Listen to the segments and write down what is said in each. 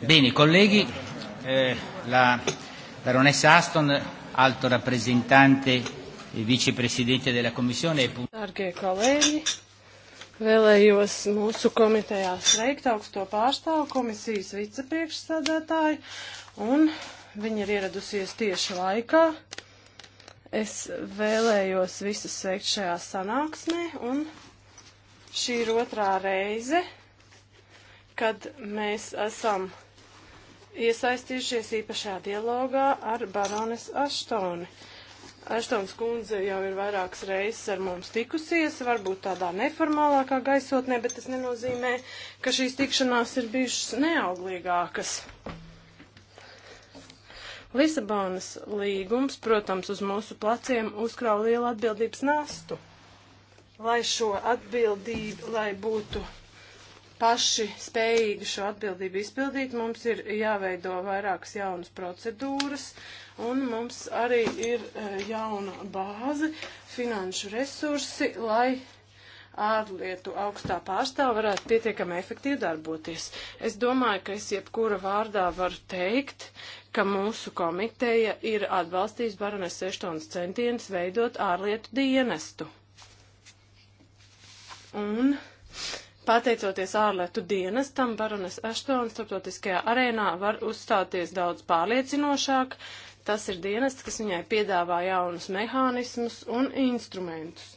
Bene, colleghi, eh, la baronessa Aston, alto rappresentante e vicepresidente della Commissione. Dargie colleghi, vēlējos mūsu komitejā sveikt augsto pārstāvu komisijas vicepriekšsādātāju, un viņa ir ieradusies tieši laikā. Es vēlējos visus sveikt šajā sanāksmē, un Šī ir otrā reize, kad mēs esam iesaistījušies īpašā dialogā ar barones Aštoni. Aštons kundze jau ir vairākas reizes ar mums tikusies, varbūt tādā neformālākā gaisotnē, bet tas nenozīmē, ka šīs tikšanās ir bijušas neauglīgākas. Lisabonas līgums, protams, uz mūsu pleciem uzkrāja lielu atbildības nastu lai šo atbildību, lai būtu paši spējīgi šo atbildību izpildīt, mums ir jāveido vairākas jaunas procedūras, un mums arī ir e, jauna bāze, finanšu resursi, lai ārlietu augstā pārstāva varētu pietiekami efektīvi darboties. Es domāju, ka es jebkura vārdā varu teikt, ka mūsu komiteja ir atbalstījis Baronas Seštonas centienus veidot ārlietu dienestu un pateicoties ārlietu dienestam, barones Aštona starptautiskajā arēnā var uzstāties daudz pārliecinošāk. Tas ir dienests, kas viņai piedāvā jaunus mehānismus un instrumentus.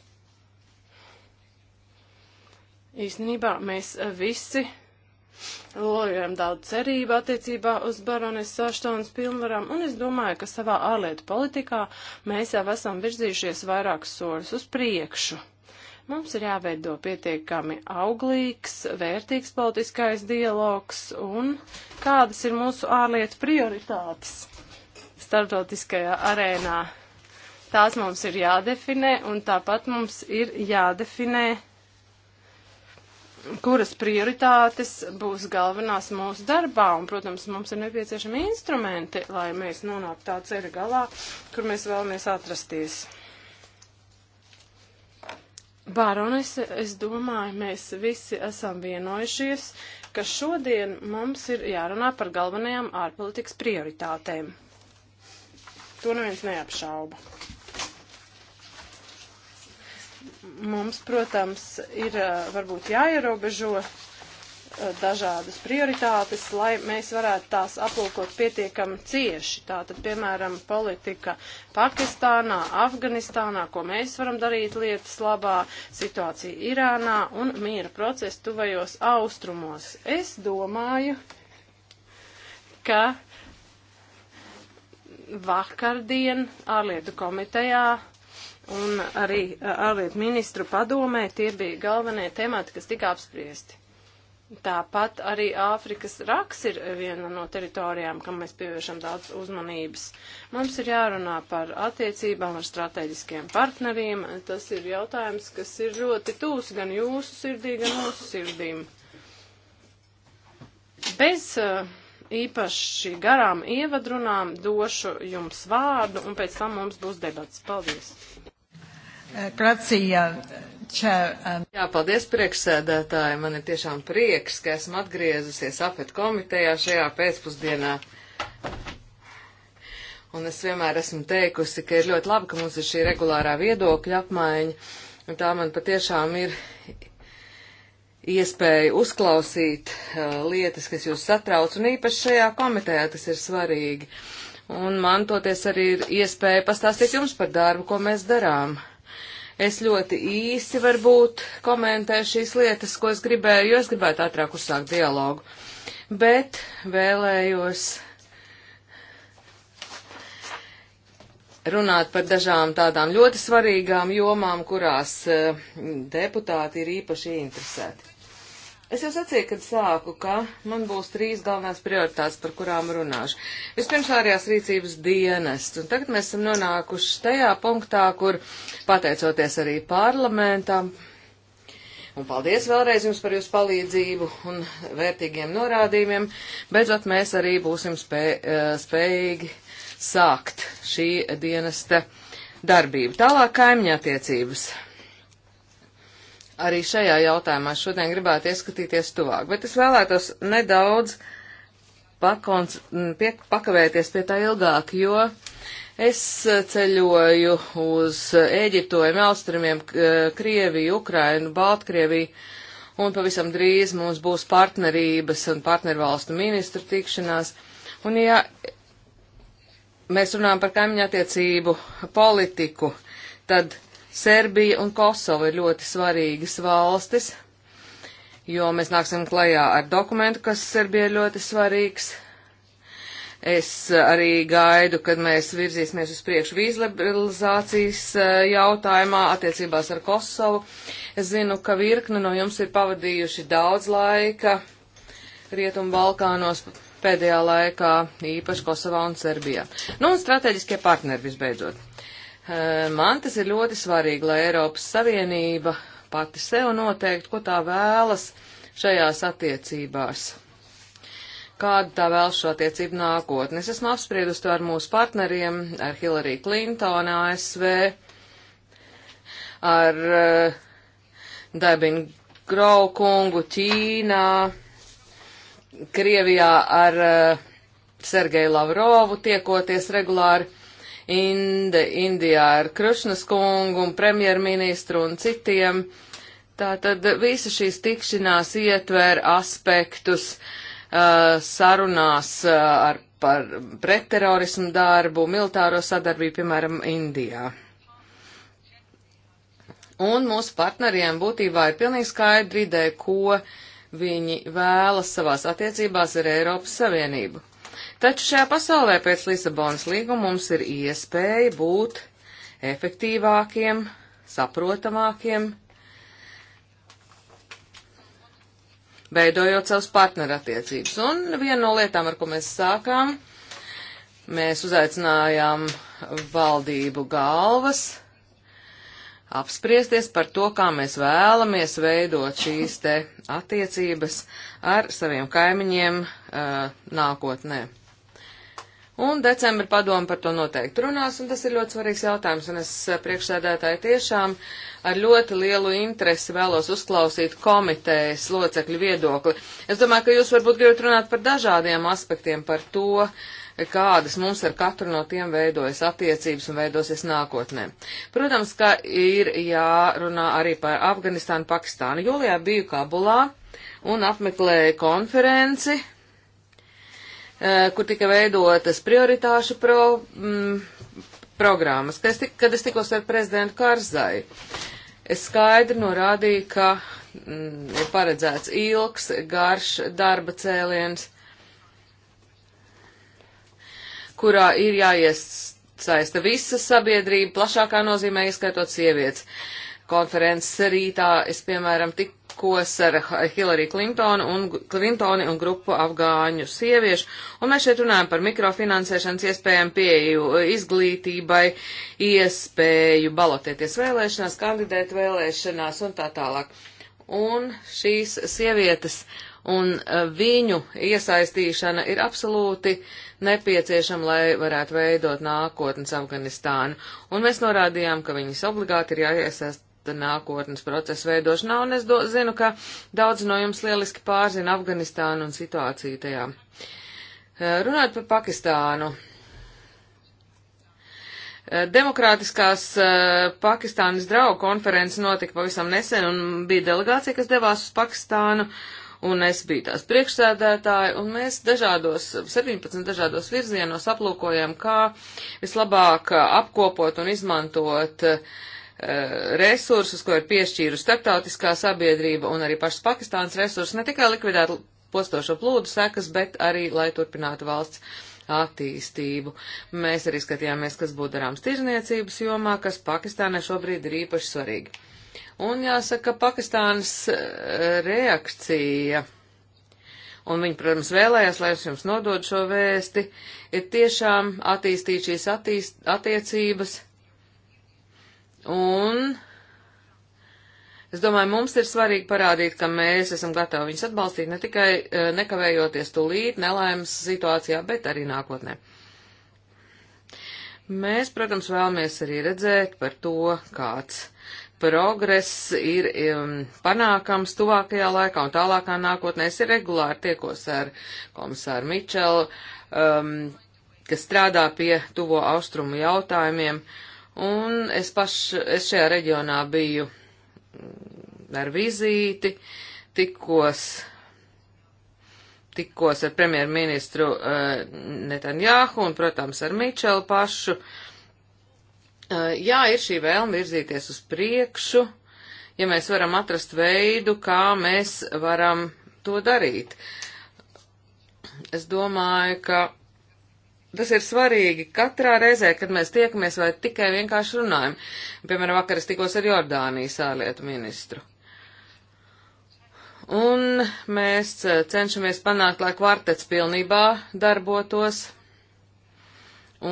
Īstenībā mēs visi lojam daudz cerību attiecībā uz barones Aštonas pilnvarām, un es domāju, ka savā ārlietu politikā mēs jau esam virzījušies vairākus soļus uz priekšu. Mums ir jāveido pietiekami auglīgs, vērtīgs politiskais dialogs un kādas ir mūsu ārlietu prioritātes starptautiskajā arēnā. Tās mums ir jādefinē un tāpat mums ir jādefinē kuras prioritātes būs galvenās mūsu darbā, un, protams, mums ir nepieciešami instrumenti, lai mēs nonāktu tā ceļa galā, kur mēs vēlamies atrasties. Baronese, es domāju, mēs visi esam vienojušies, ka šodien mums ir jārunā par galvenajām ārpolitikas prioritātēm. To neviens neapšauba. Mums, protams, ir eh, varbūt jāierobežo Eh, dažādas prioritātes, lai mēs varētu tās aplūkot pietiekami cieši. Tātad, piemēram, politika Pakistānā, Afganistānā, ko mēs varam darīt lietas labā, situācija Irānā un miera procesa tuvajos austrumos. Es domāju, ka vakardien ārlietu komitejā un arī eh, ārlietu ministru padomē tie bija galvenie temati, kas tika apspriesti. Tāpat arī Āfrikas raks ir viena no teritorijām, kam mēs pievēršam daudz uzmanības. Mums ir jārunā par attiecībām ar strateģiskiem partneriem. Tas ir jautājums, kas ir ļoti tūs gan jūsu sirdī, gan mūsu sirdīm. Bez uh, īpaši garām ievadrunām došu jums vārdu, un pēc tam mums būs debats. Paldies! Uh, grazie. Uh, um. Jā, paldies priekšsēdētāji. Man ir tiešām prieks, ka esmu atgriezusies apet komitejā šajā pēcpusdienā. Un es vienmēr esmu teikusi, ka ir ļoti labi, ka mums ir šī regulārā viedokļa apmaiņa. Un tā man patiešām ir iespēja uzklausīt uh, lietas, kas jūs satrauc, un īpaši šajā komitejā tas ir svarīgi. Un man toties arī ir iespēja pastāstīt jums par darbu, ko mēs darām. Uh, Es ļoti īsi varbūt komentēju šīs lietas, ko es gribēju, jo es gribētu ātrāk uzsākt dialogu. Bet vēlējos runāt par dažām tādām ļoti svarīgām jomām, kurās uh, deputāti ir īpaši interesēti. Es jau sacīju, kad sāku, ka man būs trīs galvenās prioritātes, par kurām runāšu. Vispirms ārējās rīcības dienests, un tagad mēs esam nonākuši tajā punktā, kur, pateicoties arī parlamentam, un paldies vēlreiz jums par jūsu palīdzību un vērtīgiem norādījumiem, beidzot mēs arī būsim spē, eh, spējīgi sākt šī dienesta darbību. Tālāk kaimiņattiecības arī šajā jautājumā šodien gribētu ieskatīties tuvāk, bet es vēlētos nedaudz pakons, pie, pakavēties pie tā ilgāk, jo es ceļoju uz Ēģiptoju, Melstrumiem, Krieviju, Ukrainu, Baltkrieviju, un pavisam drīz mums būs partnerības un partnervalstu ministru tikšanās. Un ja mēs runājam par kaimiņu attiecību politiku, tad Serbija un Kosova ir ļoti svarīgas valstis, jo mēs nāksim klajā ar dokumentu, kas Serbija ir ļoti svarīgs. Es arī gaidu, kad mēs virzīsimies uz priekšu vīzliberalizācijas eh, jautājumā attiecībās ar Kosovu. Es zinu, ka virkni no jums ir pavadījuši daudz laika Rietumu Balkānos pēdējā laikā, īpaši Kosovā un Serbijā. Nu, un strateģiskie partneri visbeidzot. Man tas ir ļoti svarīgi, lai Eiropas Savienība pati sev noteikti, ko tā vēlas šajās attiecībās. Kāda tā vēl šo attiecību nākotnes? Esmu apspriedusi to ar mūsu partneriem, ar Hillary Clinton, ASV, ar uh, Dabin Grau kungu Ķīnā, Krievijā ar uh, Sergeju Lavrovu tiekoties regulāri Inde, Indijā ar Krušnas kungu un premjerministru un citiem. Tātad visa šīs tikšanās ietver aspektus uh, sarunās uh, ar, par pretterorismu darbu, militāro sadarbību, piemēram, Indijā. Un mūsu partneriem būtībā ir pilnīgi skaidra ideja, ko viņi vēlas savās attiecībās ar Eiropas Savienību. Taču šajā pasaulē pēc Lisabonas līguma mums ir iespēja būt efektīvākiem, saprotamākiem, veidojot savus partnerattiecības. Un viena no lietām, ar ko mēs sākām, mēs uzaicinājām valdību galvas apspriesties par to, kā mēs vēlamies veidot šīs te attiecības ar saviem kaimiņiem uh, nākotnē. Un decembra padomu par to noteikti runās, un tas ir ļoti svarīgs jautājums, un es eh, priekšsēdētāji tiešām ar ļoti lielu interesi vēlos uzklausīt komitejas locekļu viedokli. Es domāju, ka jūs varbūt gribat runāt par dažādiem aspektiem, par to, kādas mums ar katru no tiem veidojas attiecības un veidosies nākotnē. Protams, ka ir jārunā arī par Afganistānu, Pakistānu. Jūlijā biju Kabulā un apmeklēju konferenci Eh, kur tika veidotas prioritāšu pro, mm, programmas. Kad es, tik, kad es tikos ar prezidentu Karzai, es skaidri norādīju, ka mm, ir paredzēts ilgs, garš darba cēliens, kurā ir jāiesaista visa sabiedrība, plašākā nozīmē ieskaitot sievietes. Konferences rītā es, piemēram, tik politiskos ar Hillary Clintonu un, Clintoni un grupu afgāņu sieviešu, un mēs šeit runājam par mikrofinansēšanas iespējām pieeju izglītībai, iespēju balotēties vēlēšanās, kandidēt vēlēšanās un tā tālāk. Un šīs sievietes un eh, viņu iesaistīšana ir absolūti nepieciešama, lai varētu veidot nākotnes Afganistānu. Un mēs norādījām, ka viņas obligāti ir jāiesaist nākotnes procesu veidošanā, un es do, zinu, ka daudz no jums lieliski pārzina Afganistānu un situāciju tajā. Eh, runājot par Pakistānu. Eh, demokrātiskās eh, Pakistānas draugu konferences notika pavisam nesen, un bija delegācija, kas devās uz Pakistānu, un es biju tās priekšsēdētāja, un mēs dažādos, 17 dažādos virzienos aplūkojam, kā vislabāk apkopot un izmantot uh, Eh, resursus, ko ir piešķīrusi starptautiskā sabiedrība un arī pašas Pakistānas resursus, ne tikai likvidēt postošo plūdu sekas, bet arī, lai turpinātu valsts attīstību. Mēs arī skatījāmies, kas būtu darāms tirzniecības jomā, kas Pakistānai šobrīd ir īpaši svarīgi. Un jāsaka, Pakistānas eh, reakcija un viņi, protams, vēlējās, lai es jums nododu šo vēsti, ir tiešām attīstīt šīs attīst, attiecības Un es domāju, mums ir svarīgi parādīt, ka mēs esam gatavi viņus atbalstīt ne tikai e, nekavējoties tūlīt nelaimes situācijā, bet arī nākotnē. Mēs, protams, vēlamies arī redzēt par to, kāds progress ir um, panākams tuvākajā laikā un tālākā nākotnē. Es regulāri tiekos ar komisāru Mičelu, um, kas strādā pie tuvo austrumu jautājumiem. Uh, Un es paš, es šajā reģionā biju ar vizīti, tikos, tikos ar premjerministru uh, eh, Netanjāhu un, protams, ar Mičelu pašu. Uh, jā, ir šī vēlme virzīties uz priekšu, ja mēs varam atrast veidu, kā mēs varam to darīt. Es domāju, ka Tas ir svarīgi katrā reizē, kad mēs tiekamies vai tikai vienkārši runājam. Piemēram, vakar es tikos ar Jordānijas ārlietu ministru. Un mēs eh, cenšamies panākt, lai kvartets pilnībā darbotos.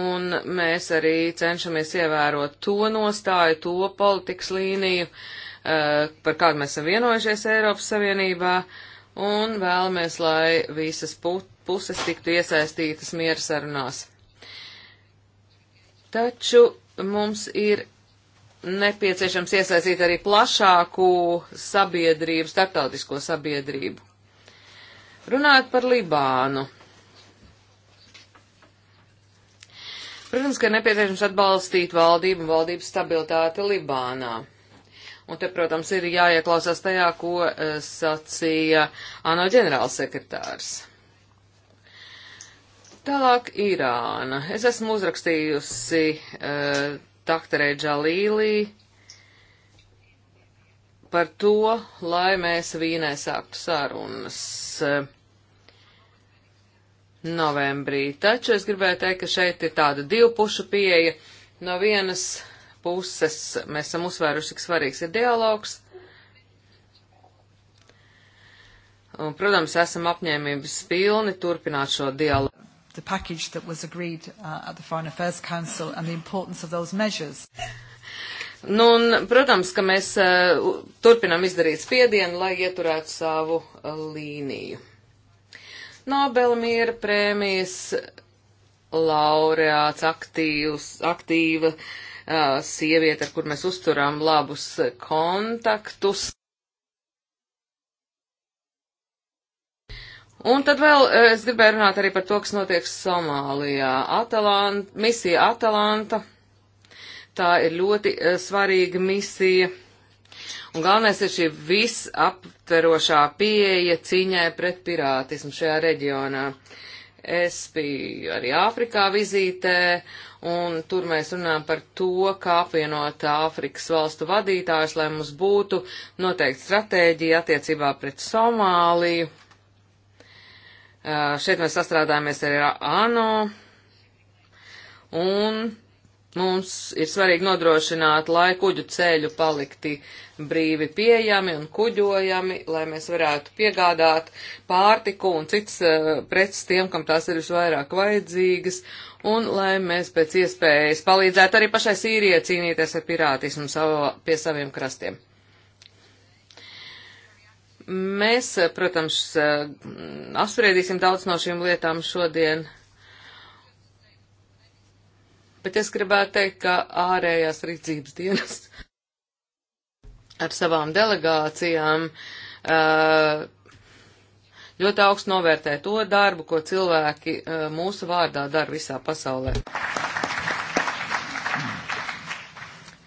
Un mēs arī cenšamies ievērot to nostāju, to politikas līniju, eh, par kādu mēs esam vienojušies Eiropas Savienībā. Un vēlamies, lai visas put puses tiktu iesaistītas miera sarunās. Taču mums ir nepieciešams iesaistīt arī plašāku sabiedrību, starptautisko sabiedrību. Runājot par Libānu. Protams, ka ir nepieciešams atbalstīt valdību un valdības stabilitāti Libānā. Un te, protams, ir jāieklausās tajā, ko eh, sacīja ANO ģenerālsekretārs. Tālāk Irāna. Es esmu uzrakstījusi uh, eh, doktorē Džalīlī par to, lai mēs Vīnē sāktu sarunas uh, novembrī. Taču es gribēju teikt, ka šeit ir tāda divpušu pieeja. No vienas puses mēs esam uzsvēruši, cik svarīgs ir dialogs. Un, protams, esam apņēmības pilni turpināt šo dialogu the package that was agreed uh, at the Foreign Affairs Council and the importance of those measures. Nu, un, protams, ka mēs uh, turpinām izdarīt spiedienu, lai ieturētu savu uh, līniju. Nobela miera prēmijas laureāts aktīvs, aktīva uh, sieviete, ar kur mēs uzturām labus kontaktus. Un tad vēl eh, es gribēju runāt arī par to, kas notiek Somālijā. Atalanta, misija Atalanta. Tā ir ļoti uh, svarīga misija. Un galvenais ir šī visaptverošā pieeja cīņai pret pirātismu šajā reģionā. Es biju arī Āfrikā vizītē, un tur mēs runājam par to, kā apvienot Āfrikas valstu vadītājus, lai mums būtu noteikti stratēģija attiecībā pret Somāliju Šeit mēs sastrādājamies arī ar ANO, un mums ir svarīgi nodrošināt, lai kuģu ceļu palikti brīvi pieejami un kuģojami, lai mēs varētu piegādāt pārtiku un cits preces tiem, kam tās ir visvairāk vajadzīgas, un lai mēs pēc iespējas palīdzētu arī pašai Sīrijai cīnīties ar pirātismu savu, pie saviem krastiem. Mēs, eh, protams, eh, apspriedīsim daudz no šīm lietām šodien, bet es gribētu teikt, ka ārējās rīcības dienas ar savām delegācijām eh, ļoti augstu novērtē to darbu, ko cilvēki mūsu vārdā dara visā pasaulē.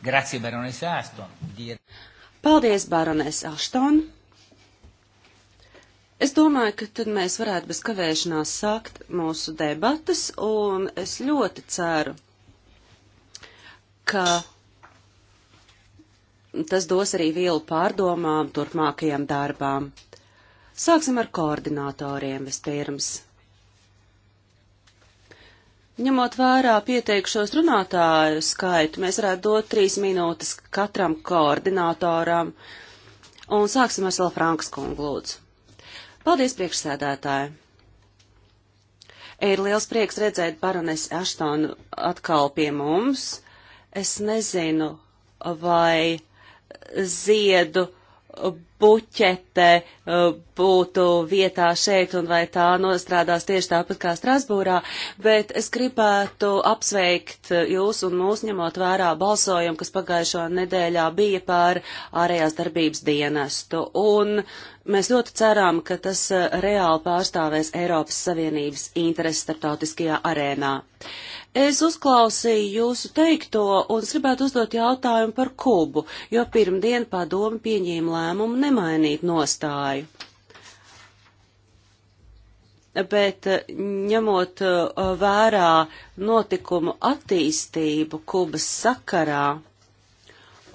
Grazie, Baronis Ashton. Paldies, Baronis Ashton. Es domāju, ka tad mēs varētu bez kavēšanās sākt mūsu debatas, un es ļoti ceru, ka tas dos arī vielu pārdomām turpmākajām darbām. Sāksim ar koordinatoriem vispirms. Ņemot vērā pieteikšos runātāju skaitu, mēs varētu dot trīs minūtes katram koordinatoram. Un sāksim ar Sala Frankas kungu lūdzu. Paldies, priekšsēdētāji! Ir liels prieks redzēt baronesi Aštonu atkal pie mums. Es nezinu, vai ziedu puķete uh, būtu vietā šeit un vai tā nostrādās tieši tāpat kā Strasbūrā, bet es gribētu apsveikt jūs un mūs ņemot vērā balsojumu, kas pagājušo nedēļā bija par ārējās darbības dienestu. Un mēs ļoti ceram, ka tas uh, reāli pārstāvēs Eiropas Savienības intereses starptautiskajā arēnā. Es uzklausīju jūsu teikto un es gribētu uzdot jautājumu par Kubu, jo pirmdien padomi pieņēma lēmumu ne nemainīt nostāju. Bet eh, ņemot eh, vērā notikumu attīstību Kubas sakarā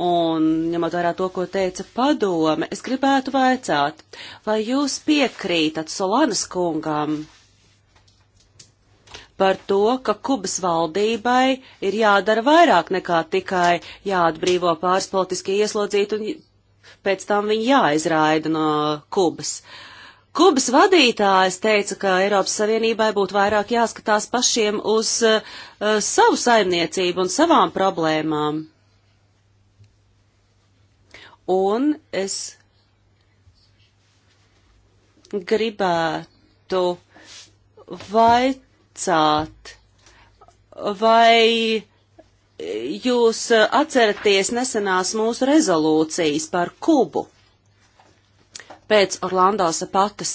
un ņemot vērā to, ko teica padome, es gribētu vaicāt, vai jūs piekrītat Solanas kungam par to, ka Kubas valdībai ir jādara vairāk nekā tikai jāatbrīvo pāris politiski ieslodzīti un pēc tam viņi jāizraida no Kubas. Kubas vadītājs teica, ka Eiropas Savienībai būtu vairāk jāskatās pašiem uz uh, savu saimniecību un savām problēmām. Un es gribētu vaicāt, vai jūs e, atceraties nesenās mūsu rezolūcijas par Kubu pēc Orlando Sapatas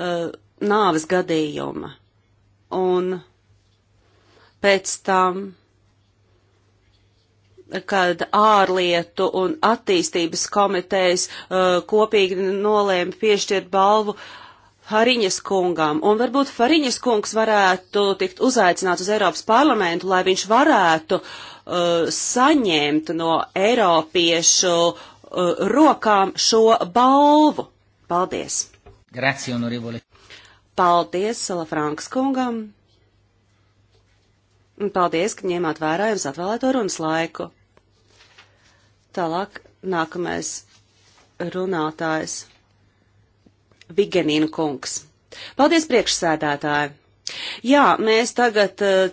uh, nāves gadījuma. Un pēc tam, kad ārlietu un attīstības komitejas uh, kopīgi nolēma piešķirt balvu uh, Fariņas kungam, un varbūt Fariņas kungs varētu tikt uzaicināts uz Eiropas parlamentu, lai viņš varētu uh, Uh, saņemt no Eiropiešu uh, rokām šo balvu. Paldies! Grazie, onorevole! Paldies Salafrankas kungam! Un paldies, ka ņēmāt vērā jums atvēlēto runas laiku. Tālāk nākamais runātājs - Vigenīna kungs. Paldies priekšsēdētāji! Jā, mēs tagad uh,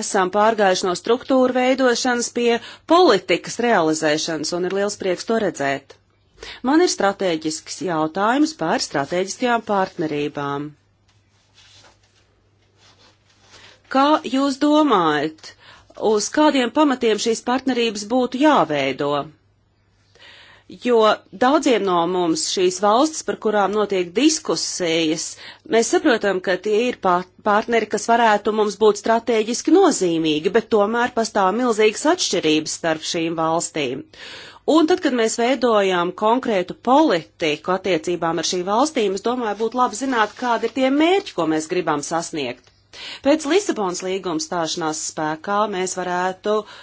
esam pārgājuši no struktūra veidošanas pie politikas realizēšanas, un ir liels prieks to redzēt. Man ir strateģisks jautājums par strateģiskajām partnerībām. Kā jūs domājat, uz kādiem pamatiem šīs partnerības būtu jāveido? jo daudziem no mums šīs valstis, par kurām notiek diskusijas, mēs saprotam, ka tie ir partneri, kas varētu mums būt strateģiski nozīmīgi, bet tomēr pastāv milzīgas atšķirības starp šīm valstīm. Un tad, kad mēs veidojām konkrētu politiku attiecībām ar šīm valstīm, es domāju, būtu labi zināt, kādi ir tie mērķi, ko mēs gribam sasniegt. Pēc Lisabonas līguma stāšanās spēkā mēs varētu uh,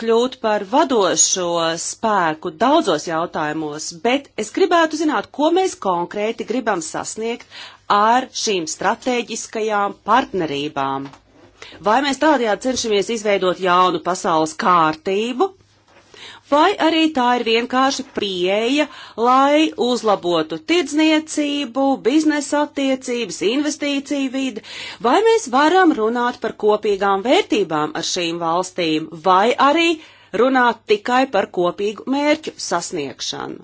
kļūt par vadošo spēku daudzos jautājumos, bet es gribētu zināt, ko mēs konkrēti gribam sasniegt ar šīm strateģiskajām partnerībām. Vai mēs tādējādi cenšamies izveidot jaunu pasaules kārtību, vai arī tā ir vienkārši pieeja, lai uzlabotu tirdzniecību, biznesa attiecības, investīciju vidi, vai mēs varam runāt par kopīgām vērtībām ar šīm valstīm, vai arī runāt tikai par kopīgu mērķu sasniegšanu.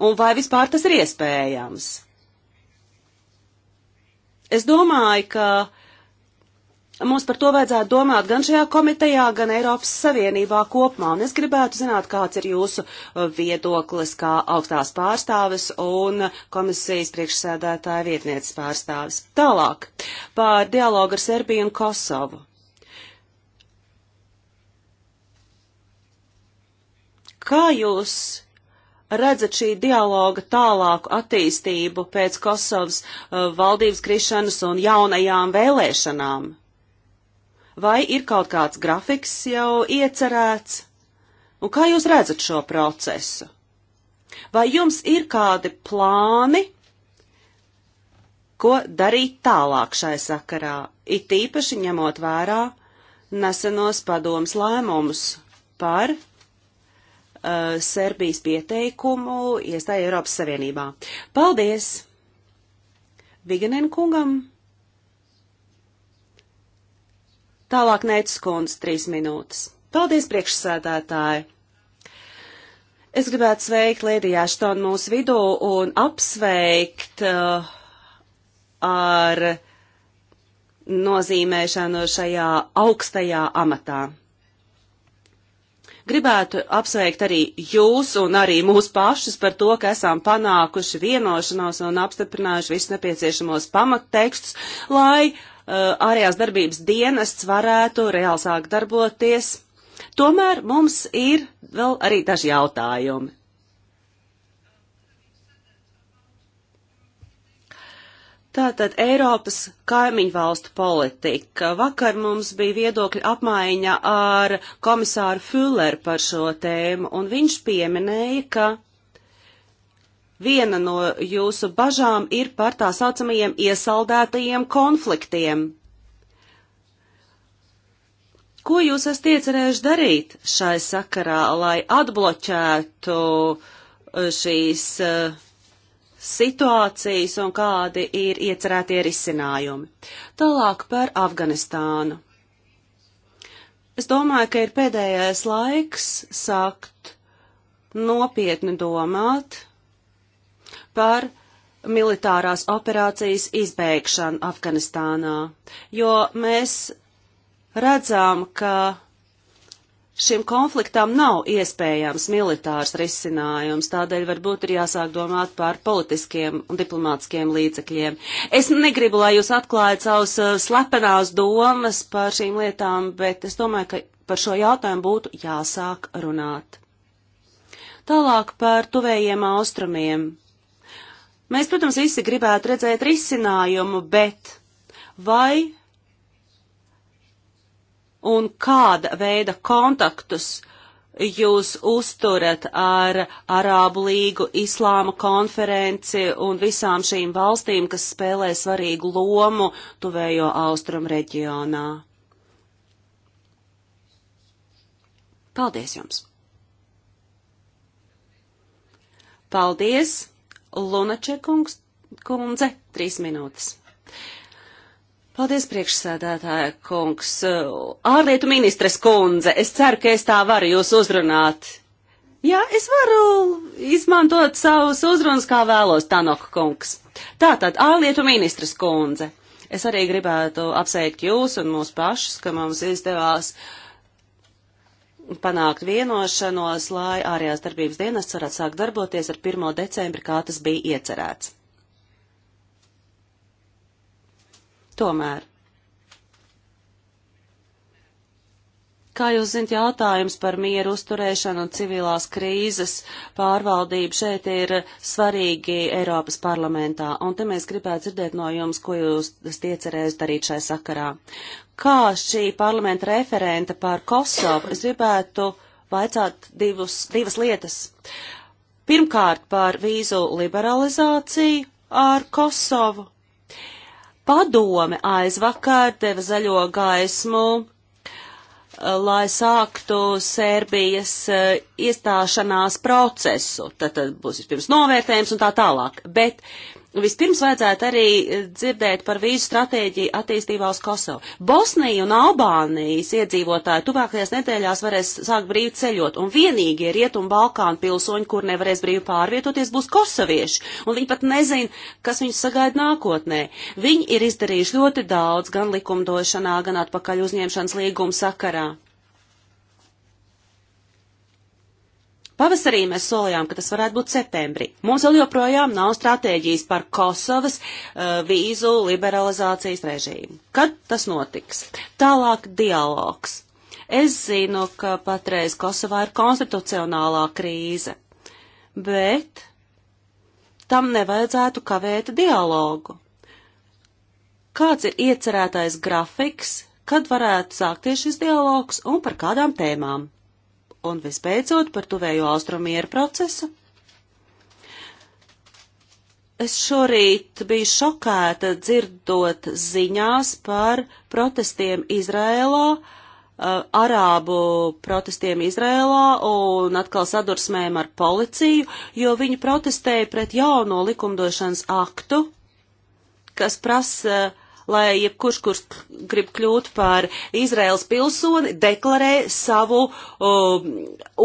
Un vai vispār tas ir iespējams? Es domāju, ka Mums par to vajadzētu domāt gan šajā komitejā, gan Eiropas Savienībā kopumā. Un es gribētu zināt, kāds ir jūsu uh, viedoklis kā augstās pārstāvis un komisijas priekšsēdētāja vietnieces pārstāvis. Tālāk par dialogu ar Serbiju un Kosovu. Kā jūs redzat šī dialoga tālāku attīstību pēc Kosovas uh, valdības krišanas un jaunajām vēlēšanām? Vai ir kaut kāds grafiks jau iecerēts? Un kā jūs redzat šo procesu? Vai jums ir kādi plāni, ko darīt tālāk šai sakarā, it īpaši ņemot vērā nesenos padomus lēmumus par uh, Serbijas pieteikumu iestāju Eiropas Savienībā. Paldies Viganen kungam! Tālāk Nētas kundze trīs minūtes. Paldies, priekšsēdētāji! Es gribētu sveikt Lēdiju Aštonu mūsu vidū un apsveikt uh, ar nozīmēšanu šajā augstajā amatā. Gribētu apsveikt arī jūs un arī mūs pašus par to, ka esam panākuši vienošanos un apstiprinājuši visus nepieciešamos pamattekstus, lai uh, Eh, ārējās darbības dienests varētu reāli sākt darboties. Tomēr mums ir vēl arī daži jautājumi. Tātad Eiropas kaimiņu valstu politika. Vakar mums bija viedokļa apmaiņa ar komisāru Fülleru par šo tēmu, un viņš pieminēja, ka Viena no jūsu bažām ir par tā saucamajiem iesaldētajiem konfliktiem. Ko jūs esat iecerējuši darīt šai sakarā, lai atbloķētu uh, šīs uh, situācijas un kādi ir iecerētie risinājumi? Tālāk par Afganistānu. Es domāju, ka ir pēdējais laiks sākt nopietni domāt par militārās operācijas izbeigšanu Afganistānā, jo mēs redzam, ka šim konfliktam nav iespējams militārs risinājums, tādēļ varbūt ir jāsāk domāt par politiskiem un diplomātiskiem līdzekļiem. Es negribu, lai jūs atklājat savus eh, slepenās domas par šīm lietām, bet es domāju, ka par šo jautājumu būtu jāsāk runāt. Tālāk par tuvējiem austrumiem. Mēs, protams, visi gribētu redzēt risinājumu, bet vai un kāda veida kontaktus jūs uzturat ar Arābu līgu, Islāma konferenci un visām šīm valstīm, kas spēlē svarīgu lomu tuvējo austrumu reģionā? Paldies jums! Paldies! Lunačekungs kundze, trīs minūtes. Paldies, priekšsēdētāja kungs. Ārlietu ministres kundze, es ceru, ka es tā varu jūs uzrunāt. Jā, es varu izmantot savus uzrunas, kā vēlos, Tanok kungs. Tātad, ārlietu ministres kundze, es arī gribētu apsveikt jūs un mūs pašus, ka mums izdevās uh, panākt vienošanos, lai ārējās darbības dienests varētu sākt darboties ar 1. decembri, kā tas bija iecerēts. Tomēr, kā jūs zinat, jautājums par mieru uzturēšanu un civilās krīzes pārvaldību šeit ir svarīgi Eiropas parlamentā, un te mēs gribētu dzirdēt no jums, ko jūs esat iecerējis darīt šai sakarā kā šī parlamenta referente par Kosovu, es gribētu vaicāt divus, divas lietas. Pirmkārt, par vīzu liberalizāciju ar Kosovu. Padome aizvakar deva zaļo gaismu, eh, lai sāktu Sērbijas eh, iestāšanās procesu. Tad, tad būs vispirms novērtējums un tā tālāk. Bet uh, Vispirms vajadzētu arī e, dzirdēt par vīzu stratēģiju attīstībā uz Kosovu. Bosnija un Albānijas iedzīvotāji tuvākajās nedēļās varēs sākt brīvi ceļot, un vienīgie Rietumu Balkānu pilsoņi, kur nevarēs brīvi pārvietoties, būs kosovieši, un viņi pat nezin, kas viņus sagaida nākotnē. Viņi ir izdarījuši ļoti daudz gan likumdošanā, gan atpakaļ uzņemšanas līguma sakarā. Pavasarī mēs solījām, ka tas varētu būt septembrī. Mums vēl joprojām nav stratēģijas par Kosovas uh, vīzu liberalizācijas režīmu. Kad tas notiks? Tālāk dialogs. Es zinu, ka patreiz Kosovā ir konstitucionālā krīze, bet tam nevajadzētu kavēt dialogu. Kāds ir iecerētais grafiks, kad varētu sākties šis dialogs un par kādām tēmām? Un visbeidzot par tuvējo austrumiera procesu. Es šorīt biju šokēta dzirdot ziņās par protestiem Izrēlā, eh, arābu protestiem Izrēlā un atkal sadursmēm ar policiju, jo viņi protestēja pret jauno likumdošanas aktu, kas prasa lai jebkurš, kurš grib kļūt par Izraels pilsoni, deklarē savu um,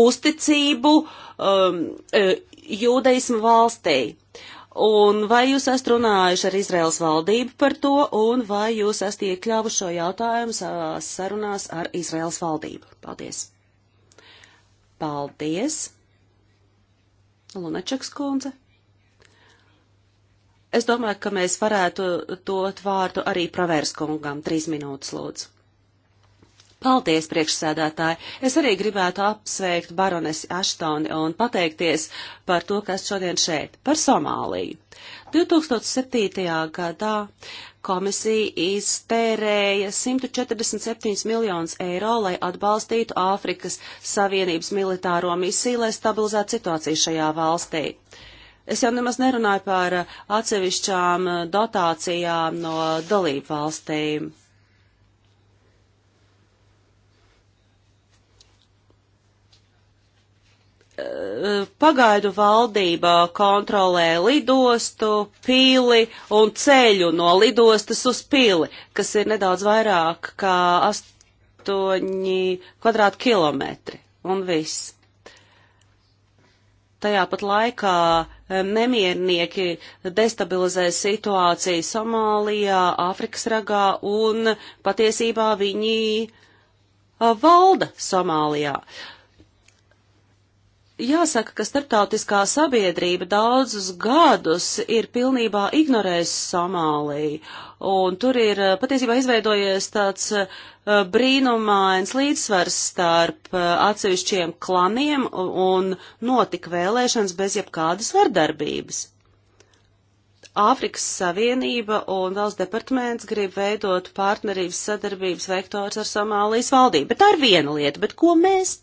uzticību um, e, jūdaismu valstī. Un vai jūs esat runājuši ar Izraels valdību par to, un vai jūs esat iekļāvuši šo jautājumu savās sarunās ar Izraels valdību? Paldies! Paldies! Lunačaks kundze! Es domāju, ka mēs varētu dot vārdu arī pravērskungam. Trīs minūtes, lūdzu. Paldies, priekšsēdētāji! Es arī gribētu apsveikt baronesi Aštoni un pateikties par to, kas šodien šeit par Somāliju. 2007. gadā komisija iztērēja 147 miljonus eiro, lai atbalstītu Āfrikas Savienības militāro misiju, lai stabilizētu situāciju šajā valstī. Es jau nemaz nerunāju par eh, atsevišķām eh, dotācijām no dalību valstīm. Eh, pagaidu valdība kontrolē lidostu, pili un ceļu no lidostas uz pili, kas ir nedaudz vairāk kā 8 kvadrātkilometri un viss. Tajā pat laikā uh, nemiernieki destabilizē situāciju Somālijā, Āfrikas ragā un patiesībā viņi valda Somālijā. Uh, Jāsaka, ka starptautiskā sabiedrība daudzus gadus ir pilnībā ignorējusi Somāliju, un tur ir eh, patiesībā izveidojies tāds eh, brīnumains līdzsvars starp eh, atsevišķiem klaniem un notika vēlēšanas bez jebkādas vardarbības. Āfrikas Savienība un valsts departaments grib veidot partnerības sadarbības vektors ar Somālijas valdību. Bet tā ir viena lieta, bet ko mēs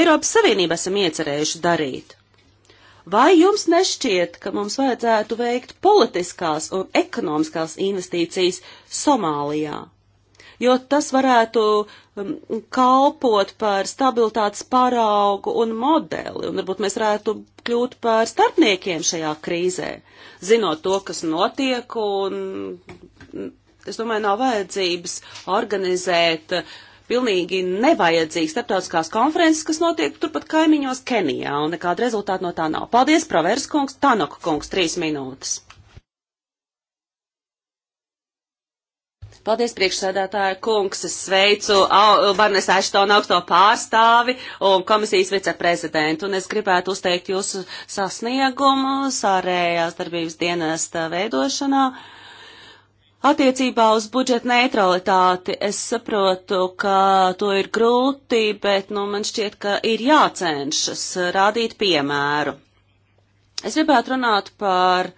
Eiropas Savienība esam iecerējuši darīt. Vai jums nešķiet, ka mums vajadzētu veikt politiskās un ekonomiskās investīcijas Somālijā? Jo tas varētu um, kalpot par stabilitātes paraugu un modeli, un varbūt mēs varētu kļūt par starpniekiem šajā krīzē, zinot to, kas notiek, un es domāju, nav vajadzības organizēt pilnīgi nevajadzīgas starptautiskās konferences, kas notiek turpat kaimiņos Kenijā, un nekāda rezultāta no tā nav. Paldies, Praveres kungs, Tanoka kungs, trīs minūtes. Paldies, priekšsēdētāja kungs, es sveicu au, Barnes Aštonu augsto pārstāvi un komisijas viceprezidentu, un es gribētu uzteikt jūsu sasniegumu sārējās darbības dienesta veidošanā. Uh, Attiecībā uz budžeta neutralitāti es saprotu, ka to ir grūti, bet nu, man šķiet, ka ir jācenšas rādīt piemēru. Es gribētu runāt par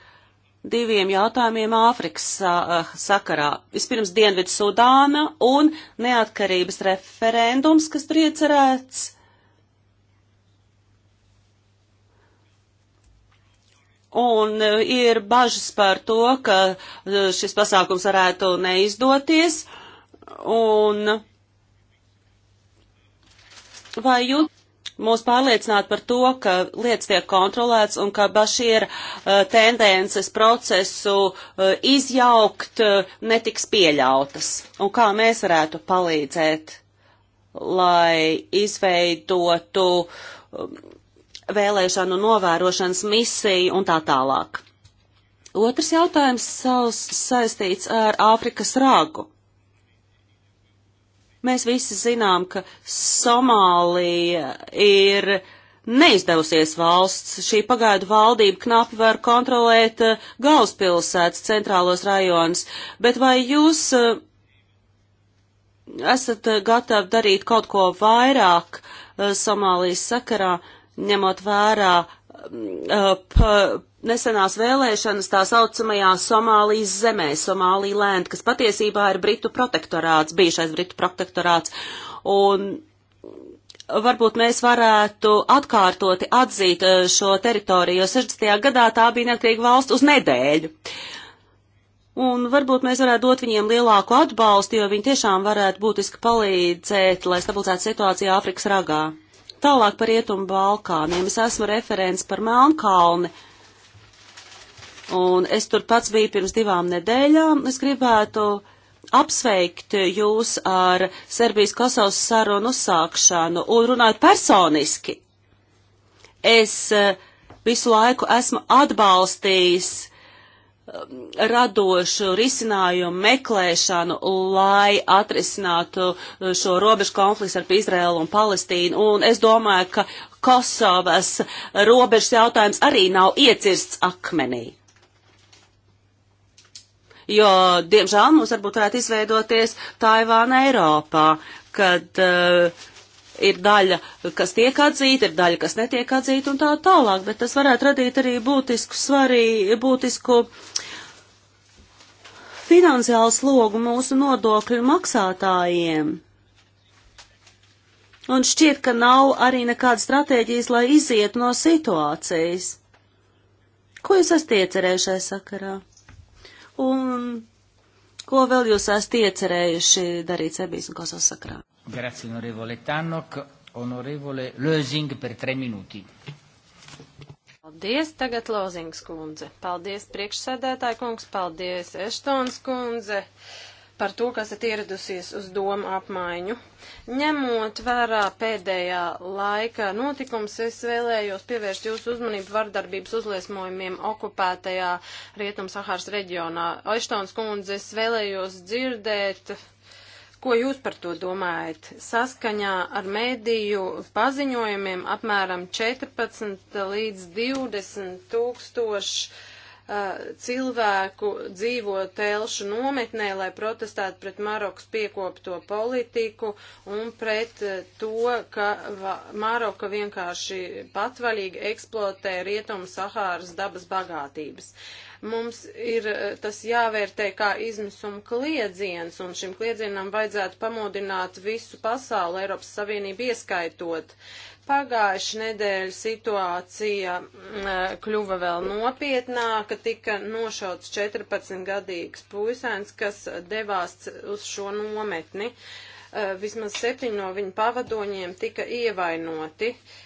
diviem jautājumiem Āfrikas uh, sakarā. Vispirms Dienvidu Sudāna un neatkarības referendums, kas tur iecerēts. Un eh, ir bažas par to, ka eh, šis pasākums varētu neizdoties. Un vai jūt mūs pārliecināt par to, ka lietas tiek kontrolēts un ka Bašīra uh, tendences procesu uh, izjaukt uh, netiks pieļautas. Un kā mēs varētu palīdzēt, lai izveidotu vēlēšanu novērošanas misiju un tā tālāk. Otrs jautājums savs saistīts ar Āfrikas rāgu. Mēs visi zinām, ka Somālija ir neizdevusies valsts. Šī pagaidu valdība knapi var kontrolēt eh, galvaspilsētas centrālos rajonus, bet vai jūs eh, esat eh, gatavi darīt kaut ko vairāk Somālijas sakarā? Uh, ņemot vērā mm, eh, nesenās vēlēšanas tā saucamajā Somālijas zemē, Somālīlēnd, kas patiesībā ir Britu protektorāts, bijušais Britu protektorāts. Un varbūt mēs varētu atkārtoti atzīt eh, šo teritoriju, jo 60. gadā tā bija neatkarīga valsts uz nedēļu. Un varbūt mēs varētu dot viņiem lielāku atbalstu, jo viņi tiešām varētu būtiski palīdzēt, lai stabilizētu situāciju Āfrikas ragā. Tālāk par Rietumu Balkāniem. Es esmu referents par Melnkalni. Un es tur pats biju pirms divām nedēļām. Es gribētu apsveikt jūs ar Serbijas Kosovas sarunu uzsākšanu un runāt personiski. Es eh, visu laiku esmu atbalstījis radošu risinājumu meklēšanu, lai atrisinātu uh, šo robežu konfliktu ar Izraēlu un Palestīnu. Un es domāju, ka Kosovas robežas jautājums arī nav iecirsts akmenī. Jo, diemžēl, mums varbūt varētu izveidoties Taivāna Eiropā, kad uh, ir daļa, kas tiek atzīta, ir daļa, kas netiek atzīta un tā tālāk, bet tas varētu radīt arī būtisku svarī, būtisku uh, finansiālu slogu mūsu nodokļu maksātājiem. Un šķiet, ka nav arī nekāda stratēģijas, lai izietu no situācijas. Ko jūs esat iecerējušai sakarā? Un ko vēl jūs esat iecerējuši darīt Serbijas un Kosovas sakarā? Grazie, onorevole Tannok, onorevole Lözing per tre minūti. Paldies tagad Lozings kundze. Paldies priekšsēdētāji kungs, paldies Eštons kundze par to, kas ir ieradusies uz domu apmaiņu. Ņemot vērā pēdējā laika notikums, es vēlējos pievērst jūsu uzmanību vardarbības uzliesmojumiem okupētajā Rietum-Sahāras reģionā. Eštons kundze, es vēlējos dzirdēt Ko jūs par to domājat? Saskaņā ar mēdīju paziņojumiem apmēram 14 līdz 20 tūkstoši uh, cilvēku dzīvo telšu nometnē, lai protestētu pret Marokas piekopto politiku un pret uh, to, ka va, Maroka vienkārši patvaļīgi eksploatē Rietumu Sahāras dabas bagātības. Uh, Mums ir eh, tas jāvērtē kā izmisuma kliedziens, un šim kliedzienam vajadzētu pamodināt visu pasauli, Eiropas Savienību ieskaitot. Pagājuši nedēļa situācija mm, eh, kļuva vēl nopietnāka, tika nošauts 14-gadīgs puisēns, kas devās uz šo nometni. Eh, vismaz septiņi no viņa pavadoņiem tika ievainoti. Uh,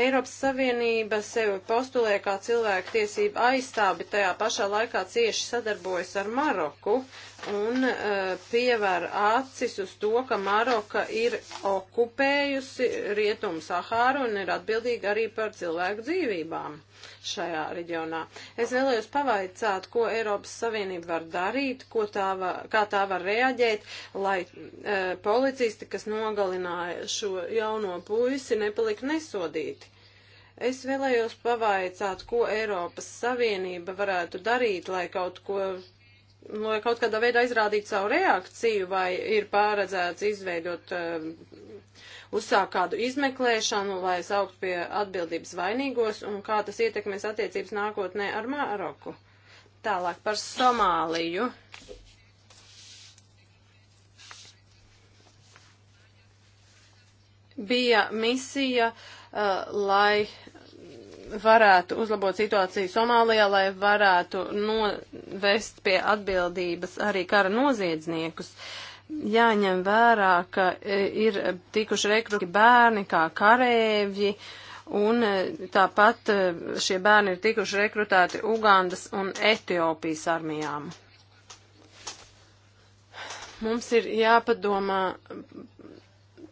Eiropas Savienība sevi postulē kā cilvēku tiesību aizstāvi, tajā pašā laikā cieši sadarbojas ar Maroku un uh, pievēr acis uz to, ka Maroka ir okupējusi Rietumu Sahāru un ir atbildīga arī par cilvēku dzīvībām šajā reģionā. Es vēlējos pavaicāt, ko Eiropas Savienība var darīt, tā var, kā tā var reaģēt, lai e, uh, policisti, kas nogalināja šo jauno puisi, nepalika nesodīti. Es vēlējos pavaicāt, ko Eiropas Savienība varētu darīt, lai kaut ko lai kaut kādā veidā izrādītu savu reakciju, vai ir pārredzēts izveidot, eh, uzsākt kādu izmeklēšanu, lai saukt pie atbildības vainīgos, un kā tas ietekmēs attiecības nākotnē ar Maroku. Tālāk par Somāliju. Bija misija, uh, lai varētu uzlabot situāciju Somālijā, lai varētu novest pie atbildības arī kara noziedzniekus. Jāņem vērā, ka e, ir tikuši rekruti bērni kā karēvji, un e, tāpat e, šie bērni ir tikuši rekrutēti Ugandas un Etiopijas armijām. Mums ir jāpadomā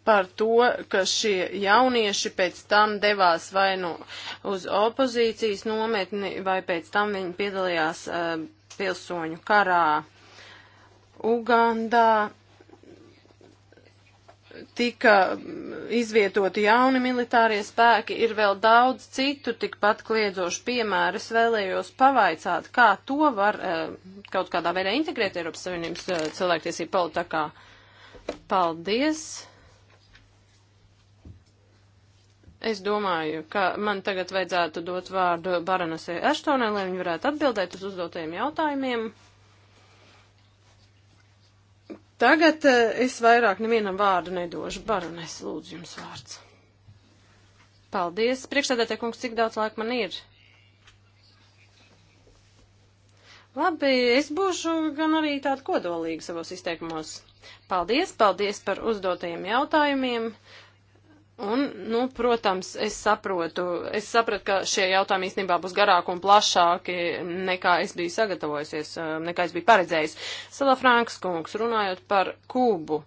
par to, ka šie jaunieši pēc tam devās vai nu uz opozīcijas nometni, vai pēc tam viņi piedalījās uh, pilsoņu karā Ugandā. Tika izvietoti jauni militārie spēki, ir vēl daudz citu tikpat kliedzošu piemēru. Es vēlējos pavaicāt, kā to var uh, kaut kādā veidā integrēt Eiropas Savienības uh, cilvēktiesību politikā. Paldies! Es domāju, ka man tagad vajadzētu dot vārdu Baranasē Eštonai, lai viņi varētu atbildēt uz uzdotajiem jautājumiem. Tagad eh, es vairāk nevienam vārdu nedošu. Baranēs, lūdzu, jums vārds. Paldies. Priekšsēdētāj, kungs, cik daudz laika man ir? Labi, es būšu gan arī tāda kodolīga savos izteikumos. Paldies, paldies par uzdotajiem jautājumiem. Uh, Un, nu, protams, es saprotu, es sapratu, ka šie jautājumi īstenībā būs garāki un plašāki nekā es biju sagatavojusies, eh, nekā es biju paredzējis. Sala Franks kungs, runājot par Kūbu,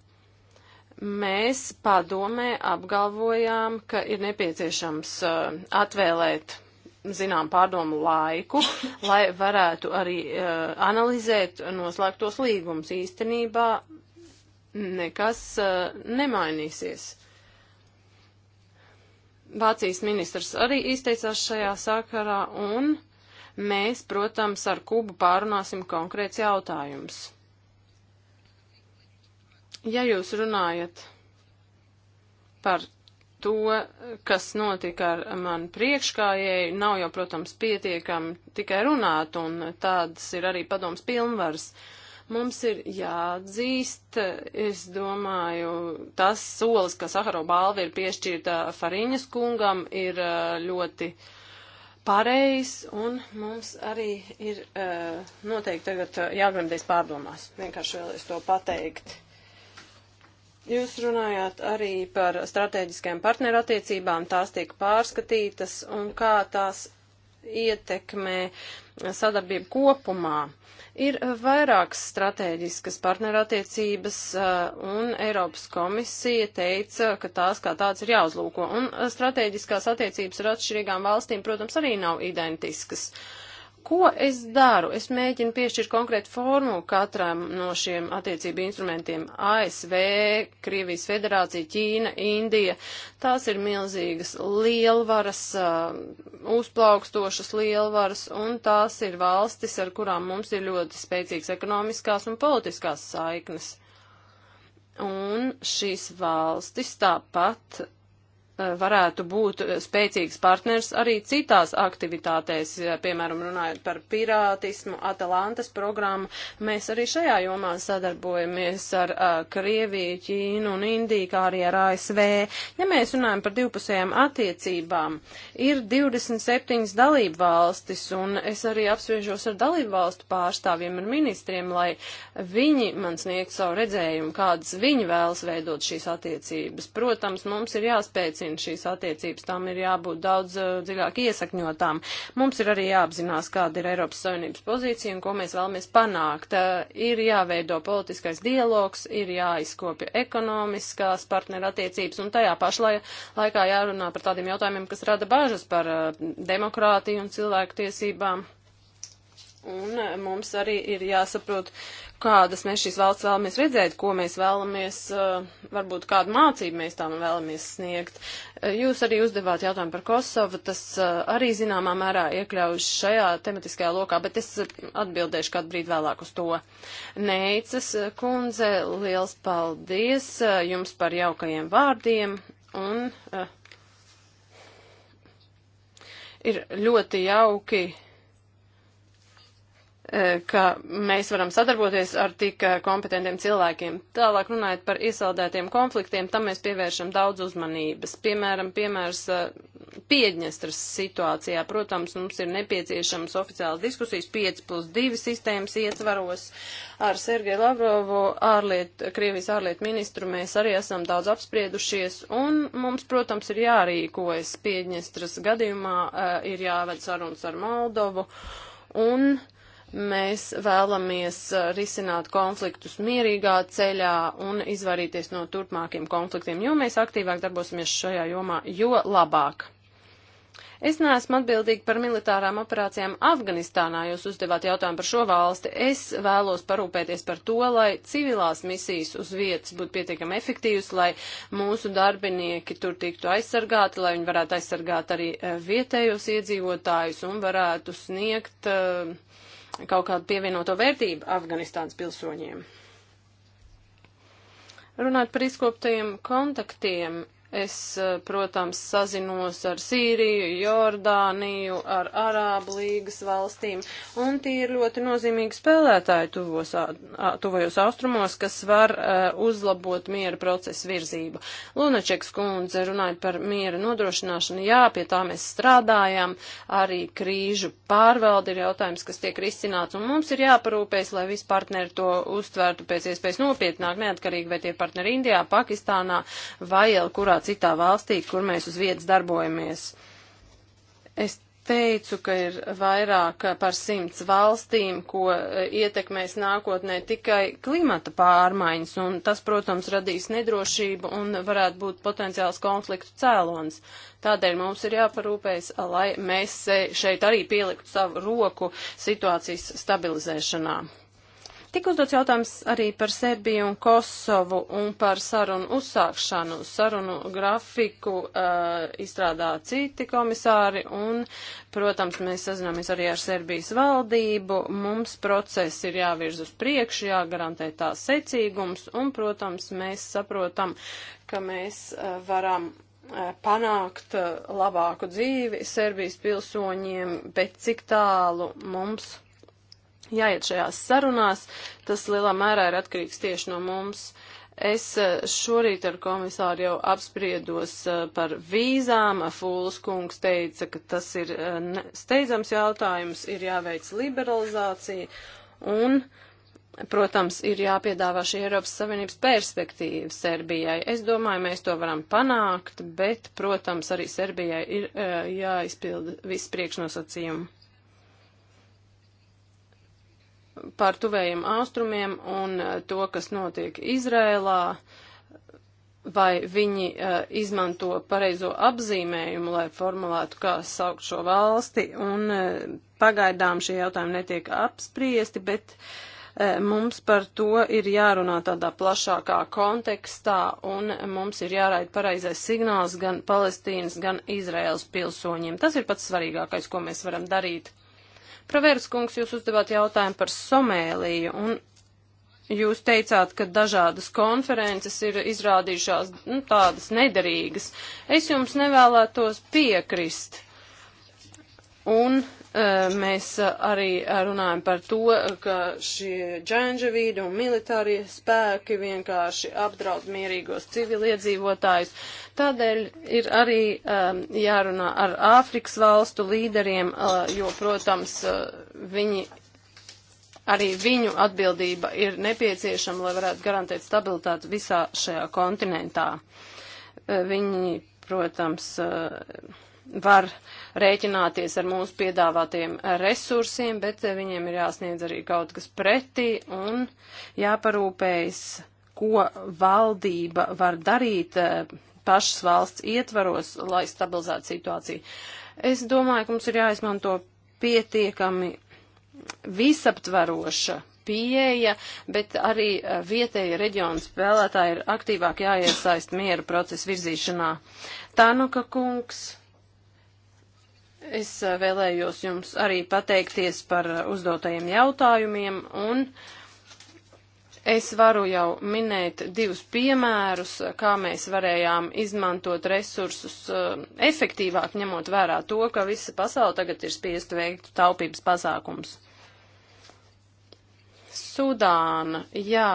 mēs padomē apgalvojām, ka ir nepieciešams eh, atvēlēt zinām pārdomu laiku, lai varētu arī uh, analizēt noslēgtos līgumus. Īstenībā nekas uh, nemainīsies. Vācijas ministrs arī izteicās šajā sakarā, un mēs, protams, ar Kubu pārunāsim konkrēts jautājums. Ja jūs runājat par to, kas notika ar manu priekškājēju, nav jau, protams, pietiekami tikai runāt, un tādas ir arī padoms pilnvaras. Uh, Mums ir jāatzīst, es domāju, tas solis, ka Saharo balva ir piešķirta Fariņas kungam, ir ļoti pareizs, un mums arī ir noteikti tagad jāgrandīs pārdomās. Vienkārši vēlēs to pateikt. Jūs runājāt arī par strateģiskajām partnerattiecībām, tās tiek pārskatītas un kā tās ietekmē sadarbību kopumā. Ir eh, vairākas strateģiskas partnerattiecības, eh, un Eiropas komisija teica, ka tās kā tāds ir jāuzlūko. Un eh, strateģiskās attiecības ar atšķirīgām valstīm, protams, arī nav identiskas. Uh, Ko es daru? Es mēģinu piešķirt konkrētu formu katram no šiem attiecību instrumentiem. ASV, Krievijas federācija, Ķīna, Indija. Tās ir milzīgas lielvaras, uzplaukstošas lielvaras, un tās ir valstis, ar kurām mums ir ļoti spēcīgas ekonomiskās un politiskās saiknes. Un šīs valstis tāpat Eh, varētu būt spēcīgs partners arī citās aktivitātēs, piemēram, runājot par pirātismu, Atalantas programmu. Mēs arī šajā jomā sadarbojamies ar uh, Krieviju, Ķīnu un Indiju, kā arī ar ASV. Ja mēs runājam par divpusējām attiecībām, ir 27 dalību valstis, un es arī apsviežos ar dalību valstu pārstāvjiem un ministriem, lai viņi man sniegtu savu redzējumu, kādas viņi vēlas veidot šīs attiecības. Protams, mums ir jāspēcina jāveicina šīs attiecības, tām ir jābūt daudz uh, dziļāk iesakņotām. Mums ir arī jāapzinās, kāda ir Eiropas Savienības pozīcija un ko mēs vēlamies panākt. Uh, ir jāveido politiskais dialogs, ir jāizkopja ekonomiskās partnerattiecības un tajā pašlai laikā jārunā par tādiem jautājumiem, kas rada bažas par uh, demokrātiju un cilvēku tiesībām. Un mums arī ir jāsaprot, kādas mēs šīs valsts vēlamies redzēt, ko mēs vēlamies, eh, varbūt kādu mācību mēs tām vēlamies sniegt. Eh, jūs arī uzdevāt jautājumu par Kosovu, tas eh, arī zināmā mērā iekļaujas šajā tematiskajā lokā, bet es atbildēšu kādu brīdi vēlāk uz to. Neicas kundze, liels paldies jums par jaukajiem vārdiem un ir ļoti jauki E, ka mēs varam sadarboties ar tik e, kompetentiem cilvēkiem. Tālāk runājot par iesaldētiem konfliktiem, tam mēs pievēršam daudz uzmanības. Piemēram, piemērs e, Piedņestras situācijā, protams, mums ir nepieciešams oficiāls diskusijas 5 plus 2 sistēmas ietvaros. Ar Sergeju Lavrovu, ārliet, Krievijas ārlietu ministru, mēs arī esam daudz apspriedušies, un mums, protams, ir jārīkojas Piedņestras gadījumā, ir jāved sarunas ar Moldovu. Un uh, Mēs vēlamies uh, risināt konfliktus mierīgā ceļā un izvairīties no turpmākiem konfliktiem, jo mēs aktīvāk darbosimies šajā jomā, jo labāk. Es neesmu atbildīga par militārām operācijām Afganistānā, jūs uzdevāt jautājumu par šo valsti. Es vēlos parūpēties par to, lai civilās misijas uz vietas būtu pietiekami efektīvas, lai mūsu darbinieki tur tiktu aizsargāti, lai viņi varētu aizsargāt arī eh, vietējos iedzīvotājus un varētu sniegt uh, kaut kādu pievienoto vērtību Afganistānas pilsoņiem. Runāt par izkoptajiem kontaktiem, Es, eh, protams, sazinos ar Sīriju, Jordāniju, ar Arābu līgas valstīm, un tie ir ļoti nozīmīgi spēlētāji tuvos, tuvajos austrumos, kas var uh, uzlabot miera procesu virzību. Lunačeks kundze runāja par miera nodrošināšanu, jā, pie tā mēs strādājam, arī krīžu pārvalde ir jautājums, kas tiek risināts, un mums ir jāparūpēs, lai visi partneri to uztvērtu pēc iespējas nopietnāk, neatkarīgi vai tie partneri Indijā, Pakistānā vai jau kurā citā valstī, kur mēs uz vietas darbojamies. Es teicu, ka ir vairāk par simts valstīm, ko e, ietekmēs nākotnē tikai klimata pārmaiņas, un tas, protams, radīs nedrošību un varētu būt potenciāls konfliktu cēlons. Tādēļ mums ir jāparūpējas, lai mēs e, šeit arī pieliktu savu roku situācijas stabilizēšanā. Tik uzdots jautājums arī par Serbiju un Kosovu un par sarunu uzsākšanu. Sarunu grafiku uh, izstrādā citi komisāri un, protams, mēs sazināmies arī ar Serbijas valdību. Mums process ir jāvirz uz priekšu, jāgarantē tā secīgums un, protams, mēs saprotam, ka mēs uh, varam eh, panākt labāku dzīvi Serbijas pilsoņiem, bet cik tālu mums jāiet šajās sarunās, tas lielā mērā ir atkarīgs tieši no mums. Es eh, šorīt ar komisāru jau apspriedos eh, par vīzām. Fūlis kungs teica, ka tas ir eh, steidzams jautājums, ir jāveic liberalizācija un, protams, ir jāpiedāvā šī Eiropas Savienības perspektīva Serbijai. Es domāju, mēs to varam panākt, bet, protams, arī Serbijai ir jāizpilda viss priekšnosacījumi par tuvējiem austrumiem un eh, to, kas notiek Izrēlā, vai viņi uh, izmanto pareizo apzīmējumu, lai formulētu, kā saukt šo valsti, un uh, pagaidām šie jautājumi netiek apspriesti, bet uh, mums par to ir jārunā tādā plašākā kontekstā, un mums ir jāraida pareizais signāls gan Palestīnas, gan Izraels pilsoņiem. Tas ir pats svarīgākais, ko mēs varam darīt. Pravērs kungs, jūs uzdevāt jautājumu par Somēliju, un jūs teicāt, ka dažādas konferences ir izrādījušās nu, tādas nederīgas. Es jums nevēlētos piekrist. Un mēs arī runājam par to, ka šie džēnžavīdi un militārie spēki vienkārši apdraud mierīgos civiliedzīvotājus. Tādēļ ir arī jārunā ar Āfrikas valstu līderiem, jo, protams, viņi. Arī viņu atbildība ir nepieciešama, lai varētu garantēt stabilitāti visā šajā kontinentā. Viņi, protams, var uh, rēķināties ar mūsu piedāvātiem resursiem, bet eh, viņiem ir jāsniedz arī kaut kas pretī un jāparūpējas, ko valdība var darīt eh, pašas valsts ietvaros, lai stabilizētu situāciju. Es domāju, ka mums ir jāizmanto pietiekami visaptvaroša pieeja, bet arī eh, vietēja reģiona spēlētāji ir aktīvāk jāiesaist miera procesu virzīšanā. Tanuka kungs Es eh, vēlējos jums arī pateikties par eh, uzdotajiem jautājumiem un es varu jau minēt divus piemērus, eh, kā mēs varējām izmantot resursus efektīvāk, ņemot vērā to, ka visa pasaule tagad ir spiest veikt taupības pasākums. Sudāna, jā.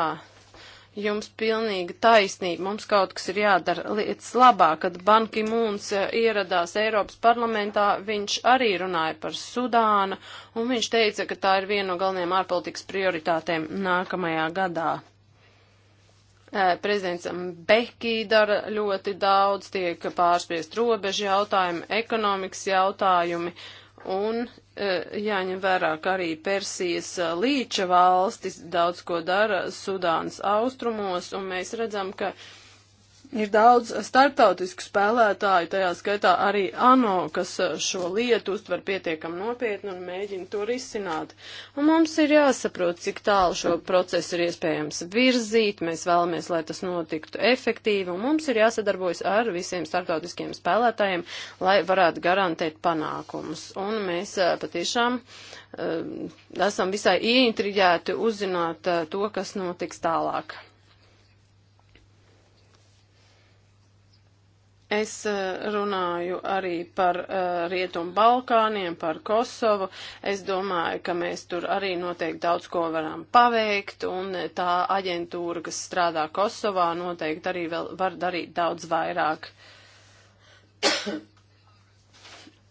Jums pilnīga taisnība, mums kaut kas ir jādara lietas labā, kad Banki Mūns eh, ieradās Eiropas parlamentā, viņš arī runāja par Sudānu, un viņš teica, ka tā ir viena no galvenajām ārpolitikas prioritātēm nākamajā gadā. Eh, prezidents Bekī dara ļoti daudz, tiek pārspiest robežu jautājumi, ekonomikas jautājumi. Uh, Un e, jāņem vērā, ka arī Persijas e, līča valstis daudz ko dara Sudānas austrumos, un mēs redzam, ka uh, Ir daudz starptautisku spēlētāju, tajā skaitā arī ANO, kas uh, šo lietu uztver pietiekami nopietni un mēģina to risināt. Un mums ir jāsaprot, cik tālu šo procesu ir iespējams virzīt, mēs vēlamies, lai tas notiktu efektīvi, un mums ir jāsadarbojas ar visiem starptautiskiem spēlētājiem, lai varētu garantēt panākumus. Un mēs uh, patiešām uh, esam visai ieintriģēti uzzināt to, kas notiks tālāk. Es eh, runāju arī par uh, Rietumu Balkāniem, par Kosovu. Es domāju, ka mēs tur arī noteikti daudz ko varam paveikt, un eh, tā aģentūra, kas strādā Kosovā, noteikti arī vēl var darīt daudz vairāk.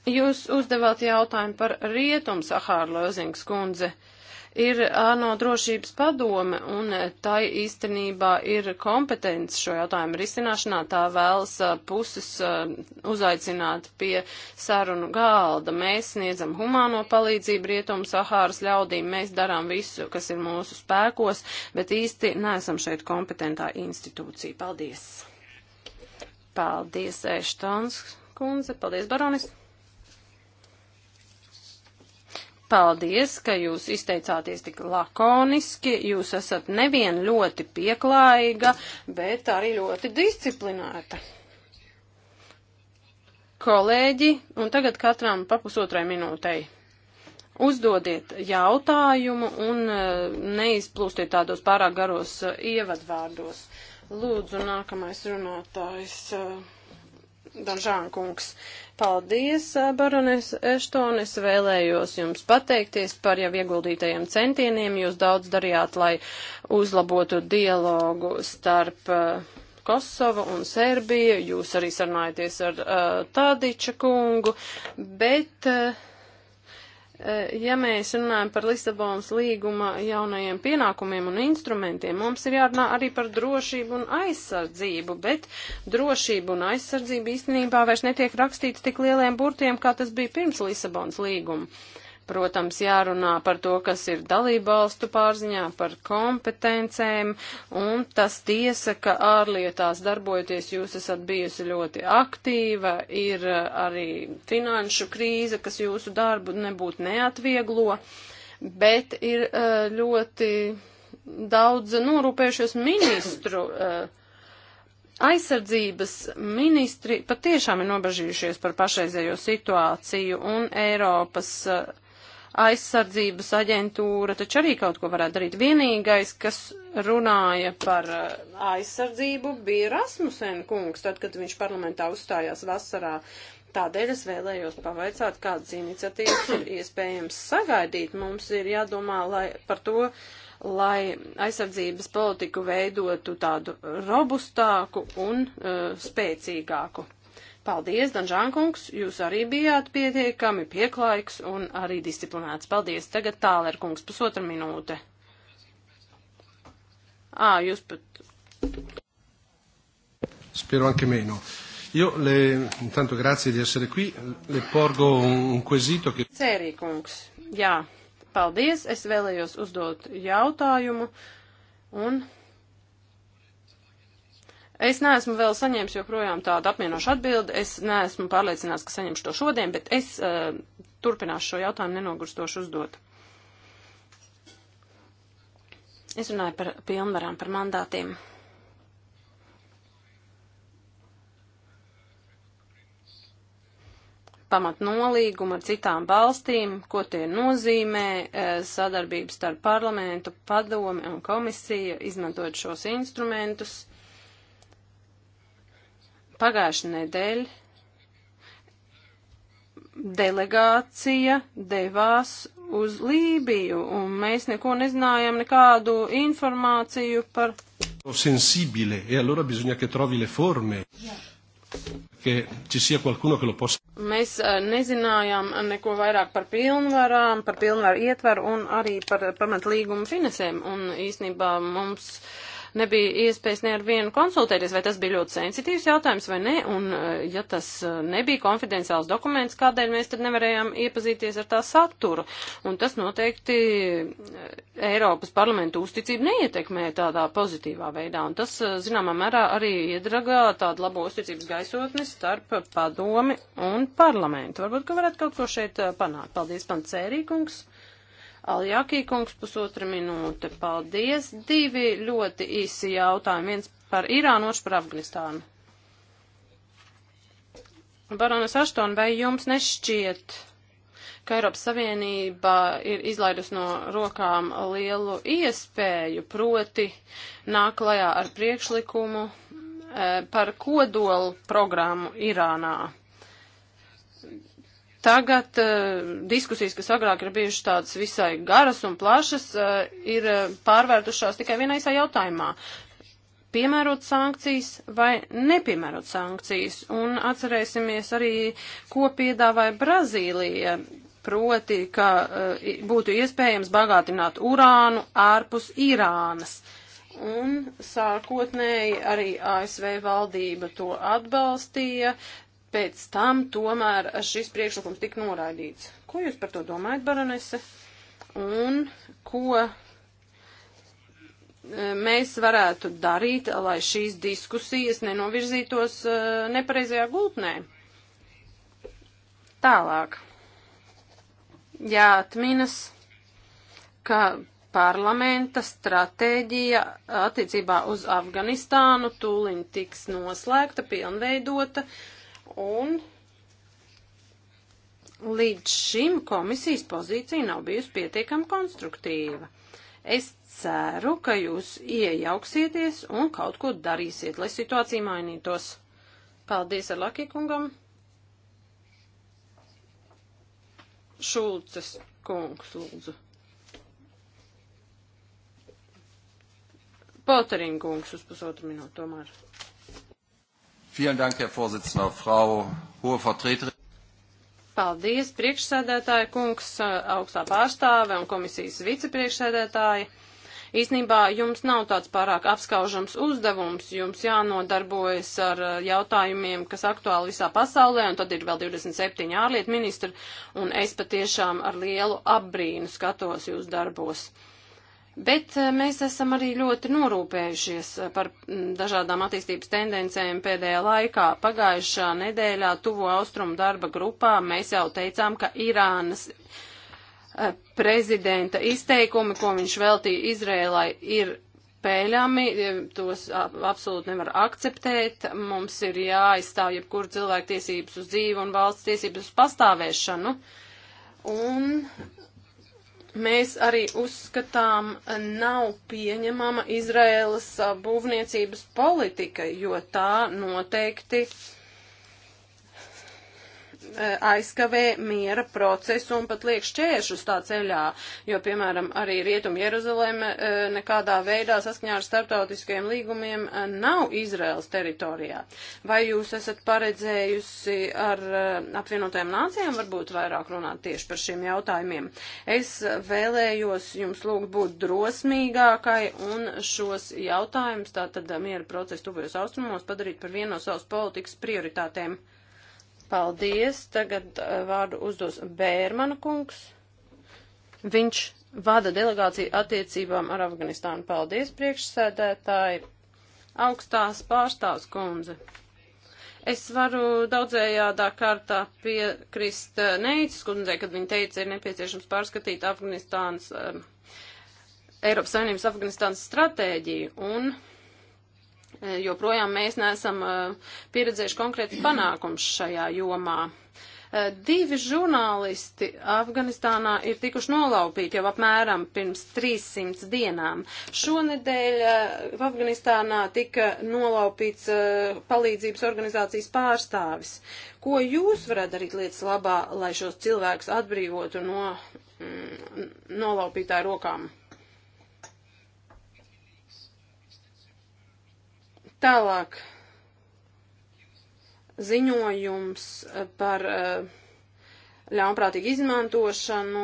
Jūs uzdevāt jautājumu par Rietumu Sahāru Lozings kundze. Uh, ir ANO drošības padome, un tai īstenībā ir kompetence šo jautājumu risināšanā. Tā vēlas puses uzaicināt pie sarunu galda. Mēs sniedzam humāno palīdzību Rietumu Sahāras ļaudīm, mēs darām visu, kas ir mūsu spēkos, bet īsti neesam šeit kompetentā institūcija. Paldies! Paldies, Eštons kundze, paldies, Baronis! Paldies, ka jūs izteicāties tik lakoniski. Jūs esat nevien ļoti pieklājīga, bet arī ļoti disciplinēta. Kolēģi, un tagad katram pa pusotrai minūtei. Uzdodiet jautājumu un e, neizplūstiet tādos pārāk garos e, ievadvārdos. Lūdzu, nākamais runātājs, e, Danžānkungs. kungs. Paldies, Barones Ešton, es vēlējos jums pateikties par jau ieguldītajiem centieniem. Jūs daudz darījāt, lai uzlabotu dialogu starp Kosovu un Serbiju. Jūs arī sarunājaties ar uh, Tādiča kungu, bet. Uh, Eh, ja mēs runājam par Lisabonas līguma jaunajiem pienākumiem un instrumentiem, mums ir jārunā arī par drošību un aizsardzību, bet drošība un aizsardzība īstenībā vairs netiek rakstīta tik lieliem burtiem, kā tas bija pirms Lisabonas līguma. Protams, jārunā par to, kas ir dalībvalstu pārziņā, par kompetencēm, un tas tiesa, ka ārlietās darbojoties jūs esat bijusi ļoti aktīva, ir uh, arī finanšu krīze, kas jūsu darbu nebūtu neatvieglo, bet ir uh, ļoti daudz norūpējušies ministru. Uh, aizsardzības ministri patiešām ir nobežījušies par pašreizējo situāciju un Eiropas uh, aizsardzības aģentūra taču arī kaut ko varētu darīt. Vienīgais, kas runāja par uh, aizsardzību, bija Rasmusen kungs, tad, kad viņš parlamentā uzstājās vasarā. Tādēļ es vēlējos pavaicāt, kādas iniciatīvas ir iespējams sagaidīt. Mums ir jādomā lai, par to, lai aizsardzības politiku veidotu tādu robustāku un uh, spēcīgāku. Paldies, Danžānkungs, jūs arī bijāt pietiekami pieklājīgs un arī disciplinēts. Paldies, tagad tālērkungs, pusotra minūte. Ā, jūs pat. Spero anche meno. Io le, intanto grazie di essere qui, le porgo un quesito che... Cērīkungs, jā, paldies, es vēlējos uzdot jautājumu un Es neesmu vēl saņēmis joprojām tādu apmienošu atbildi. Es neesmu pārliecināts, ka saņemšu to šodien, bet es uh, turpināšu šo jautājumu nenogurstoši uzdot. Es runāju par pilnvarām, par mandātiem. Pamat nolīguma ar citām valstīm, ko tie nozīmē, eh, sadarbības starp parlamentu, padomi un komisiju, izmantojot šos instrumentus Pagājuši nedēļ delegācija devās uz Lībiju, un mēs neko nezinājām, nekādu informāciju par. Sensibile, e allora bisogna che trovi le forme. Yeah che ci sia qualcuno che lo possa. Mēs eh, nezinājām neko vairāk par pilnvarām, par pilnvaru ietvaru un arī par pamatlīgumu finansēm. Un īstenībā mums nebija iespējas ne ar vienu konsultēties, vai tas bija ļoti sensitīvs jautājums vai nē, un e, ja tas e, nebija konfidenciāls dokuments, kādēļ mēs tad nevarējām iepazīties ar tā saturu. Un tas noteikti e, Eiropas parlamentu uzticību neietekmē tādā pozitīvā veidā, un tas, zināmā mērā, arī iedragā tādu labo uzticības gaisotni starp padomi un parlamentu. Varbūt, ka varat kaut ko šeit panākt. Paldies, pan Cērīkungs. Aljākī kungs pusotra minūte. Paldies. Divi ļoti īsi jautājumi. Viens par Irānu, otrs par Afganistānu. Baronas Aštona, vai jums nešķiet, ka Eiropas Savienība ir izlaidusi no rokām lielu iespēju, proti nāk lajā ar priekšlikumu eh, par kodolu programmu Irānā? Tagad uh, diskusijas, kas agrāk ir bijušas tādas visai garas un plašas, uh, ir eh, pārvērtušās tikai vienaisā jautājumā piemērot sankcijas vai nepiemērot sankcijas. Un atcerēsimies arī, ko piedāvāja Brazīlija, proti, ka uh, būtu iespējams bagātināt urānu ārpus Irānas. Un sākotnēji arī ASV valdība to atbalstīja, pēc tam tomēr šis priekšlikums tika noraidīts. Ko jūs par to domājat, baronese? Un ko e, mēs varētu darīt, lai šīs diskusijas nenovirzītos e, nepareizajā gultnē? Tālāk. Jāatminas, ka parlamenta stratēģija attiecībā uz Afganistānu tūliņ tiks noslēgta, pilnveidota, uh, Un līdz šim komisijas pozīcija nav bijusi pietiekami konstruktīva. Es ceru, ka jūs iejauksieties un kaut ko darīsiet, lai situācija mainītos. Paldies ar Lakikungam. Šulces kungs, lūdzu. Polterinkungs uz pusotru minūtu tomēr. Vielen Dank, Herr Vorsitzender, Frau Hohe Vertreterin. Paldies, priekšsēdētāja kungs, augstā pārstāve un komisijas vicepriekšsēdētāji. Īsnībā jums nav tāds pārāk apskaužams uzdevums, jums jānodarbojas ar jautājumiem, kas aktuāli visā pasaulē, un tad ir vēl 27 ārlietu ministri, un es patiešām ar lielu apbrīnu skatos jūs darbos. Bet eh, mēs esam arī ļoti norūpējušies eh, par mm, dažādām attīstības tendencēm pēdējā laikā. Pagājušā nedēļā tuvo austrumu darba grupā mēs jau teicām, ka Irānas eh, prezidenta izteikumi, ko viņš veltīja Izrēlai, ir pēļami, tos absolūti nevar akceptēt. Mums ir jāaizstāv jebkur cilvēku tiesības uz dzīvi un valsts tiesības uz pastāvēšanu. Un mēs arī uzskatām, nav pieņemama Izraēlas būvniecības politika, jo tā noteikti uh, Eh, aizkavē miera procesu un pat liek šķēršus tā ceļā, jo, piemēram, arī Rietum Jeruzaleme eh, nekādā veidā saskaņā ar starptautiskajiem līgumiem eh, nav Izraels teritorijā. Vai jūs esat paredzējusi ar apvienotajām nācijām varbūt vairāk runāt tieši par šiem jautājumiem? Es vēlējos jums lūgt būt drosmīgākai un šos jautājumus, tātad miera procesu tuvajos austrumos, padarīt par vienu no savas politikas prioritātēm. Paldies. Tagad uh, vārdu uzdos Bērmana kungs. Viņš vada delegāciju attiecībām ar Afganistānu. Paldies, priekšsēdētāji. Augstās pārstāvs kundze. Es varu daudzējādā kārtā piekrist uh, Neicis kundzei, kad viņa teica, ir nepieciešams pārskatīt Afganistānas, um, Eiropas Savienības Afganistānas stratēģiju. Un Eh, joprojām mēs neesam eh, pieredzējuši konkrēti panākums šajā jomā. Eh, divi žurnālisti Afganistānā ir tikuši nolaupīti jau apmēram pirms 300 dienām. Šonedēļ Afganistānā tika nolaupīts palīdzības organizācijas pārstāvis. Ko jūs varat darīt lietas labā, lai šos cilvēkus atbrīvotu no mm, nolaupītāju rokām? Tālāk ziņojums par eh, ļaunprātīgu izmantošanu,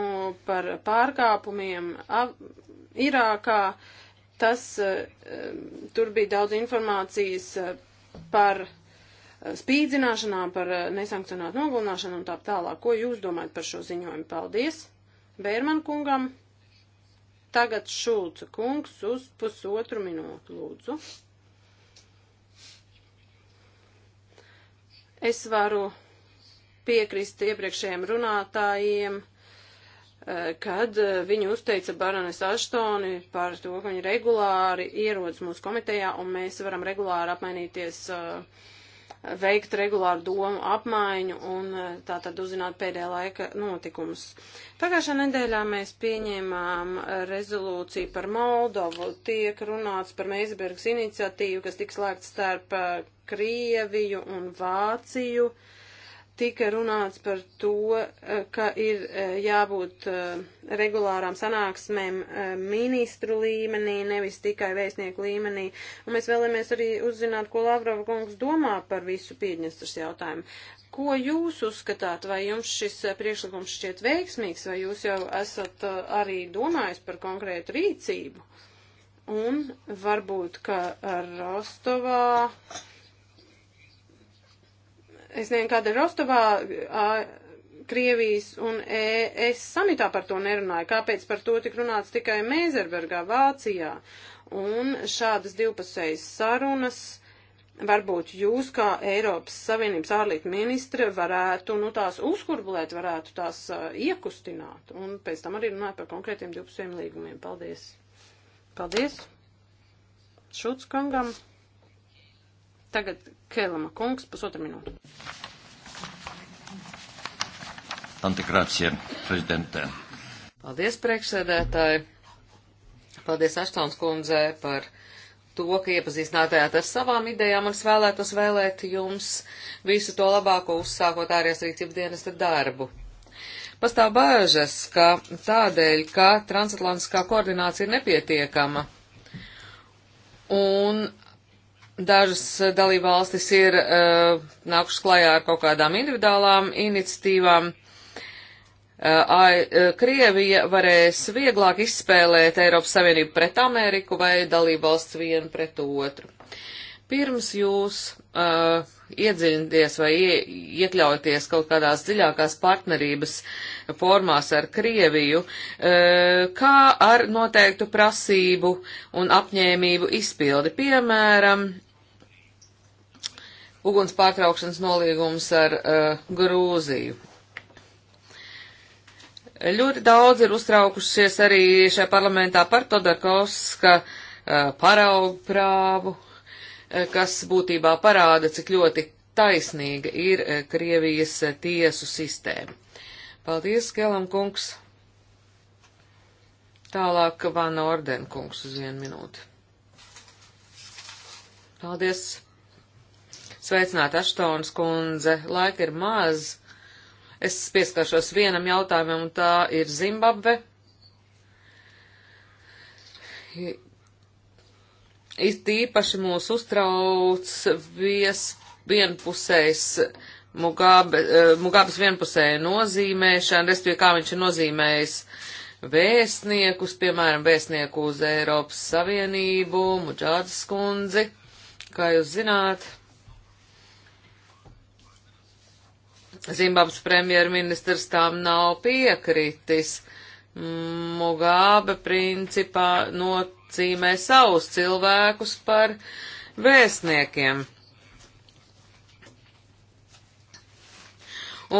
par pārkāpumiem Irākā. Tas, eh, tur bija daudz informācijas eh, par spīdzināšanām, par nesankcionētu nogalināšanu un tā tālāk. Ko jūs domājat par šo ziņojumu? Paldies Bērman kungam. Tagad Šulca kungs uz pusotru minūtu, lūdzu. Es varu piekrist iepriekšējiem runātājiem, eh, kad eh, viņi uzteica Baranes Aštoni par to, ka viņi regulāri ierodas mūsu komitejā un mēs varam regulāri apmainīties uh, veikt regulāru domu apmaiņu un tā tad uzzināt pēdējā laika notikumus. Pagājušā nedēļā mēs pieņēmām rezolūciju par Moldovu. Tiek runāts par Meizbergas iniciatīvu, kas tiks slēgts starp Krieviju un Vāciju, tika runāts par to, eh, ka ir eh, jābūt eh, regulārām sanāksmēm ministru līmenī, nevis tikai vēstnieku līmenī. Un mēs vēlamies arī uzzināt, ko Lavrova kungs domā par visu Piedņestras jautājumu. Ko jūs uzskatāt, vai jums šis priekšlikums šķiet veiksmīgs, vai jūs jau esat arī domājis par konkrētu rīcību? Un varbūt, ka Rostovā Es nezinu, kāda ir Rostovā. Krievijas un ES samitā par to nerunāja. Kāpēc par to tik runāts tikai Mēzerbergā, Vācijā? Un šādas divpusējas sarunas varbūt jūs, kā Eiropas Savienības ārlietu ministre, varētu nu, tās uzkurbulēt, varētu tās uh, iekustināt. Un pēc tam arī runāt par konkrētiem divpusējiem līgumiem. Paldies! Paldies! Šuts kungam! Tagad Kēlama kungs, pusotra minūte. Antikrācija prezidentē. Paldies, priekšsēdētāji. Paldies Aštons kundzē par to, ka iepazīstinātājāt ar savām idejām un es vēlētos vēlēt jums visu to labāko uzsākot ārējās rīcības dienesta darbu. Pastāv bāžas, ka tādēļ, ka transatlantiskā koordinācija ir nepietiekama un Dažas eh, dalībvalstis ir uh, nākušas klajā ar kaut kādām individuālām iniciatīvām. Uh, Krievija varēs vieglāk izspēlēt Eiropas Savienību pret Ameriku vai dalībvalsts vienu pret otru. Pirms jūs uh, iedziļināties vai ie, iekļauties kaut kādās dziļākās partnerības formās ar Krieviju, e, kā ar noteiktu prasību un apņēmību izpildi, piemēram, uguns pārtraukšanas nolīgums ar uh, Grūziju. Ļoti daudz ir uztraukušies arī šajā parlamentā par Todarkovska uh, paraugprāvu, uh, kas būtībā parāda, cik ļoti taisnīga ir uh, Krievijas uh, tiesu sistēma. Paldies, Kelam kungs. Tālāk Vana Orden kungs uz vienu minūti. Paldies. Sveicināt Aštonas kundze, laika ir maz. Es pieskaršos vienam jautājumam, un tā ir Zimbabve. It īpaši mūs uztrauc vies vienpusējs Mugabe, eh, Mugabes vienpusēja nozīmēšana, respektīvi kā viņš ir nozīmējis vēstniekus, piemēram, vēstnieku uz Eiropas Savienību, Muģādas kundzi, kā jūs zināt. Zimbabves premjerministrs tam nav piekritis. Mugābe principā nocīmē savus cilvēkus par vēstniekiem.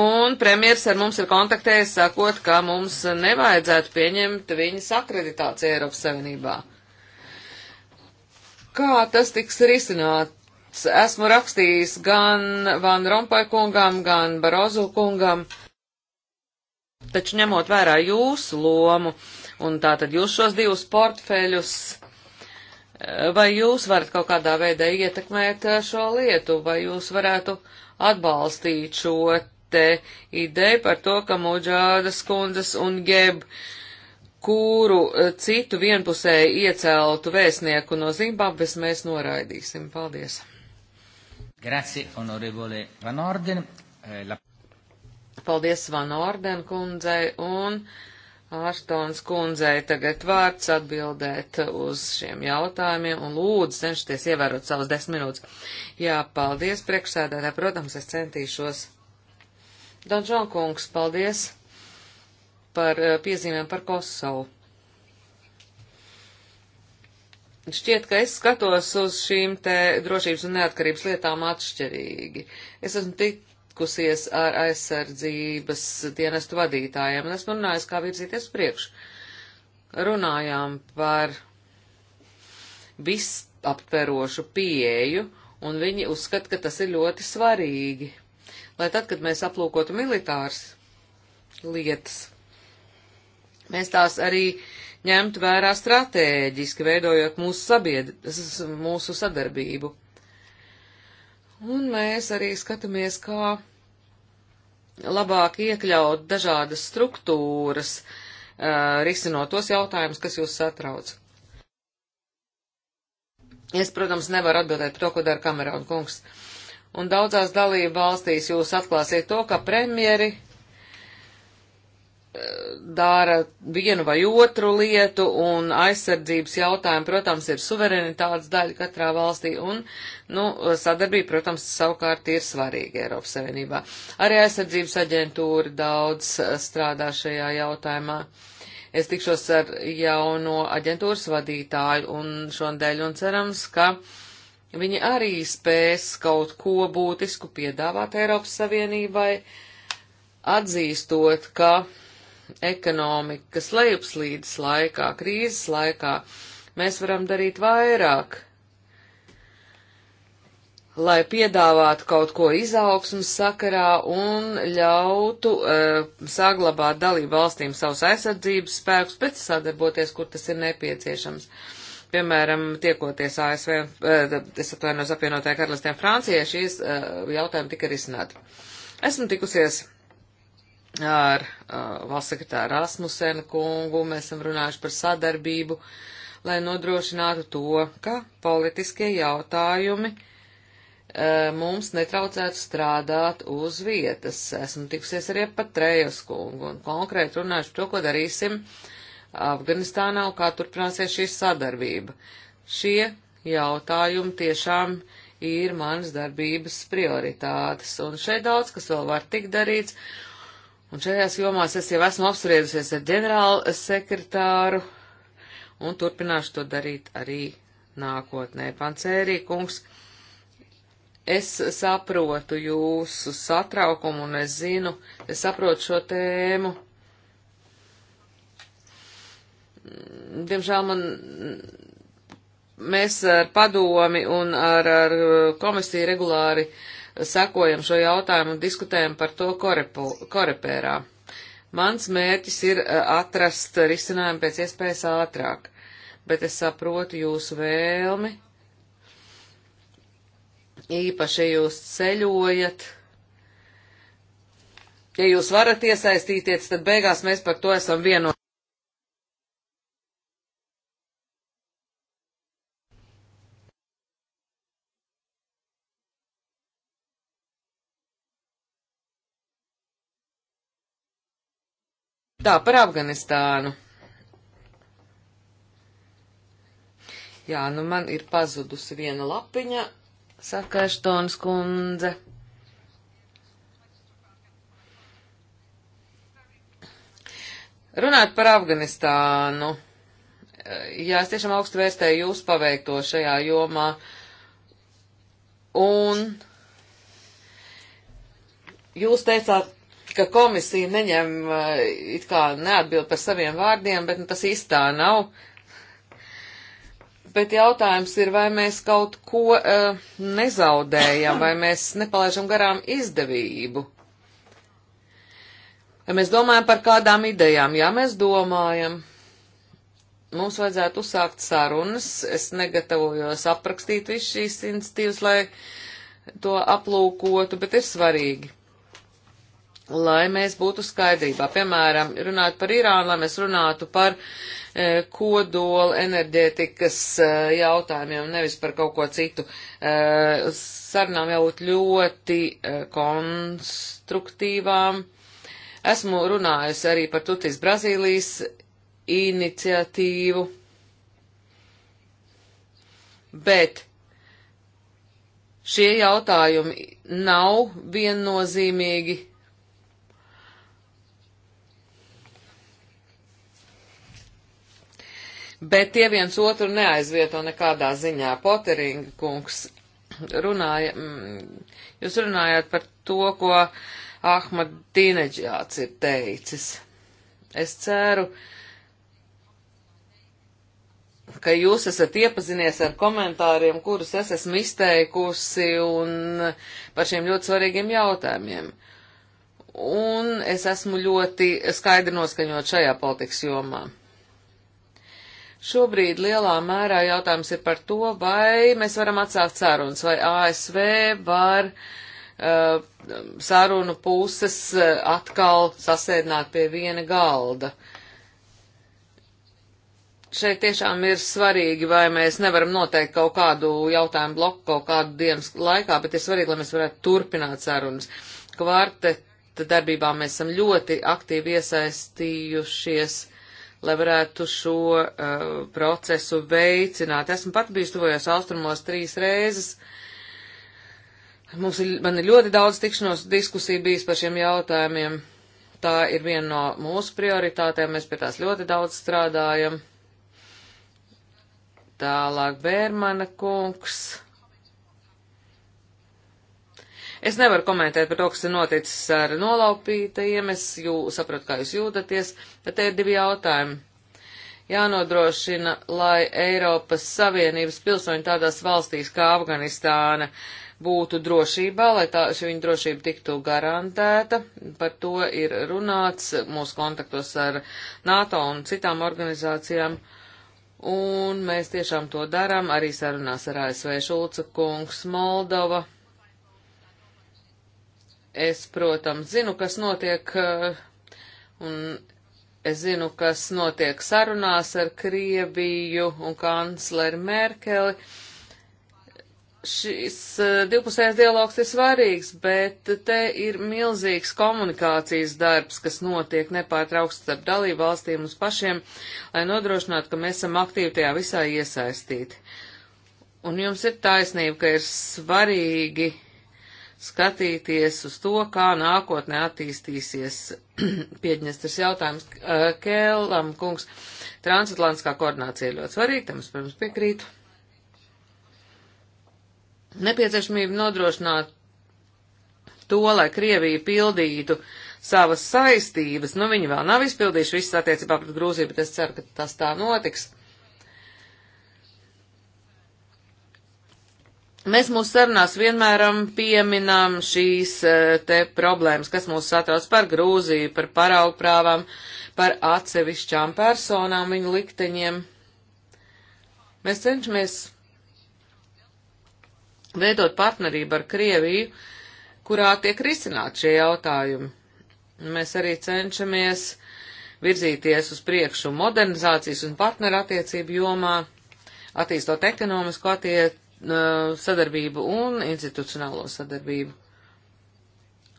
Un premjers ar mums ir kontaktējis, sakot, ka mums nevajadzētu pieņemt viņas akreditāciju Eiropas Savienībā. Kā tas tiks risināt? esmu rakstījis gan Van Rompuy kungam, gan Barozu kungam, taču ņemot vērā jūsu lomu un tātad jūs šos divus portfeļus, vai jūs varat kaut kādā veidā ietekmēt eh, šo lietu, vai jūs varētu atbalstīt šo te ideju par to, ka Muģādas kundzes un Geb kuru eh, citu vienpusēji ieceltu vēstnieku no Zimbabves mēs noraidīsim. Paldies! Grazie, onorevole Van Orden. Eh, la... Paldies Van Orden kundzei un Ārstons kundzei tagad vārds atbildēt uz šiem jautājumiem un lūdzu cenšaties ievērot savas desmit minūtes. Jā, paldies priekšsēdētā, protams, es centīšos. Donžon kungs, paldies par eh, piezīmēm par Kosovu. Šķiet, ka es skatos uz šīm te drošības un neatkarības lietām atšķirīgi. Es esmu tikusies ar aizsardzības dienestu vadītājiem, un esmu runājis, kā virzīties priekš. Runājām par visaptverošu pieeju, un viņi uzskata, ka tas ir ļoti svarīgi. Lai tad, kad mēs aplūkotu militārs lietas, mēs tās arī uh, ņemt vērā stratēģiski, veidojot mūsu, sabied, mūsu sadarbību. Un mēs arī skatāmies, kā labāk iekļaut dažādas struktūras, uh, risinot tos jautājumus, kas jūs satrauc. Es, protams, nevaru atbildēt par to, ko dara Kamerona kungs. Un daudzās dalību valstīs jūs atklāsiet to, ka premjeri dara vienu vai otru lietu, un aizsardzības jautājumi, protams, ir suverenitātes daļa katrā valstī, un, nu, sadarbība, protams, savukārt ir svarīga Eiropas Savienībā. Arī aizsardzības aģentūra daudz eh, strādā šajā jautājumā. Es tikšos ar jauno aģentūras vadītāju un šodien, un cerams, ka viņi arī spēs kaut ko būtisku piedāvāt Eiropas Savienībai, atzīstot, ka ekonomikas lejupslīdes laikā, krīzes laikā, mēs varam darīt vairāk, lai piedāvātu kaut ko izaugsmas sakarā un ļautu e, saglabāt dalību valstīm savus aizsardzības spēkus, bet sadarboties, kur tas ir nepieciešams piemēram, tiekoties ASV, eh, es atvainos apvienotajā karalistē Francijā, šīs eh, jautājumi tika risināti. Esmu tikusies ar uh, valsts sekretāru Rasmusenu kungu, mēs esam runājuši par sadarbību, lai nodrošinātu to, ka politiskie jautājumi uh, mums netraucētu strādāt uz vietas. Esmu tikusies arī par Trejas kungu un konkrēti runājuši par to, ko darīsim Afganistānā un kā turpināsies šī sadarbība. Šie jautājumi tiešām ir manas darbības prioritātes, un šeit daudz kas vēl var tikt darīts Un šajās jomās es jau esmu apspriedusies ar ģenerālu sekretāru un turpināšu to darīt arī nākotnē. Pancērī kungs, es saprotu jūsu satraukumu un es zinu, es saprotu šo tēmu. Diemžēl man mēs ar padomi un ar, ar komisiju regulāri sekojam šo jautājumu un diskutējam par to korepu, korepērā. Mans mērķis ir e, atrast risinājumu pēc iespējas ātrāk, bet es saprotu jūsu vēlmi, īpaši, ja jūs ceļojat. Ja jūs varat iesaistīties, tad beigās mēs par to esam vienojušies. Tā, par Afganistānu. Jā, nu man ir pazudusi viena lapiņa, saka Eštons kundze. Runāt par Afganistānu. Jā, es tiešām augstu vērtēju jūs paveikto šajā jomā. Un jūs teicāt, ka komisija neņem, eh, it kā neatbild par saviem vārdiem, bet nu, tas īstā nav. Bet jautājums ir, vai mēs kaut ko uh, nezaudējam, vai mēs nepalaižam garām izdevību. Vai mēs domājam par kādām idejām? Jā, mēs domājam. Mums vajadzētu uzsākt sarunas. Es negatavojos aprakstīt visu šīs institīvas, lai to aplūkotu, bet ir svarīgi lai mēs būtu skaidrībā. Piemēram, runāt par Irānu, lai mēs runātu par e, kodola enerģētikas e, jautājumiem, nevis par kaut ko citu. E, sarunām jābūt ļoti e, konstruktīvām. Esmu runājusi arī par Tutis Brazīlijas iniciatīvu, bet šie jautājumi nav viennozīmīgi bet tie viens otru neaizvieto nekādā ziņā. Poteringa kungs runāja, mm, jūs runājāt par to, ko Ahmad Dīneģāts ir teicis. Es ceru, ka jūs esat iepazinies ar komentāriem, kurus es esmu izteikusi un par šiem ļoti svarīgiem jautājumiem. Un es esmu ļoti skaidri noskaņot šajā politikas jomā. Šobrīd lielā mērā jautājums ir par to, vai mēs varam atsākt sarunas, vai ASV var uh, sarunu puses uh, atkal sasēdināt pie viena galda. Šeit tiešām ir svarīgi, vai mēs nevaram noteikt kaut kādu jautājumu bloku kaut kādu dienas laikā, bet ir svarīgi, lai mēs varētu turpināt sarunas. Kvarteta darbībā mēs esam ļoti aktīvi iesaistījušies lai varētu šo uh, procesu veicināt. Esmu pat bijis tuvojos austrumos trīs reizes. Mums ir, man ir ļoti daudz tikšanos diskusiju bijis par šiem jautājumiem. Tā ir viena no mūsu prioritātēm, mēs pie tās ļoti daudz strādājam. Tālāk Bērmana kungs Es nevaru komentēt par to, kas ir noticis ar nolaupītajiem, es jū, sapratu, kā jūs jūtaties, bet te ir divi jautājumi. Jānodrošina, lai Eiropas Savienības pilsoņi tādās valstīs kā Afganistāna būtu drošībā, lai tā, viņa drošība tiktu garantēta. Par to ir runāts mūsu kontaktos ar NATO un citām organizācijām. Un mēs tiešām to darām arī sarunās ar ASV Šulca kungs Moldova Es, protams, zinu, kas notiek, uh, un es zinu, kas notiek sarunās ar Krieviju un kancleri Merkeli. Šis uh, divpusējais dialogs ir svarīgs, bet te ir milzīgs komunikācijas darbs, kas notiek nepārtraukts starp dalību valstīm uz pašiem, lai nodrošinātu, ka mēs esam aktīvi tajā visā iesaistīti. Un jums ir taisnība, ka ir svarīgi uh, skatīties uz to, kā nākotnē attīstīsies Piedņestras jautājums. Kēlam kungs, transatlantiskā koordinācija ir ļoti svarīga, tam es pirms piekrītu. Nepieciešamība nodrošināt to, lai Krievija pildītu savas saistības. Nu, viņi vēl nav izpildījuši visas attiecībā pret Grūziju, bet es ceru, ka tas tā notiks. Mēs mūsu sarunās vienmēr pieminam šīs eh, te problēmas, kas mūs satrauc par Grūziju, par paraugprāvām, par atsevišķām personām, viņu likteņiem. Mēs cenšamies veidot partnerību ar Krieviju, kurā tiek risināt šie jautājumi. Mēs arī cenšamies virzīties uz priekšu modernizācijas un partnerattiecību jomā, attīstot ekonomisko attiecību Uh, sadarbību un institucionālo sadarbību.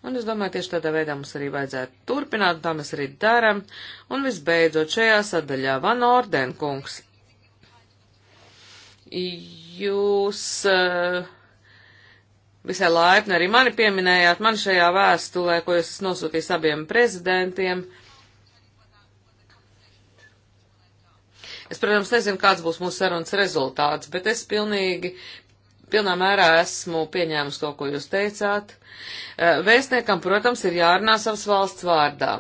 Un es domāju, tieši tādā veidā mums arī vajadzētu turpināt, un tā mēs arī darām. Un visbeidzot, šajā sadaļā Van Ordenkungs, jūs uh, visai laipni arī mani pieminējāt, man šajā vēstulē, ko es nosūtīju abiem prezidentiem, uh, Es, protams, nezinu, kāds būs mūsu sarunas rezultāts, bet es pilnīgi, pilnā mērā esmu pieņēmis to, ko jūs teicāt. Eh, vēstniekam, protams, ir jārunā savas valsts vārdā.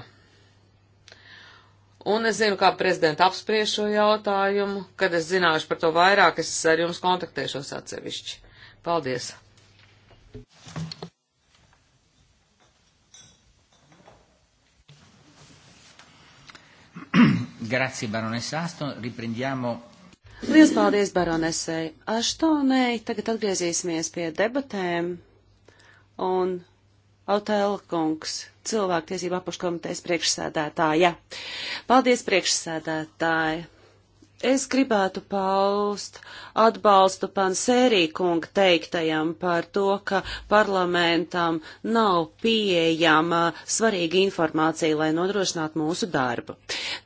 Un es zinu, kā prezidenta apspriež šo jautājumu, kad es zināšu par to vairāk, es ar jums kontaktēšos atsevišķi. Paldies! Grazie, baronesa Aston. Riprendiamo. Lielas paldies, baronesei Aštonei. Tagad atgriezīsimies pie debatēm. Un Autēla kungs, cilvēktiesība apaškomitejas priekšsēdētāja. Paldies, priekšsēdētāja. Es gribētu paust atbalstu Pansērī kunga teiktajam par to, ka parlamentam nav pieejama svarīga informācija, lai nodrošinātu mūsu darbu.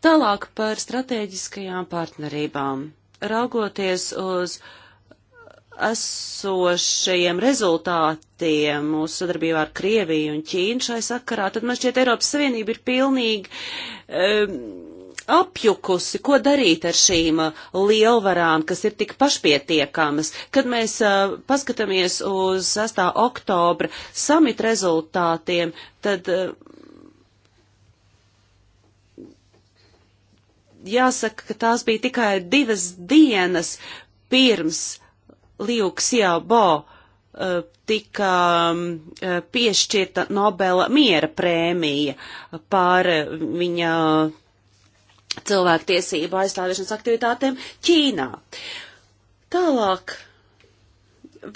Tālāk par strateģiskajām partnerībām. Raugoties uz esošajiem rezultātiem mūsu sadarbībā ar Krieviju un Ķīnu šai sakarā, tad man šķiet Eiropas Savienība ir pilnīgi. Um, apjukusi, ko darīt ar šīm uh, lielvarām, kas ir tik pašpietiekamas. Kad mēs uh, paskatāmies uz 6. oktobra samita rezultātiem, tad uh, jāsaka, ka tās bija tikai divas dienas pirms Liu Xiaobo uh, tika um, uh, piešķirta Nobela miera prēmija par viņa uh, cilvēktiesību aizstāvēšanas aktivitātēm Ķīnā. Tālāk,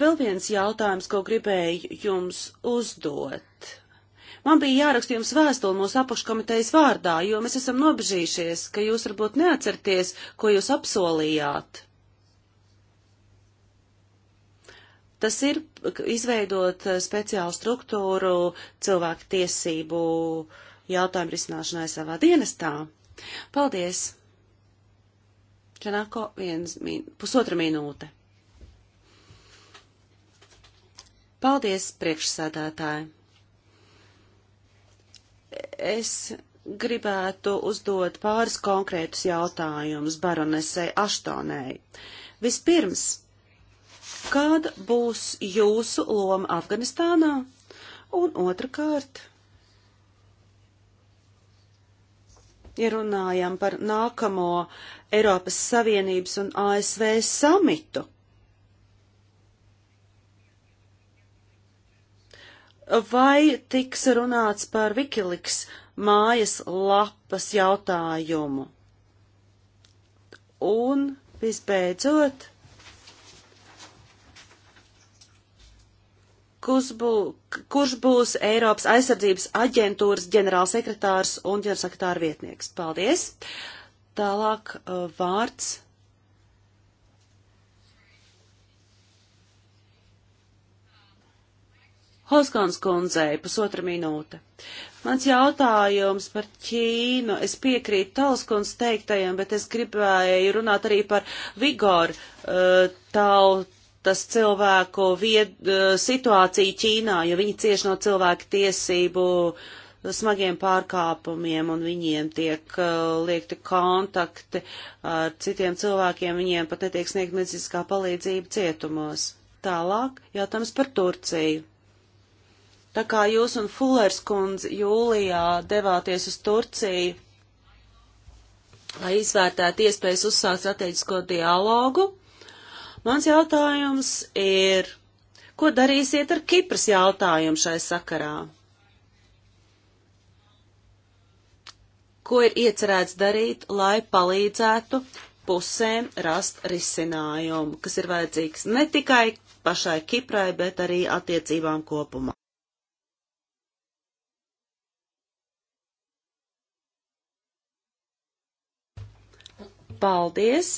vēl viens jautājums, ko gribēju jums uzdot. Man bija jāraksta jums vēstuli mūsu apakškomitejas vārdā, jo mēs esam nobežījušies, ka jūs varbūt neatcerties, ko jūs apsolījāt. Tas ir izveidot speciālu struktūru cilvēku tiesību jautājumu risināšanai savā dienestā. Paldies! Čanako, viens, min, pusotra minūte. Paldies, priekšsādātāji! Es gribētu uzdot pāris konkrētus jautājumus baronesei Aštonai. Vispirms, kāda būs jūsu loma Afganistānā? Un otrkārt, ja runājam par nākamo Eiropas Savienības un ASV samitu. Vai tiks runāts par Wikileaks mājas lapas jautājumu? Un, visbeidzot, bū, kurš būs Eiropas aizsardzības aģentūras ģenerālsekretārs un ģenerālsekretāra vietnieks. Paldies! Tālāk uh, vārds. Holskons kundzei pusotra minūte. Mans jautājums par Ķīnu. Es piekrītu Talskunds teiktajam, bet es gribēju runāt arī par Vigoru uh, tautu tas cilvēku vied, eh, situācija Ķīnā, jo viņi cieši no cilvēku tiesību smagiem pārkāpumiem un viņiem tiek uh, liekti kontakti ar citiem cilvēkiem, viņiem pat netiek sniegt medicīniskā palīdzība cietumos. Tālāk jautājums par Turciju. Tā kā jūs un Fullers kundze jūlijā devāties uz Turciju, lai izvērtētu iespējas uzsākt strateģisko dialogu, Mans jautājums ir, ko darīsiet ar Kipras jautājumu šai sakarā? Ko ir iecerēts darīt, lai palīdzētu pusēm rast risinājumu, kas ir vajadzīgs ne tikai pašai Kiprai, bet arī attiecībām kopumā. Paldies!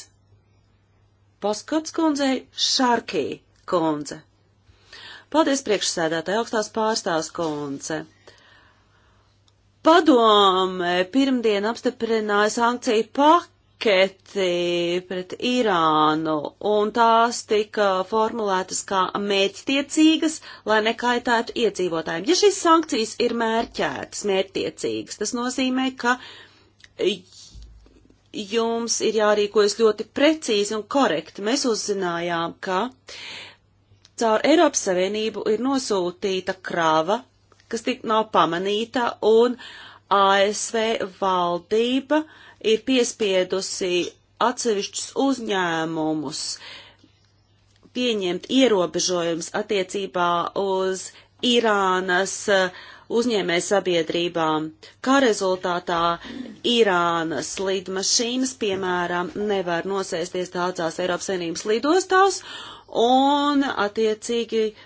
Paskats kundzei Šarkī kundze. Paldies priekšsēdētāji augstās pārstāvs kundze. Padome pirmdien apstiprināja sankciju paketi pret Irānu, un tās tika formulētas kā mērķtiecīgas, lai nekaitētu iedzīvotājiem. Ja šīs sankcijas ir mērķētas, mērķtiecīgas, tas nozīmē, ka jums ir jārīkojas ļoti precīzi un korekti. Mēs uzzinājām, ka caur Eiropas Savienību ir nosūtīta krāva, kas tik nav pamanīta, un ASV valdība ir piespiedusi atsevišķus uzņēmumus pieņemt ierobežojumus attiecībā uz Irānas uh, uzņēmē sabiedrībām. Kā rezultātā Irānas lidmašīnas, piemēram, nevar nosēsties daudzās Eiropas Savienības lidostās un attiecīgi eh,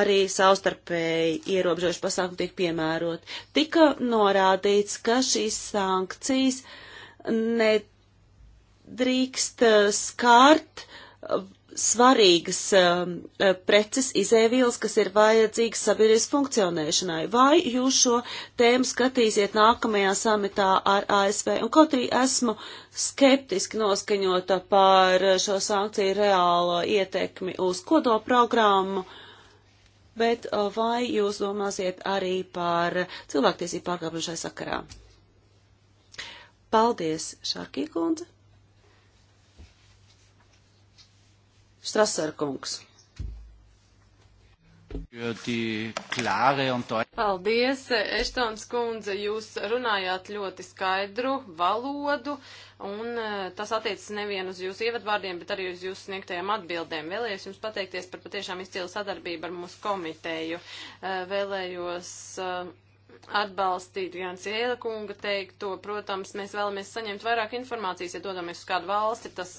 arī savstarpēji ierobežojuši pasākumi tiek piemērot. Tika norādīts, ka šīs sankcijas nedrīkst eh, skārt svarīgas um, eh, preces izēvielas, kas ir vajadzīgas sabiedrības funkcionēšanai. Vai jūs šo tēmu skatīsiet nākamajā samitā ar ASV? Un kaut arī esmu skeptiski noskaņota par eh, šo sankciju reālo ietekmi uz kodoprogrammu, bet eh, vai jūs domāsiet arī par cilvēktiesību pārkāpumu šai sakarā? Paldies, Šarkī kundze! Strasarkungs. Paldies, Eštons kundze, jūs runājāt ļoti skaidru valodu, un e, tas attiecas nevien uz jūsu ievadvārdiem, bet arī uz jūsu sniegtajām atbildēm. Vēlējos jums pateikties par patiešām izcilu sadarbību ar mūsu komiteju. E, vēlējos e, atbalstītu Jānis Jēla kunga teikto. Protams, mēs vēlamies saņemt vairāk informācijas, ja dodamies uz kādu valsti, tas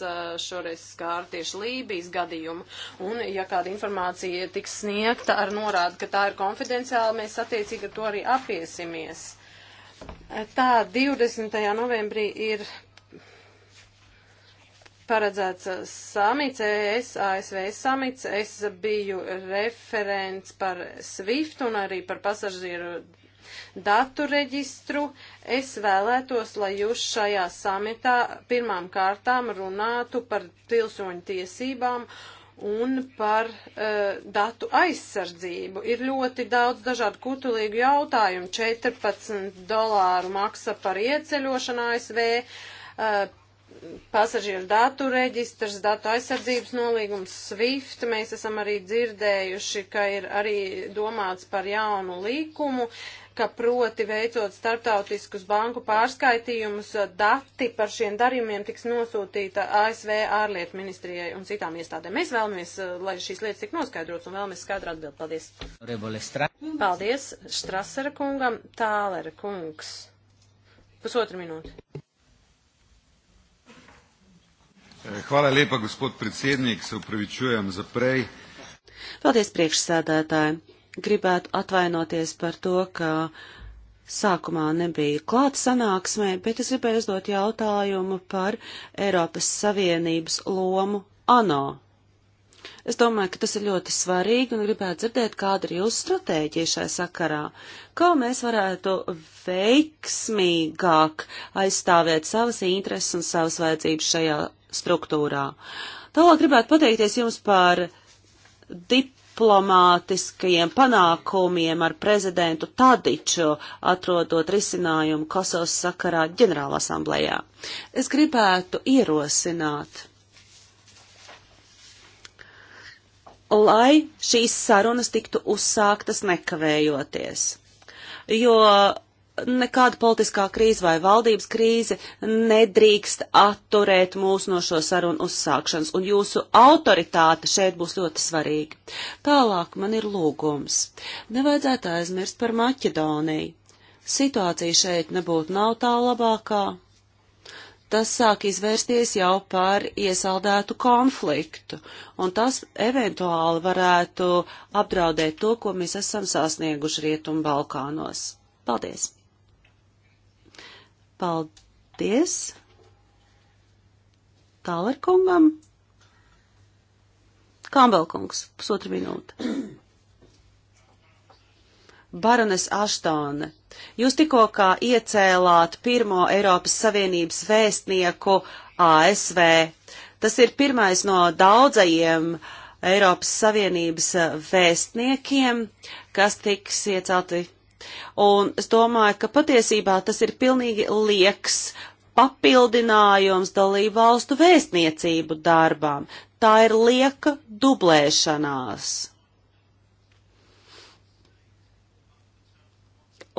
šoreiz skār tieši Lībijas gadījumu. Un, ja kāda informācija tiks sniegta ar norādu, ka tā ir konfidenciāla, mēs attiecīgi ar to arī apiesimies. Tā 20. novembrī ir paredzēts samits, ES, ASV samits. Es biju referents par SWIFT un arī par pasažieru datu reģistru. Es vēlētos, lai jūs šajā samitā pirmām kārtām runātu par pilsoņu tiesībām un par uh, datu aizsardzību. Ir ļoti daudz dažādu kutulīgu jautājumu. 14 dolāru maksa par ieceļošanu ASV, uh, eh, pasažieru datu reģistrs, datu aizsardzības nolīgums SWIFT. Mēs esam arī dzirdējuši, ka ir arī domāts par jaunu līkumu, ka proti veicot starptautiskus banku pārskaitījumus, eh, dati par šiem darījumiem tiks nosūtīta ASV ārlietu ministrijai un citām iestādēm. Mēs vēlamies, eh, lai šīs lietas tik noskaidrots un vēlamies skaidru atbildi. Paldies. Paldies Štrasera kungam, Tālera kungs. Pusotru minūti. Eh, hvala lepa, gospod predsednik, se upravičujem za prej. Paldies priekšsēdētāji gribētu atvainoties par to, ka sākumā nebija klāt sanāksmē, bet es gribēju uzdot jautājumu par Eiropas Savienības lomu ANO Es domāju, ka tas ir ļoti svarīgi un gribētu dzirdēt, kāda ir jūsu stratēģija šai sakarā. Kā mēs varētu veiksmīgāk aizstāvēt savas intereses un savas vajadzības šajā struktūrā? Tālāk gribētu pateikties jums par dip diplomātiskajiem panākumiem ar prezidentu Tadiču, atrodot risinājumu Kosovas sakarā ģenerāla asamblējā. Es gribētu ierosināt, lai šīs sarunas tiktu uzsāktas nekavējoties, jo nekāda politiskā krīze vai valdības krīze nedrīkst atturēt mūs no šo sarunu uzsākšanas, un jūsu autoritāte šeit būs ļoti svarīga. Tālāk man ir lūgums. Nevajadzētu aizmirst par Maķedoniju. Situācija šeit nebūtu nav tā labākā. Tas sāk izvērsties jau par iesaldētu konfliktu, un tas eventuāli varētu apdraudēt to, ko mēs esam sasnieguši Rietumu Balkānos. Paldies! Paldies Tālerkungam. Kambelkungs, pusotra minūte. Barones Aštone, jūs tikko kā iecēlāt pirmo Eiropas Savienības vēstnieku ASV. Tas ir pirmais no daudzajiem Eiropas Savienības vēstniekiem, kas tiks iecelti Un es domāju, ka patiesībā tas ir pilnīgi lieks papildinājums dalību valstu vēstniecību darbām. Tā ir lieka dublēšanās.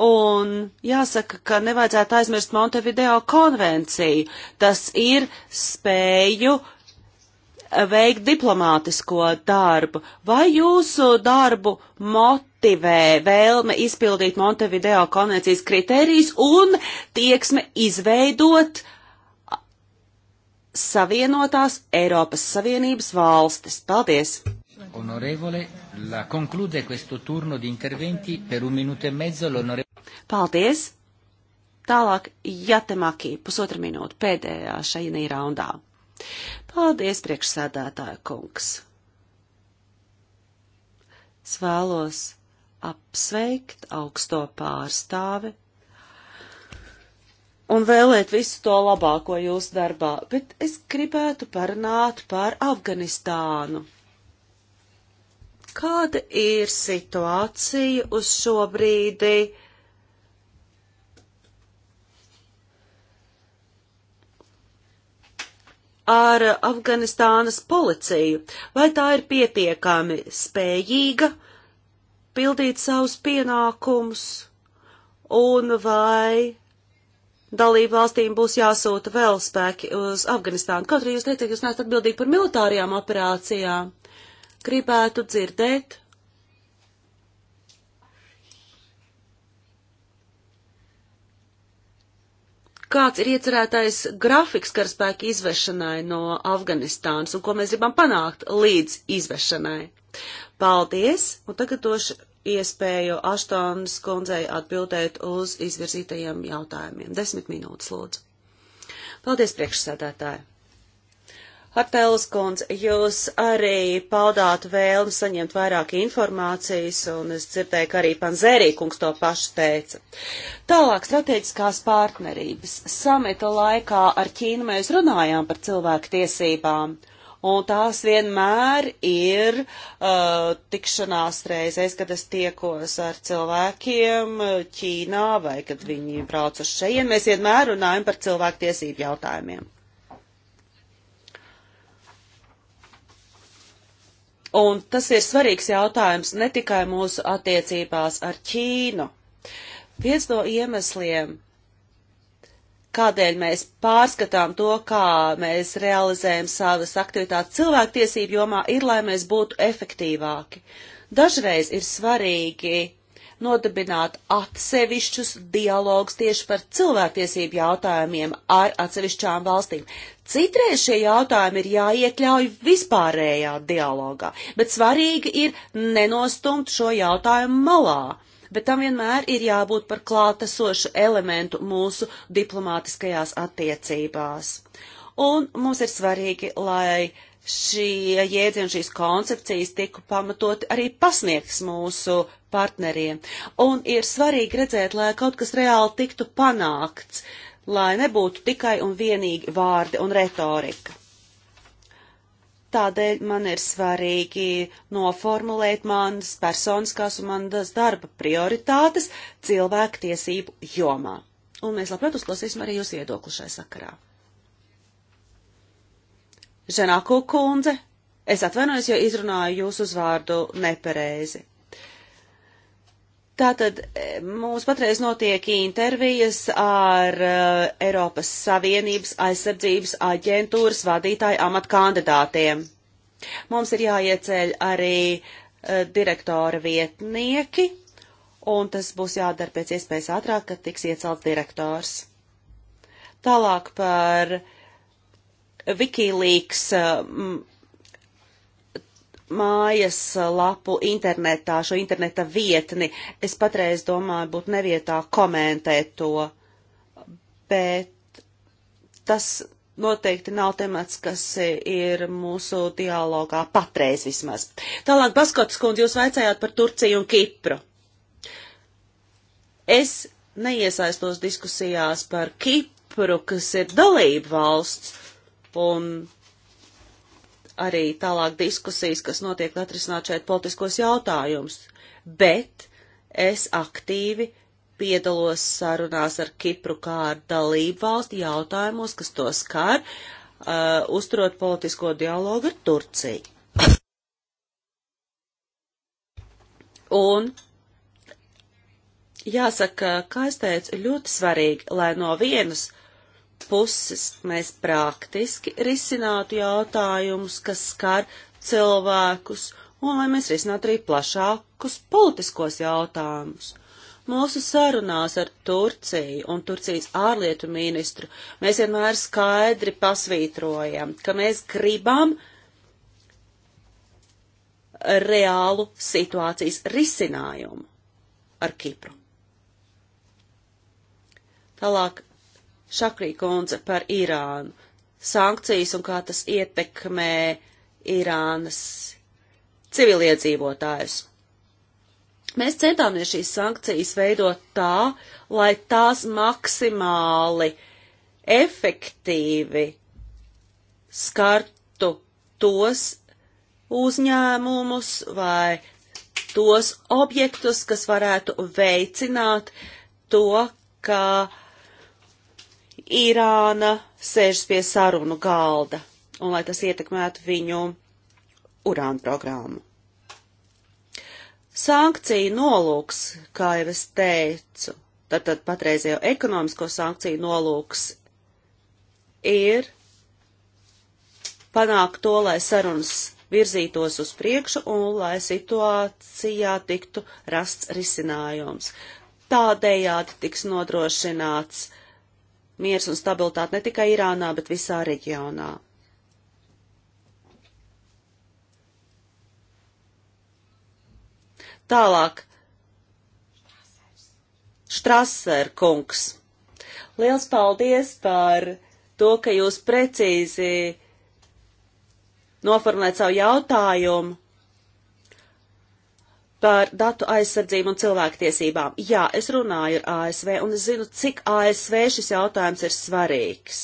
Un jāsaka, ka nevajadzētu aizmirst Montevideo konvenciju. Tas ir spēju uh, veikt diplomātisko darbu, vai jūsu darbu motivē vēlme izpildīt Montevideo konvencijas kritērijas un tieksme izveidot savienotās Eiropas Savienības valstis. Paldies! Onorevole, la conclude questo turno di interventi per un minuto e mezzo l'onorevole. Paldies! Tālāk Jatemaki, pusotra minūte pēdējā šajā raundā. Paldies, priekšsēdētāja kungs! Es vēlos apsveikt augsto pārstāvi un vēlēt visu to labāko jūsu darbā, bet es gribētu parunāt par Afganistānu. Kāda ir situācija uz šo brīdi? ar Afganistānas policiju, vai tā ir pietiekami spējīga pildīt savus pienākumus, un vai dalību valstīm būs jāsūta vēl spēki uz Afganistānu. Kaut arī jūs teicat, ka jūs neesat atbildīgi par militārajām operācijām, gribētu dzirdēt kāds ir iecerētais grafiks karaspēku izvešanai no Afganistānas un ko mēs gribam panākt līdz izvešanai. Paldies, un tagad došu iespēju Aštonas kundzei atbildēt uz izvirzītajiem jautājumiem. Desmit minūtes, lūdzu. Paldies, priekšsēdētāji. Hartēlis kundze, jūs arī paudāt vēlmi saņemt vairāk informācijas, un es dzirdēju, ka arī Panzērī kungs to pašu teica. Tālāk, strateģiskās partnerības. Samita laikā ar Ķīnu mēs runājām par cilvēku tiesībām. Un tās vienmēr ir uh, tikšanās reizēs, kad es tiekos ar cilvēkiem uh, Ķīnā vai kad viņi brauc uz šeien. Mēs vienmēr runājam par cilvēku tiesību jautājumiem. Un tas ir svarīgs jautājums ne tikai mūsu attiecībās ar Ķīnu. Viens no iemesliem, kādēļ mēs pārskatām to, kā mēs realizējam savas aktivitātes cilvēktiesību jomā, ir, lai mēs būtu efektīvāki. Dažreiz ir svarīgi nodibināt atsevišķus dialogus tieši par cilvēktiesību jautājumiem ar atsevišķām valstīm. Citreiz šie jautājumi ir jāiekļauj vispārējā dialogā, bet svarīgi ir nenostumt šo jautājumu malā. Bet tam vienmēr ir jābūt par klātesošu elementu mūsu diplomātiskajās attiecībās. Un mums ir svarīgi, lai uh, šie jēdzieni, šīs koncepcijas tika pamatoti arī pasniegts mūsu partneriem. Un ir svarīgi redzēt, lai kaut kas reāli tiktu panākts, lai nebūtu tikai un vienīgi vārdi un retorika. Tādēļ man ir svarīgi noformulēt manas personiskās un manas darba prioritātes cilvēku tiesību jomā. Un mēs labprāt uzklausīsim arī jūsu viedokli šai sakarā. Ženaku kundze, es atvainojos, ja izrunāju jūsu uzvārdu nepareizi. Tātad e, mums patreiz notiek intervijas ar uh, Eiropas Savienības aizsardzības aģentūras vadītāju amatu kandidātiem. Mums ir jāieceļ arī uh, direktora vietnieki, un tas būs jādara pēc iespējas ātrāk, kad tiks iecelts direktors. Tālāk par uh, Wikileaks uh, mājas uh, lapu internetā, šo interneta vietni. Es patreiz domāju, būtu nevietā komentēt to, bet tas noteikti nav temats, kas ir mūsu dialogā patreiz vismaz. Tālāk, Baskots kundze, jūs vaicājāt par Turciju un Kipru. Es neiesaistos diskusijās par Kipru, kas ir dalība valsts un arī tālāk diskusijas, kas notiek atrisināt šeit politiskos jautājumus, bet es aktīvi piedalos sarunās ar Kipru kā ar dalību valsti jautājumos, kas to skar, uh, uzturot politisko dialogu ar Turciju. Un jāsaka, kā es teicu, ļoti svarīgi, lai no vienas puses mēs praktiski risinātu jautājumus, kas skar cilvēkus, un lai mēs risinātu arī plašākus politiskos jautājumus. Mūsu sarunās ar Turciju un Turcijas ārlietu ministru mēs vienmēr skaidri pasvītrojam, ka mēs gribam reālu situācijas risinājumu ar Kipru. Tālāk Šakrī kundze par Irānu, sankcijas un kā tas ietekmē Irānas civiliedzīvotājus. Mēs centāmies šīs sankcijas veidot tā, lai tās maksimāli efektīvi skartu tos uzņēmumus vai tos objektus, kas varētu veicināt to, ka uh, Irāna sēžas pie sarunu galda un lai tas ietekmētu viņu urāna programmu. Sankciju nolūks, kā jau es teicu, tātad patreizējo ekonomisko sankciju nolūks ir panākt to, lai sarunas virzītos uz priekšu un lai situācijā tiktu rasts risinājums. Tādējādi tiks nodrošināts uh, miers un stabilitāti ne tikai Irānā, bet visā reģionā. Tālāk. Štraser kungs. Liels paldies par to, ka jūs precīzi noformulēt savu jautājumu par datu aizsardzību un cilvēktiesībām. Jā, es runāju ar ASV un es zinu, cik ASV šis jautājums ir svarīgs.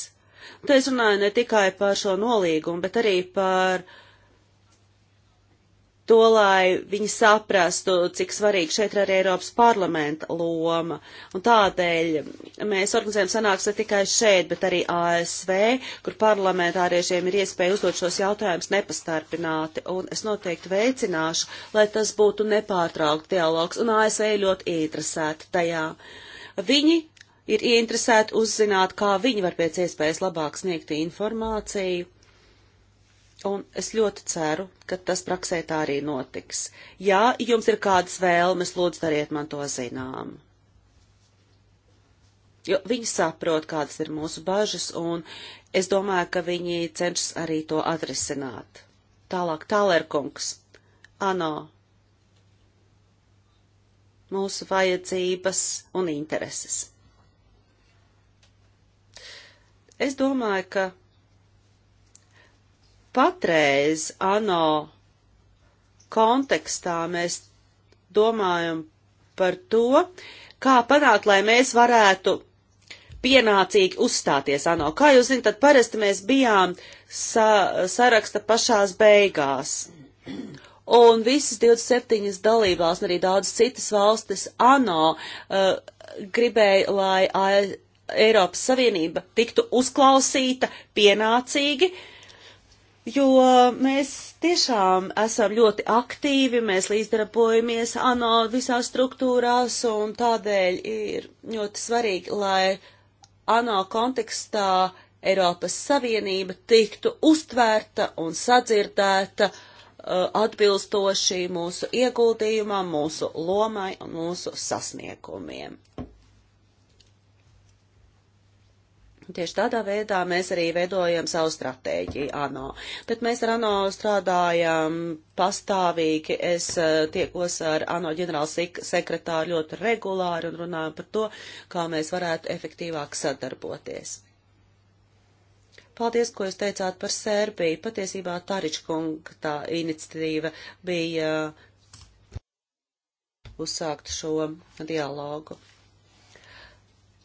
Un te es runāju ne tikai par šo nolīgumu, bet arī par uh, to, lai viņi saprastu, cik svarīgi šeit ir arī Eiropas parlamenta loma. Un tādēļ mēs organizējam sanāksmi tikai šeit, bet arī ASV, kur parlamentāriešiem ir iespēja uzdot šos jautājumus nepastarpināti. Un es noteikti veicināšu, lai tas būtu nepārtraukti dialogs, un ASV ļoti interesēti tajā. Viņi ir ieinteresēti uzzināt, kā viņi var pēc iespējas labāk sniegt informāciju Un es ļoti ceru, ka tas praksē tā arī notiks. Ja jums ir kādas vēlmes, lūdzu, dariet man to zinām. Jo viņi saprot, kādas ir mūsu bažas, un es domāju, ka viņi cenšas arī to atrisināt. Tālāk, tālērkungs. Ano. Mūsu vajadzības un intereses. Es domāju, ka patreiz ANO kontekstā mēs domājam par to, kā panākt, lai mēs varētu pienācīgi uzstāties ANO. Kā jūs zināt, tad parasti mēs bijām sa saraksta pašās beigās. Un visas 27 dalībvalsts, arī daudz citas valstis ANO uh, gribēja, lai e- Eiropas Savienība tiktu uzklausīta pienācīgi, uh, jo mēs tiešām esam ļoti aktīvi, mēs līdzdarbojamies ANO visās struktūrās, un tādēļ ir ļoti svarīgi, lai ANO kontekstā Eiropas Savienība tiktu uztvērta un sadzirdēta uh, atbilstoši mūsu ieguldījumam, mūsu lomai un mūsu sasniegumiem. Tieši tādā veidā mēs arī veidojam savu stratēģiju ANO. Bet mēs ar ANO strādājam pastāvīgi. Es eh, tiekos ar ANO ģenerālu sekretāru ļoti regulāri un runājam par to, kā mēs varētu efektīvāk sadarboties. Paldies, ko jūs teicāt par Sērbiju. Patiesībā Taričkunga tā iniciatīva bija uzsākt šo dialogu.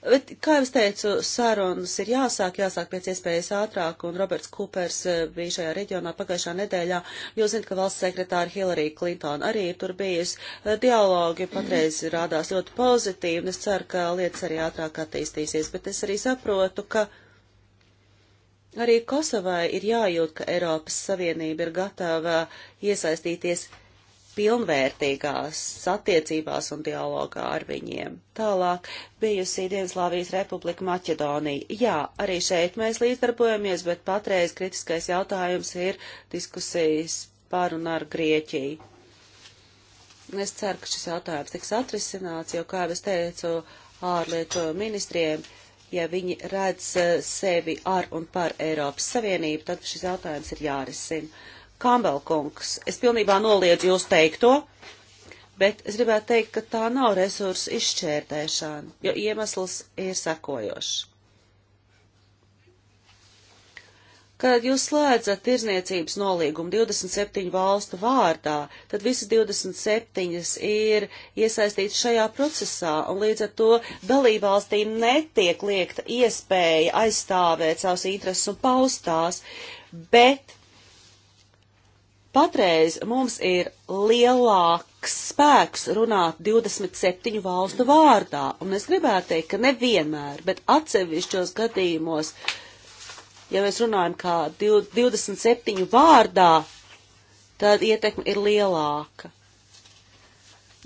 Bet, kā jau es teicu, sarunas ir jāsāk, jāsāk pēc iespējas ātrāk, un Roberts Kūpers eh, bija šajā reģionā pagājušā nedēļā. Jūs zināt, ka valsts sekretāra Hillary Clinton arī tur bijusi. Eh, dialogi patreiz rādās ļoti pozitīvi, un es ceru, ka lietas arī ātrāk attīstīsies, bet es arī saprotu, ka arī Kosovai ir jājūt, ka Eiropas Savienība ir gatava iesaistīties pilnvērtīgās attiecībās un dialogā ar viņiem. Tālāk bijusi Dienslāvijas republika Maķedonija. Jā, arī šeit mēs līdzdarbojamies, bet patreiz kritiskais jautājums ir diskusijas par un ar Grieķiju. Es ceru, ka šis jautājums tiks atrisināts, jo, kā jau es teicu, ārlietu ministriem ja viņi redz eh, sevi ar un par Eiropas Savienību, tad šis jautājums ir jārisina. Kāmbelkungs, es pilnībā noliedzu jūs teikto, bet es gribētu teikt, ka tā nav resursu izšķērtēšana, jo iemesls ir sekojošs. Kad jūs slēdzat tirzniecības nolīgumu 27 valstu vārdā, tad visas 27 ir iesaistītas šajā procesā, un līdz ar to dalībvalstīm netiek liekta iespēja aizstāvēt savus intereses un paustās, bet Patreiz mums ir lielāks spēks runāt 27 valstu vārdā, un es gribētu teikt, ka nevienmēr, bet atsevišķos gadījumos, ja mēs runājam kā 27 vārdā, tad ietekme ir lielāka.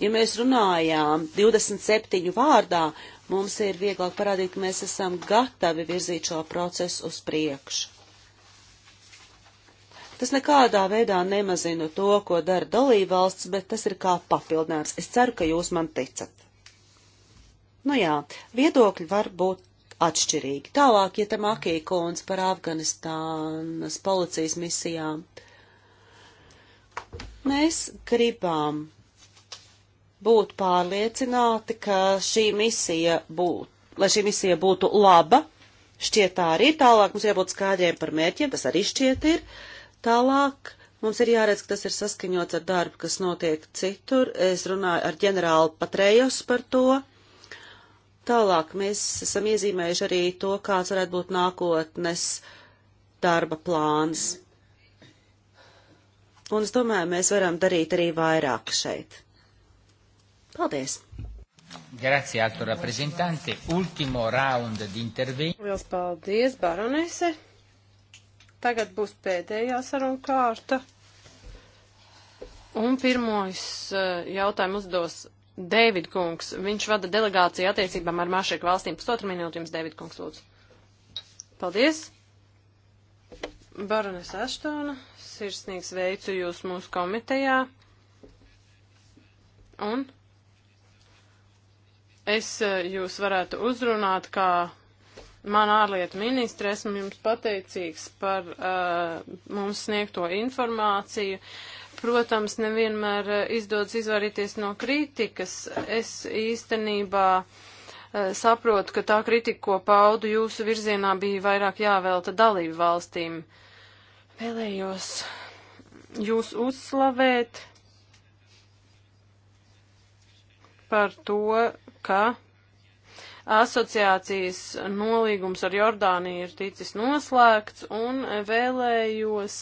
Ja mēs runājām 27 vārdā, mums ir vieglāk parādīt, ka mēs esam gatavi virzīt šo procesu uz priekšu. Tas nekādā veidā nemazina to, ko dara dalībvalsts, bet tas ir kā papildinājums. Es ceru, ka jūs man ticat. Nu jā, viedokļi var būt atšķirīgi. Tālāk, ja tam akīkons par Afganistānas policijas misijām. Mēs gribām būt pārliecināti, ka šī misija būtu, lai šī misija būtu laba, šķiet tā arī tālāk mums jābūt skaidriem par mērķiem, tas arī šķiet ir. Uh, Tālāk mums ir jāredz, ka tas ir saskaņots ar darbu, kas notiek citur. Es runāju ar ģenerāli Patrējos par to. Tālāk mēs esam iezīmējuši arī to, kāds varētu būt nākotnes darba plāns. Un es domāju, mēs varam darīt arī vairāk šeit. Paldies! Grazie, alto rappresentante. Ultimo round di interventi. Lielas paldies, baronese. Tagad būs pēdējā saruna kārta. Un pirmojas eh, jautājumu uzdos Dēvid Kungs. Viņš vada delegāciju attiecībām ar Mašeku valstīm. Pusotru minūti jums, Dēvid Kungs, lūdzu. Paldies! Baronis Aštona, sirsnīgs veicu jūs mūsu komitejā. Un es eh, jūs varētu uzrunāt kā Man ārlietu ministra esmu jums pateicīgs par uh, mums sniegto informāciju. Protams, nevienmēr uh, izdodas izvairīties no kritikas. Es īstenībā uh, saprotu, ka tā kritika, ko paudu jūsu virzienā, bija vairāk jāvelta dalību valstīm. Vēlējos jūs uzslavēt par to, ka asociācijas nolīgums ar Jordāniju ir ticis noslēgts un vēlējos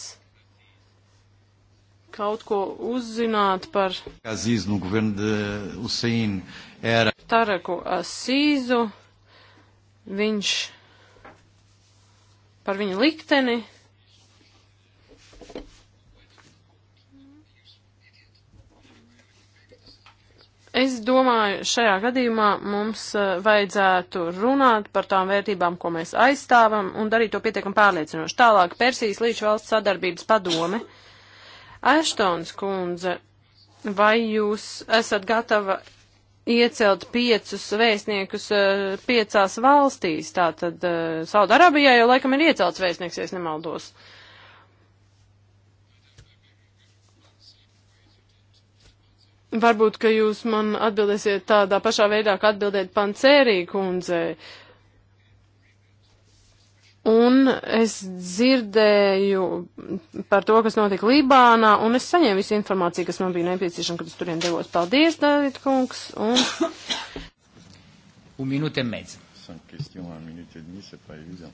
kaut ko uzzināt par Taraku Asīzu. Viņš par viņa likteni Es domāju, šajā gadījumā mums e, vajadzētu runāt par tām vērtībām, ko mēs aizstāvam, un darīt to pietiekam pārliecinoši. Tālāk Persijas līča valsts sadarbības padome. Ashtons kundze, vai jūs esat gatava iecelt piecus vēstniekus e, piecās valstīs? Tātad e, Saudarābijā jau laikam ir iecelts vēstnieks, ja es nemaldos. Uh, Varbūt, ka jūs man atbildēsiet tādā pašā veidā, kā atbildēt pancērī kundzei. Un es dzirdēju par to, kas notika Libānā, un es saņēmu visu informāciju, kas man bija nepieciešama, kad es turien devos. Paldies, David kungs, un... Un minūte mēdz. 5 questions, 1 minūte et demie, c'est pas évident.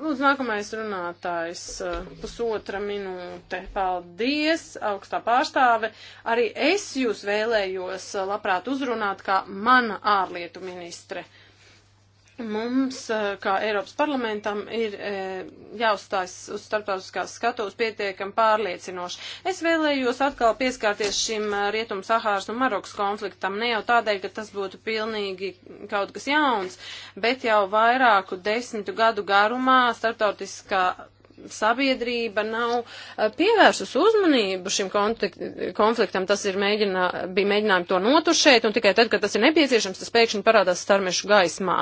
Lūdzu, nākamais runātājs, eh, pusotra minūte. Paldies, augstā pārstāve. Arī es jūs vēlējos eh, labprāt uzrunāt kā mana ārlietu ministre. Uh, Mums, eh, kā Eiropas parlamentam, ir eh, jāuzstājas uz starptautiskās skatuves pietiekami pārliecinoši. Es vēlējos atkal pieskārties šim eh, Rietum Sahāras un Marokas konfliktam, ne jau tādēļ, ka tas būtu pilnīgi kaut kas jauns, bet jau vairāku desmitu gadu garumā starptautiskā sabiedrība nav eh, pievērsus uzmanību šim konfliktam. Tas ir mēģinā, bija mēģinājumi to notušēt, un tikai tad, kad tas ir nepieciešams, tas pēkšņi parādās starmešu gaismā.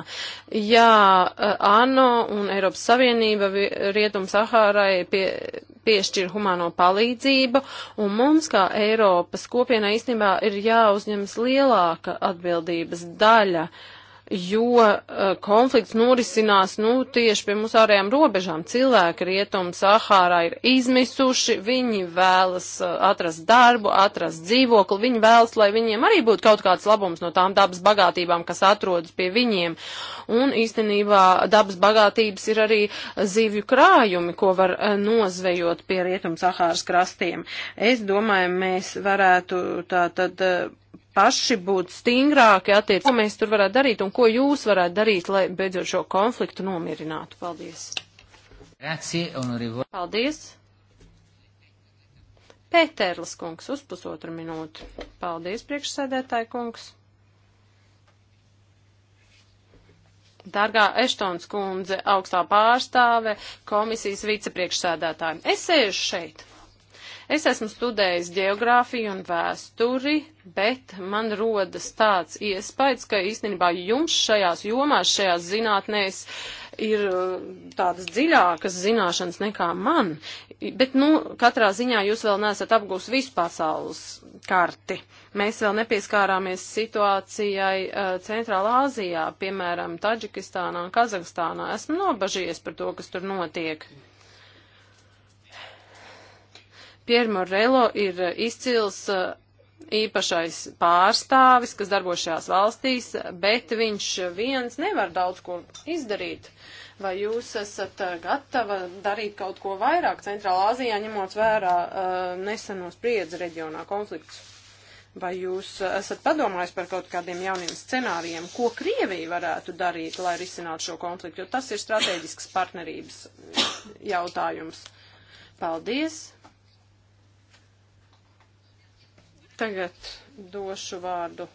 Jā, eh, ANO un Eiropas Savienība Rietum Sahārai pie, piešķir humāno palīdzību, un mums, kā Eiropas kopienai, īstenībā ir jāuzņemas lielāka atbildības daļa. Uh, jo uh, konflikts norisinās, nu, tieši pie mūsu ārējām robežām. Cilvēki rietum Sahārā ir izmisuši, viņi vēlas uh, atrast darbu, atrast dzīvokli, viņi vēlas, lai viņiem arī būtu kaut kāds labums no tām dabas bagātībām, kas atrodas pie viņiem. Un īstenībā dabas bagātības ir arī zivju krājumi, ko var uh, nozvejot pie rietum Sahāras krastiem. Es domāju, mēs varētu tā tad. Uh, paši būt stingrāki attiecībā, ko mēs tur varētu darīt un ko jūs varētu darīt, lai beidzot šo konfliktu nomierinātu. Paldies! Grazie, onorevole. Paldies! Pēterlis kungs uz pusotru minūtu. Paldies, priekšsēdētāji kungs. Dargā Eštons kundze, augstā pārstāve, komisijas vicepriekšsēdētāji. Es sēžu šeit. Es esmu studējis geogrāfiju un vēsturi, bet man rodas tāds iespējas, ka īstenībā jums šajās jomās, šajās zinātnēs ir uh, tādas dziļākas zināšanas nekā man. Bet, nu, katrā ziņā jūs vēl neesat apgūst visu pasaules karti. Mēs vēl nepieskārāmies situācijai uh, Centrālā Āzijā, piemēram, Taģikistānā un Kazahstānā. Esmu nobažījies par to, kas tur notiek. Mm. Pierre Morello ir eh, izcils eh, īpašais pārstāvis, kas darbojas šajās valstīs, bet viņš viens nevar daudz ko izdarīt. Vai jūs esat eh, gatava darīt kaut ko vairāk Centrālā Azijā, ņemot vērā uh, neseno spriedzi reģionā konflikts? Vai jūs esat padomājis par kaut kādiem jauniem scenārijiem, ko Krievija varētu darīt, lai risinātu šo konfliktu, jo tas ir strateģisks partnerības jautājums. Paldies! Tagad došu vārdu.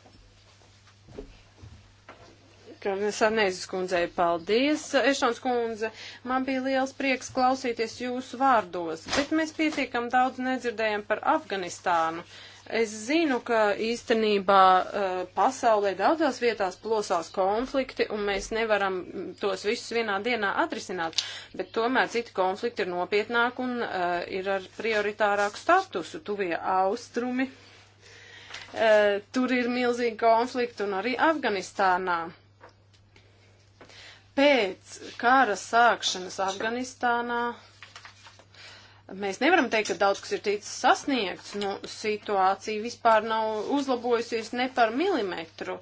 Sarnēzes kundzei paldies, Ešons kundze. Man bija liels prieks klausīties jūsu vārdos, bet mēs pietiekam daudz nedzirdējam par Afganistānu. Es zinu, ka īstenībā uh, pasaulē daudzās vietās plosās konflikti, un mēs nevaram tos visus vienā dienā atrisināt, bet tomēr citi konflikti ir nopietnāk un uh, ir ar prioritārāku statusu, tuvie austrumi. Uh, Eh, tur ir milzīgi konflikti un arī Afganistānā. Pēc kara sākšanas Afganistānā mēs nevaram teikt, ka daudz kas ir ticis sasniegts. Nu, situācija vispār nav uzlabojusies ne par milimetru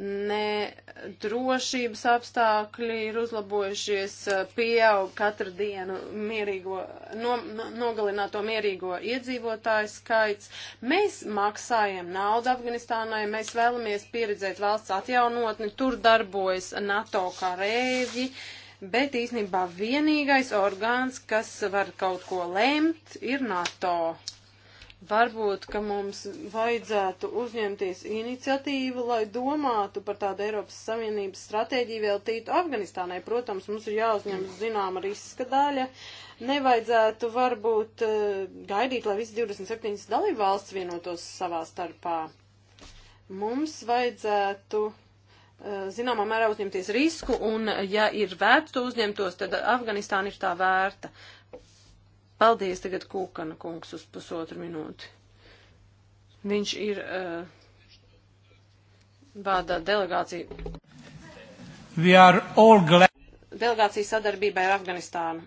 ne drošības apstākļi ir uzlabojušies, eh, pieaug katru dienu mierīgo, no, no, nogalināto mierīgo iedzīvotāju skaits. Mēs maksājam naudu Afganistānai, mēs vēlamies pieredzēt valsts atjaunotni, tur darbojas NATO karēģi. Bet īstenībā vienīgais orgāns, kas var kaut ko lemt, ir NATO. Varbūt, ka mums vajadzētu uzņemties iniciatīvu, lai domātu par tādu Eiropas Savienības stratēģiju veltītu Afganistānai. Protams, mums ir jāuzņem zināma riska daļa. Nevajadzētu varbūt eh, gaidīt, lai visi 27 dalību valsts vienotos savā starpā. Mums vajadzētu eh, zināmā mērā uzņemties risku, un ja ir vērts to uzņemtos, tad Afganistāna ir tā vērta. Paldies tagad Kūkana kungs uz pusotru minūti. Viņš ir uh, eh, vādā delegācija. Delegācija sadarbībā ar Afganistānu.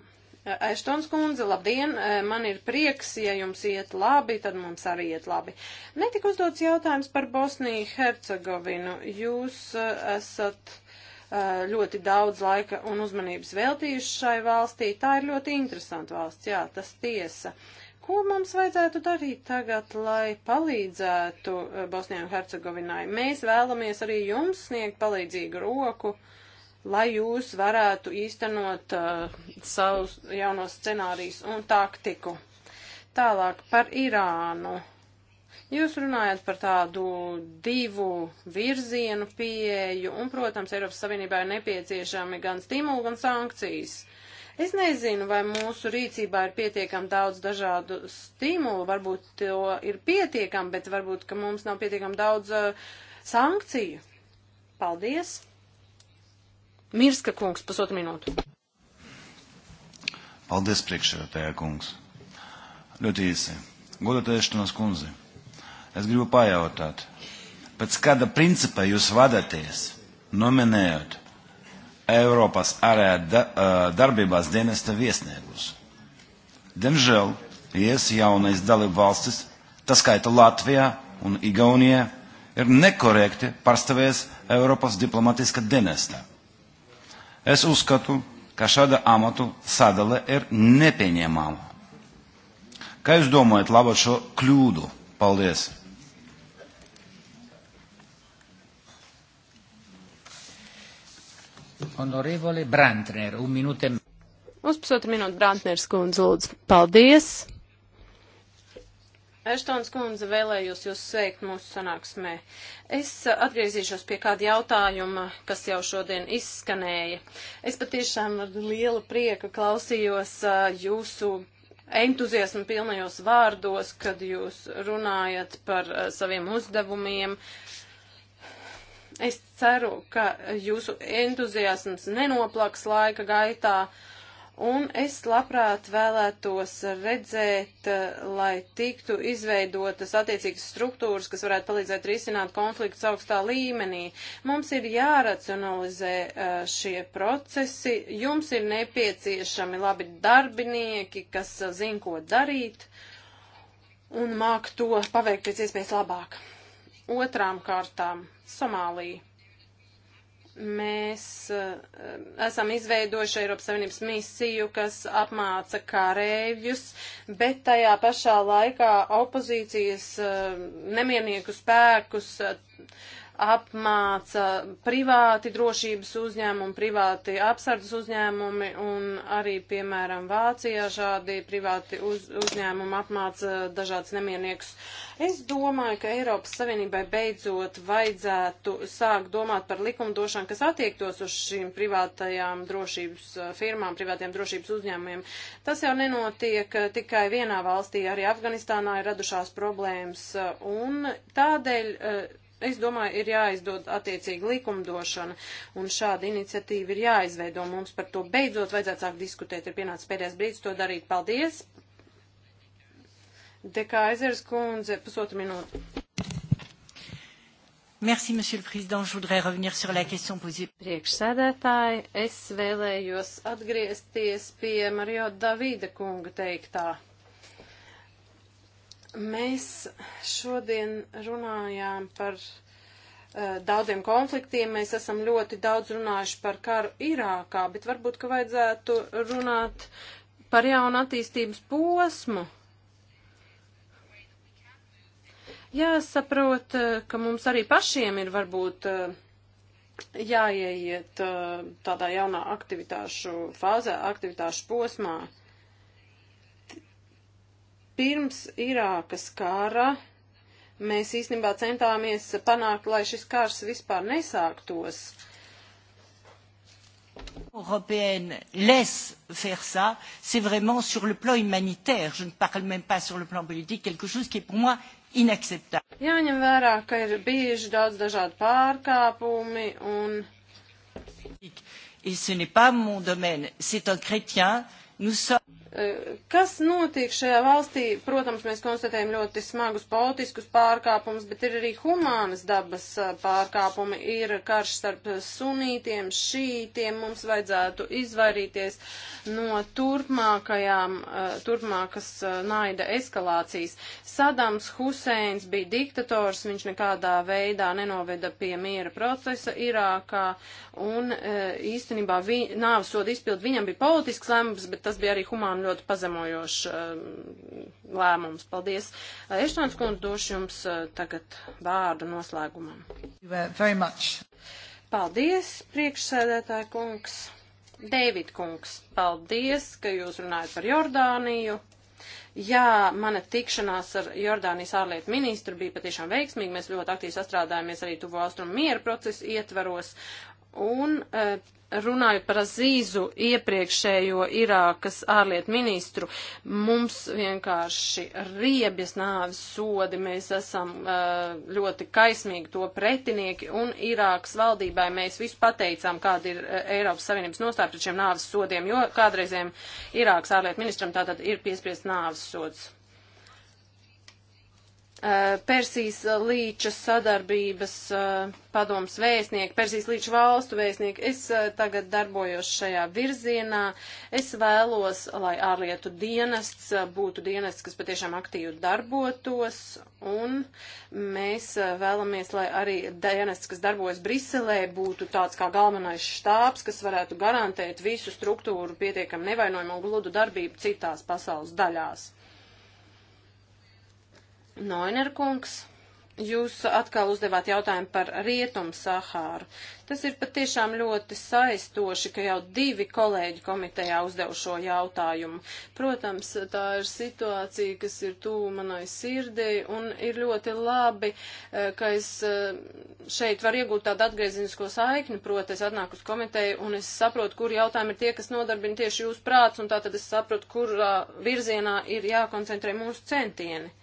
Eštons eh, kundze, labdien, eh, man ir prieks, ja jums iet labi, tad mums arī iet labi. Netika uzdots jautājums par Bosniju Hercegovinu. Jūs esat Eh, ļoti daudz laika un uzmanības veltījuši šai valstī. Tā ir ļoti interesanta valsts, jā, tas tiesa. Ko mums vajadzētu darīt tagad, lai palīdzētu eh, Bosnijai un Hercegovinai? Mēs vēlamies arī jums sniegt palīdzīgu roku, lai jūs varētu īstenot uh, savus jaunos scenārijus un taktiku. Tālāk par Irānu. Uh, Jūs runājat par tādu divu virzienu pieeju, un, protams, Eiropas Savienībā ir nepieciešami gan stimuli, gan sankcijas. Es nezinu, vai mūsu rīcībā ir pietiekami daudz dažādu stimulu, varbūt to ir pietiekami, bet varbūt, ka mums nav pietiekami daudz uh, sankciju. Paldies! Mirska kungs, pusotru minūtu. Paldies, priekšsēdētāja kungs. Ļoti īsi. Godotēšanas kundze. Es gribu pajautāt, pēc kāda principa jūs vadāties, nominējot Eiropas ārējā da, darbībās dienesta viesniegus? Diemžēl, ies jaunais dalību valstis, tas skaita Latvijā un Igaunijā, ir nekorekti pārstāvējis Eiropas diplomatiska dienesta. Es uzskatu, ka šāda amatu sadale ir nepieņemama. Kā jūs domājat labot šo kļūdu? Paldies! Honorevole Brantner, un minūte. E Uz pusotru minūtu Brantners kundze lūdzu. Paldies! Eštons kundze vēlējos jūs sveikt mūsu sanāksmē. Es atgriezīšos pie kāda jautājuma, kas jau šodien izskanēja. Es patiešām ar lielu prieku klausījos jūsu entuziasmu pilnajos vārdos, kad jūs runājat par saviem uzdevumiem. Uh, Es ceru, ka jūsu entuziasms nenoplaks laika gaitā. Un es labprāt vēlētos redzēt, lai tiktu izveidotas attiecīgas struktūras, kas varētu palīdzēt risināt konfliktus augstā līmenī. Mums ir jāracionalizē šie procesi, jums ir nepieciešami labi darbinieki, kas zin, ko darīt un māk to paveikt pēc iespējas labāk. Otrām kārtām Somālija. Mēs uh, esam izveidojuši Eiropas Savienības misiju, kas apmāca kārējus, bet tajā pašā laikā opozīcijas uh, eh, nemiernieku spēkus uh, apmāca privāti drošības uzņēmumi, privāti apsardzes uzņēmumi un arī, piemēram, Vācijā šādi privāti uz, uzņēmumi apmāca dažādas nemierniekus. Es domāju, ka Eiropas Savienībai beidzot vajadzētu sākt domāt par likumdošanu, kas attiektos uz šīm privātajām drošības eh, firmām, privātajiem drošības uzņēmumiem. Tas jau nenotiek eh, tikai vienā valstī, arī Afganistānā ir radušās problēmas eh, un tādēļ Es domāju, ir jāizdod attiecīga likumdošana, un šāda iniciatīva ir jāizveido. Mums par to beidzot vajadzētu sākt diskutēt. Ir pienācis pēdējais brīdis to darīt. Paldies! Dekā Ezers kundze, pusotra minūte. Merci, Monsieur le Président. Je voudrais revenir sur la question posée. Priekšsēdētāji, es vēlējos atgriezties pie Mario Davida kunga teiktā. Mēs šodien runājām par eh, daudziem konfliktiem. Mēs esam ļoti daudz runājuši par karu Irākā, bet varbūt, ka vajadzētu runāt par jaunu attīstības posmu. Jāsaprot, eh, ka mums arī pašiem ir varbūt eh, jāieiet tādā jaunā aktivitāšu fāzē, aktivitāšu posmā. Pirms Irākas kara mēs īstenībā centāmies panākt, lai šis kārs vispār nesāktos. Européenne laisse faire ça, c'est vraiment sur le plan humanitaire, je ne parle même pas sur le plan politique, quelque chose qui est pour moi inacceptable. Jāņem vērā, ka ir bieži daudz dažādu pārkāpumi un. Et ce n'est pas mon domaine, c'est un chrétien, nous sommes. Kas notiek šajā valstī? Protams, mēs konstatējam ļoti smagus politiskus pārkāpumus, bet ir arī humānas dabas pārkāpumi. Ir karš starp sunītiem, šītiem. Mums vajadzētu izvairīties no turpmākajām, turpmākas naida eskalācijas. Sadams Huseins bija diktators, viņš nekādā veidā nenoveda pie miera procesa Irākā, un īstenībā vi, nāvesod izpild viņam bija politisks lēmums, bet tas bija arī humāna ļoti pazemojošs um, lēmums. Paldies. Uh, Eštons kundze, došu jums uh, tagad vārdu noslēgumam. Uh, paldies, priekšsēdētāja kungs. Dēvid kungs, paldies, ka jūs runājat par Jordāniju. Jā, mana tikšanās ar Jordānijas ārlietu ministru bija patiešām veiksmīga. Mēs ļoti aktīvi sastrādājāmies arī tuvo austrumu miera procesu ietvaros. Un eh, runājot par Azīzu iepriekšējo Irākas ārlietu ministru, mums vienkārši riebjas nāves sodi, mēs esam eh, ļoti kaismīgi to pretinieki, un Irākas valdībai mēs visu pateicām, kāda ir eh, Eiropas Savienības nostāja pret šiem nāves sodiem, jo kādreizēm Irākas ārlietu ministram tātad ir piespriezt nāves sods. Uh, Persijas līča sadarbības uh, padoms vēstnieki, Persijas līča valstu vēstnieki. Es uh, tagad darbojos šajā virzienā. Es vēlos, lai ārlietu dienests būtu dienests, kas patiešām aktīvi darbotos, un mēs vēlamies, lai arī dienests, kas darbojas Briselē, būtu tāds kā galvenais štābs, kas varētu garantēt visu struktūru pietiekam nevainojumu un gludu darbību citās pasaules daļās. Noiner kungs, jūs atkal uzdevāt jautājumu par Rietumu Sahāru. Tas ir patiešām ļoti saistoši, ka jau divi kolēģi komitejā uzdev šo jautājumu. Protams, tā ir situācija, kas ir tuvu manai sirdī, un ir ļoti labi, eh, ka es eh, šeit varu iegūt tādu atgriezinisko saikni, proti es atnāku uz komiteju, un es saprotu, kur jautājumi ir tie, kas nodarbina tieši jūs prāts, un tātad es saprotu, kurā virzienā ir jākoncentrē mūsu centieni.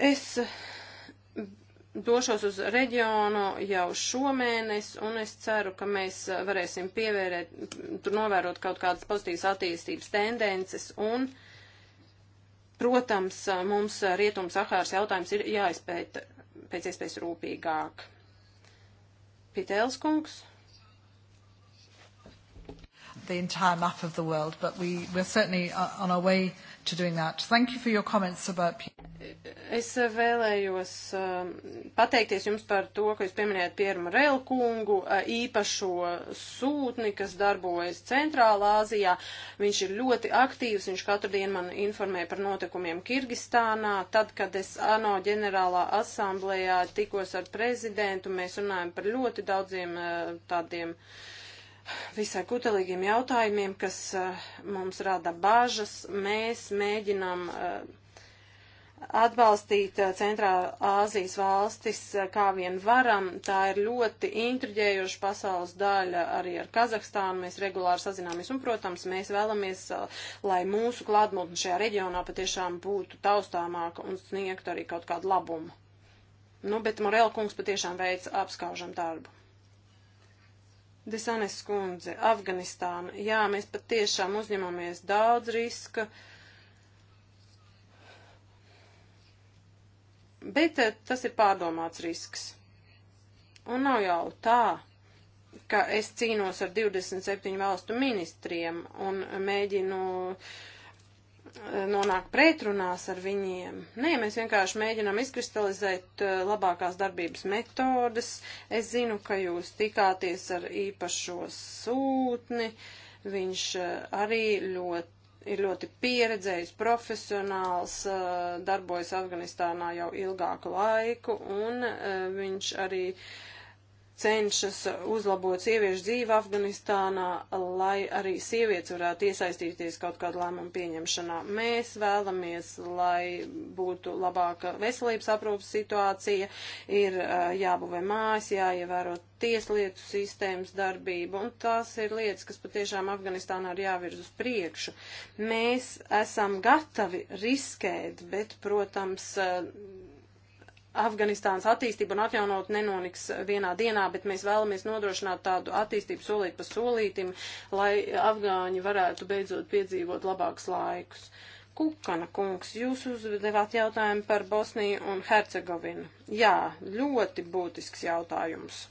Es došos uz reģionu jau šomēnes, un es ceru, ka mēs varēsim pievērēt, tur novērot kaut kādas pozitīvas attīstības tendences, un, protams, mums rietums Sahāras jautājums ir jāizpēta pēc iespējas rūpīgāk. Pitēls kungs. The entire map of the world, but we, we're certainly uh, on our way to doing that. Thank you for your comments about. Es eh, vēlējos uh, pateikties jums par to, ka jūs pieminējat Pieru Marelu kungu, uh, īpašo sūtni, kas darbojas Centrālā Āzijā. Viņš ir ļoti aktīvs, viņš katru dienu man informē par notikumiem Kirgistānā. Tad, kad es ANO ģenerālā asamblējā tikos ar prezidentu, mēs runājam par ļoti daudziem uh, tādiem. Uh, visai kutelīgiem jautājumiem, kas eh, mums rada bāžas. Mēs mēģinām eh, atbalstīt eh, Centrāla Āzijas valstis, kā vien varam. Tā ir ļoti intriģējoša pasaules daļa arī ar Kazahstānu. Mēs regulāri sazināmies un, protams, mēs vēlamies, lai mūsu klātbūtne šajā reģionā patiešām būtu taustāmāka un sniegtu arī kaut kādu labumu. Nu, bet Morel kungs patiešām veic apskaužam darbu. Desanes skundze, Afganistāna. Jā, mēs patiešām uzņemamies daudz riska. Bet eh, tas ir pārdomāts risks. Un nav jau tā, ka es cīnos ar 27 valstu ministriem un mēģinu uh, nonāk pretrunās ar viņiem. Nē, mēs vienkārši mēģinām izkristalizēt eh, labākās darbības metodas. Es zinu, ka jūs tikāties ar īpašo sūtni. Viņš eh, arī ļoti, ir ļoti pieredzējis profesionāls, eh, darbojas Afganistānā jau ilgāku laiku, un viņš arī uh, cenšas uzlabot sieviešu dzīvi Afganistānā, lai arī sievietes varētu iesaistīties kaut kādu lēmumu pieņemšanā. Mēs vēlamies, lai būtu labāka veselības aprūpas situācija, ir jābūvē mājas, jāievēro tieslietu sistēmas darbību, un tās ir lietas, kas patiešām Afganistānā ir jāvirz uz priekšu. Mēs esam gatavi riskēt, bet, protams, Afganistānas attīstība un atjaunot nenoniks vienā dienā, bet mēs vēlamies nodrošināt tādu attīstību solīt pa solītim, lai afgāņi varētu beidzot piedzīvot labākus laikus. Kukana kungs, jūs uzdevāt jautājumu par Bosniju un Hercegovinu. Jā, ļoti būtisks jautājums.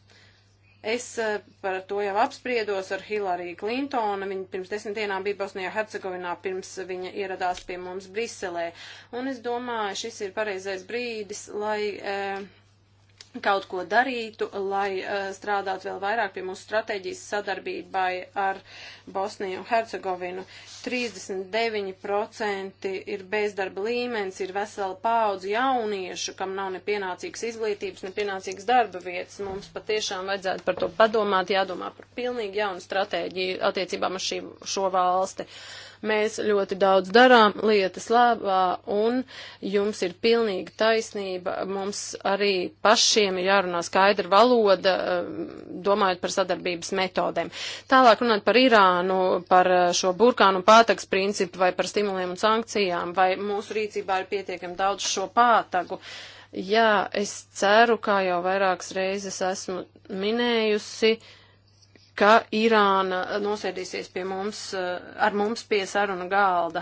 Es eh, par to jau apspriedos ar Hilāriju Klintonu. Viņa pirms desmit dienām bija Bosnijā Hercegovinā, pirms viņa ieradās pie mums Briselē. Un es domāju, šis ir pareizais brīdis, lai. Eh, kaut ko darītu, lai uh, strādātu vēl vairāk pie mūsu stratēģijas sadarbībai ar Bosniju un Hercegovinu. 39% ir bezdarba līmenis, ir vesela paudze jauniešu, kam nav ne pienācīgas izglītības, ne pienācīgas darba vietas. Mums patiešām vajadzētu par to padomāt, jādomā par pilnīgi jaunu stratēģiju attiecībām ar šī, šo valsti. Uh, Mēs ļoti daudz darām lietas labā, un jums ir pilnīga taisnība. Mums arī pašiem ir jārunā skaidra valoda, eh, domājot par sadarbības metodēm. Tālāk runāt par Irānu, par eh, šo burkānu pātags principu vai par stimuliem un sankcijām, vai mūsu rīcībā ir pietiekami daudz šo pātagu. Jā, es ceru, kā jau vairākas reizes esmu minējusi, uh, ka Irāna nosēdīsies pie mums, eh, ar mums pie sarunu galda.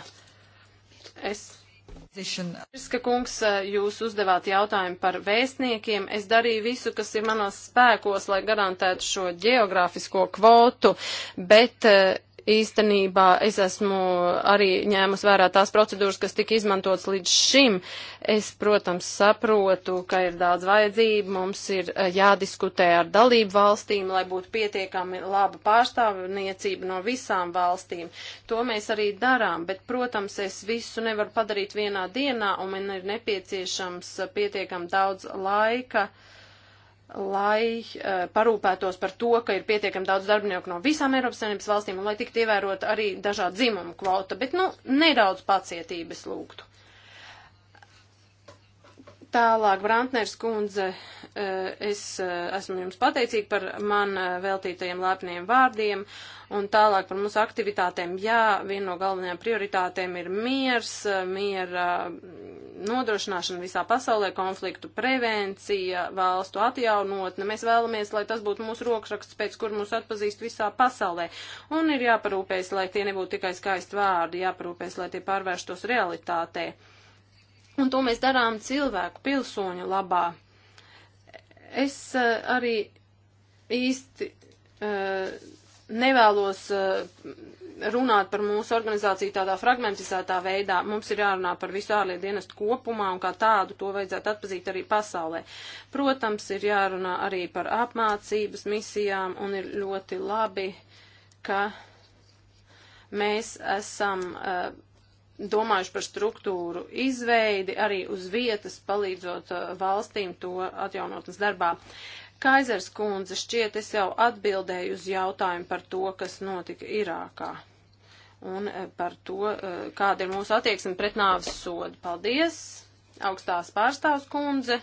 Es Irska kungs, eh, jūs uzdevāt jautājumu par vēstniekiem. Es darīju visu, kas ir manos spēkos, lai garantētu šo geogrāfisko kvotu, bet eh, Īstenībā es esmu arī ņēmus vērā tās procedūras, kas tika izmantotas līdz šim. Es, protams, saprotu, ka ir daudz vajadzību, mums ir eh, jādiskutē ar dalību valstīm, lai būtu pietiekami laba pārstāvniecība no visām valstīm. To mēs arī darām, bet, protams, es visu nevaru padarīt vienā dienā, un man ir nepieciešams pietiekami daudz laika. Uh, lai uh, parūpētos par to, ka ir pietiekami daudz darbinieku no visām Eiropas Savienības valstīm un lai tiktu ievērot arī dažādu dzimumu kvota, bet, nu, nedaudz pacietības lūgtu. Tālāk, Brantners kundze, eh, es eh, esmu jums pateicīga par man eh, veltītajiem lēpniem vārdiem un tālāk par mūsu aktivitātēm. Jā, viena no galvenajām prioritātēm ir miers, miera mm, nodrošināšana visā pasaulē, konfliktu prevencija, valstu atjaunotne. Mēs vēlamies, lai tas būtu mūsu rokraksts, pēc kur mūs atpazīst visā pasaulē. Un ir jāparūpēs, lai tie nebūtu tikai skaisti vārdi, jāparūpēs, lai tie pārvērstos realitātē. Un to mēs darām cilvēku pilsoņu labā. Es uh, arī īsti uh, nevēlos uh, runāt par mūsu organizāciju tādā fragmentizētā veidā. Mums ir jārunā par visu ārlietu dienestu kopumā un kā tādu to vajadzētu atpazīt arī pasaulē. Protams, ir jārunā arī par apmācības misijām un ir ļoti labi, ka mēs esam uh, domājuši par struktūru izveidi, arī uz vietas palīdzot uh, valstīm to atjaunotnes darbā. Kaizers kundze šķiet es jau atbildēju uz jautājumu par to, kas notika Irākā un uh, par to, uh, kāda ir mūsu attieksme pret nāvis sodu. Paldies, augstās pārstāvs kundze!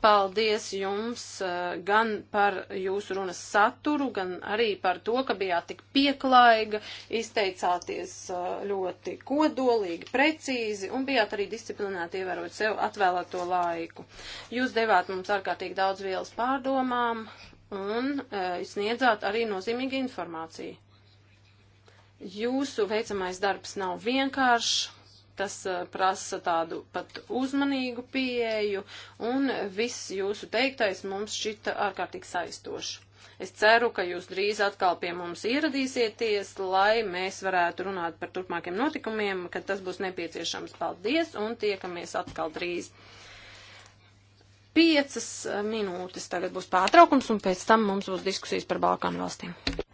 paldies jums eh, gan par jūsu runas saturu, gan arī par to, ka bijāt tik pieklājīga, izteicāties eh, ļoti kodolīgi, precīzi un bijāt arī disciplinēti ievērot sev atvēlēto laiku. Jūs devāt mums ārkārtīgi daudz vielas pārdomām un eh, sniedzāt arī nozīmīgu informāciju. Jūsu veicamais darbs nav vienkāršs tas prasa tādu pat uzmanīgu pieeju, un viss jūsu teiktais mums šita ārkārtīgi saistoši. Es ceru, ka jūs drīz atkal pie mums ieradīsieties, lai mēs varētu runāt par turpmākiem notikumiem, kad tas būs nepieciešams. Paldies, un tiekamies atkal drīz. Piecas minūtes tagad būs pārtraukums, un pēc tam mums būs diskusijas par Balkānu valstīm.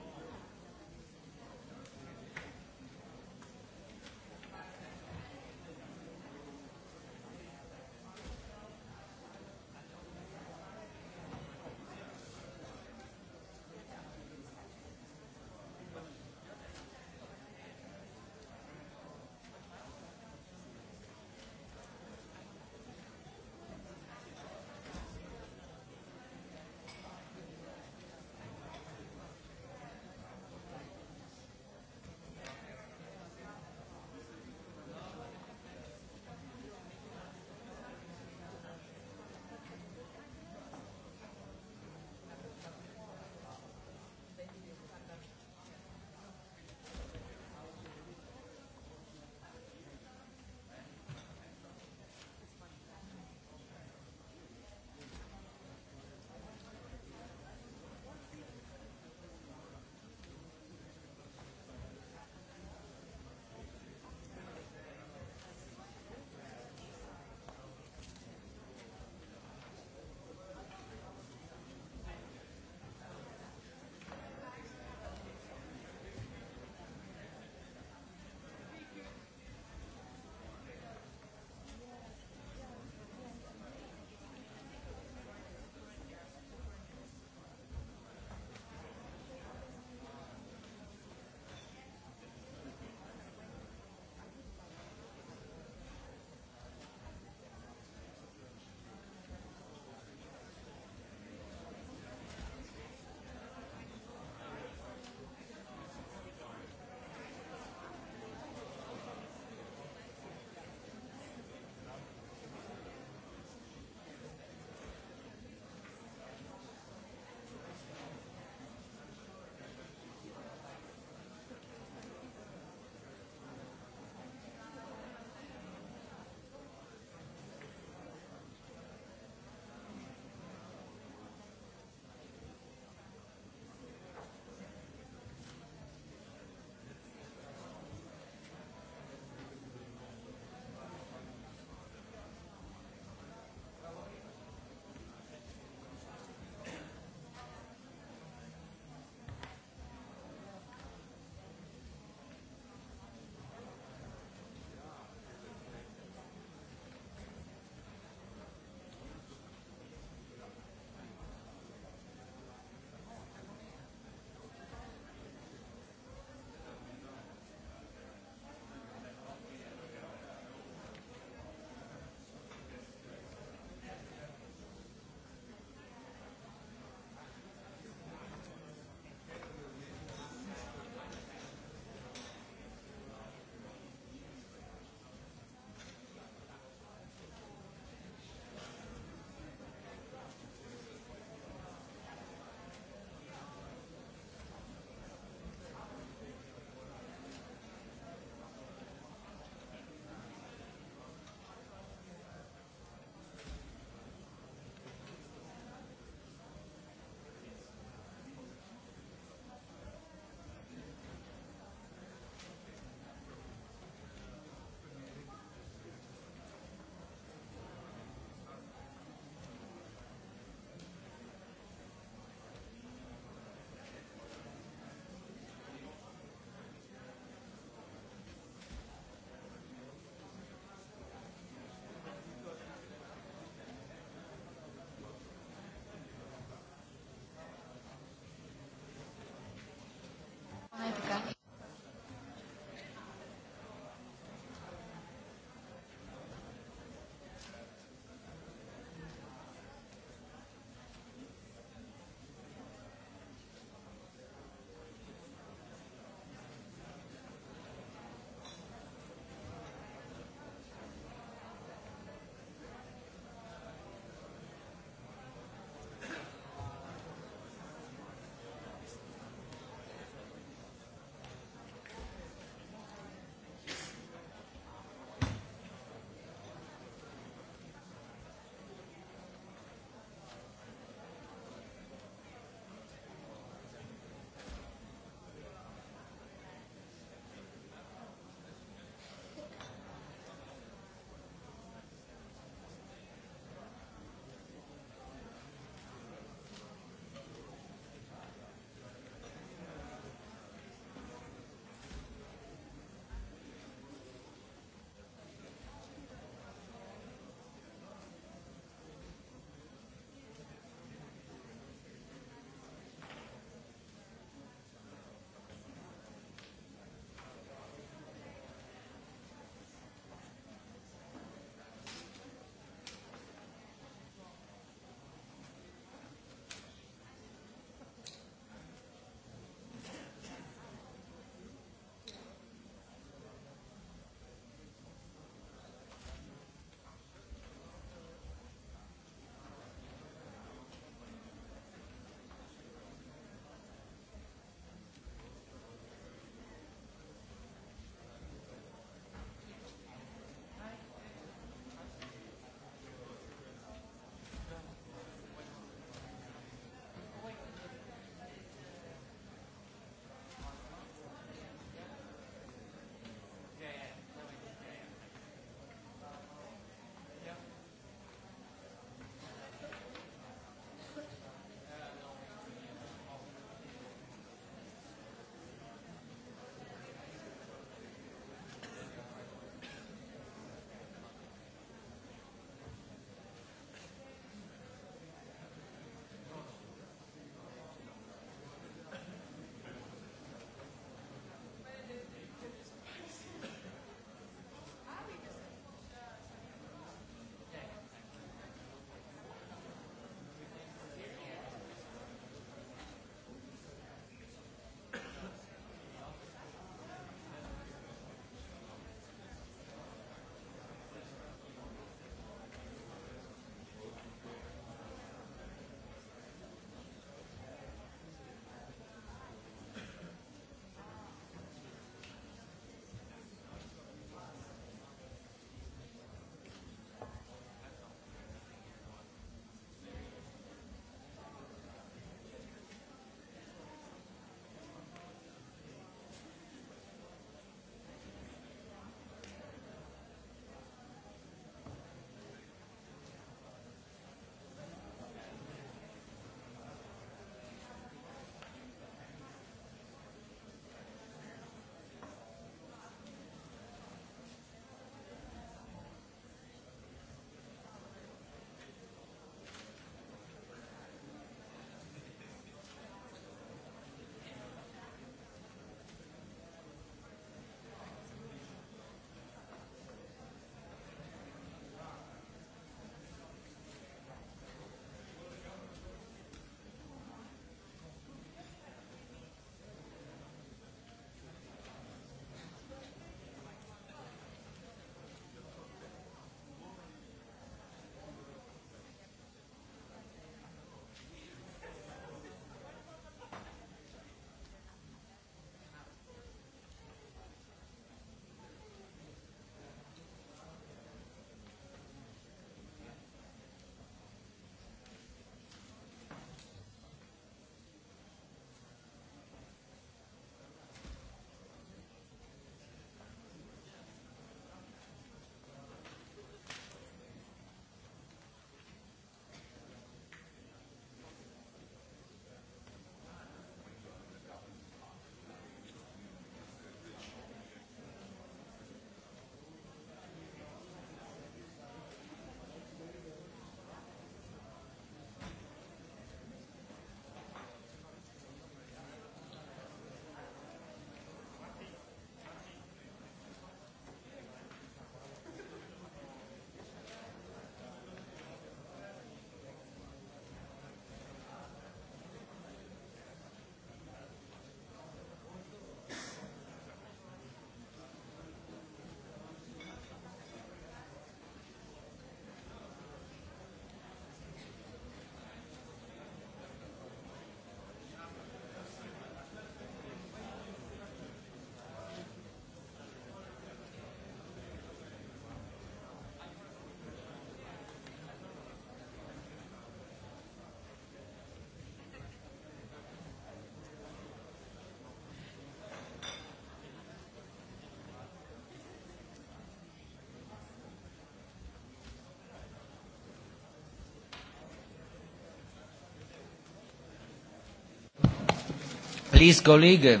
Please, colleague,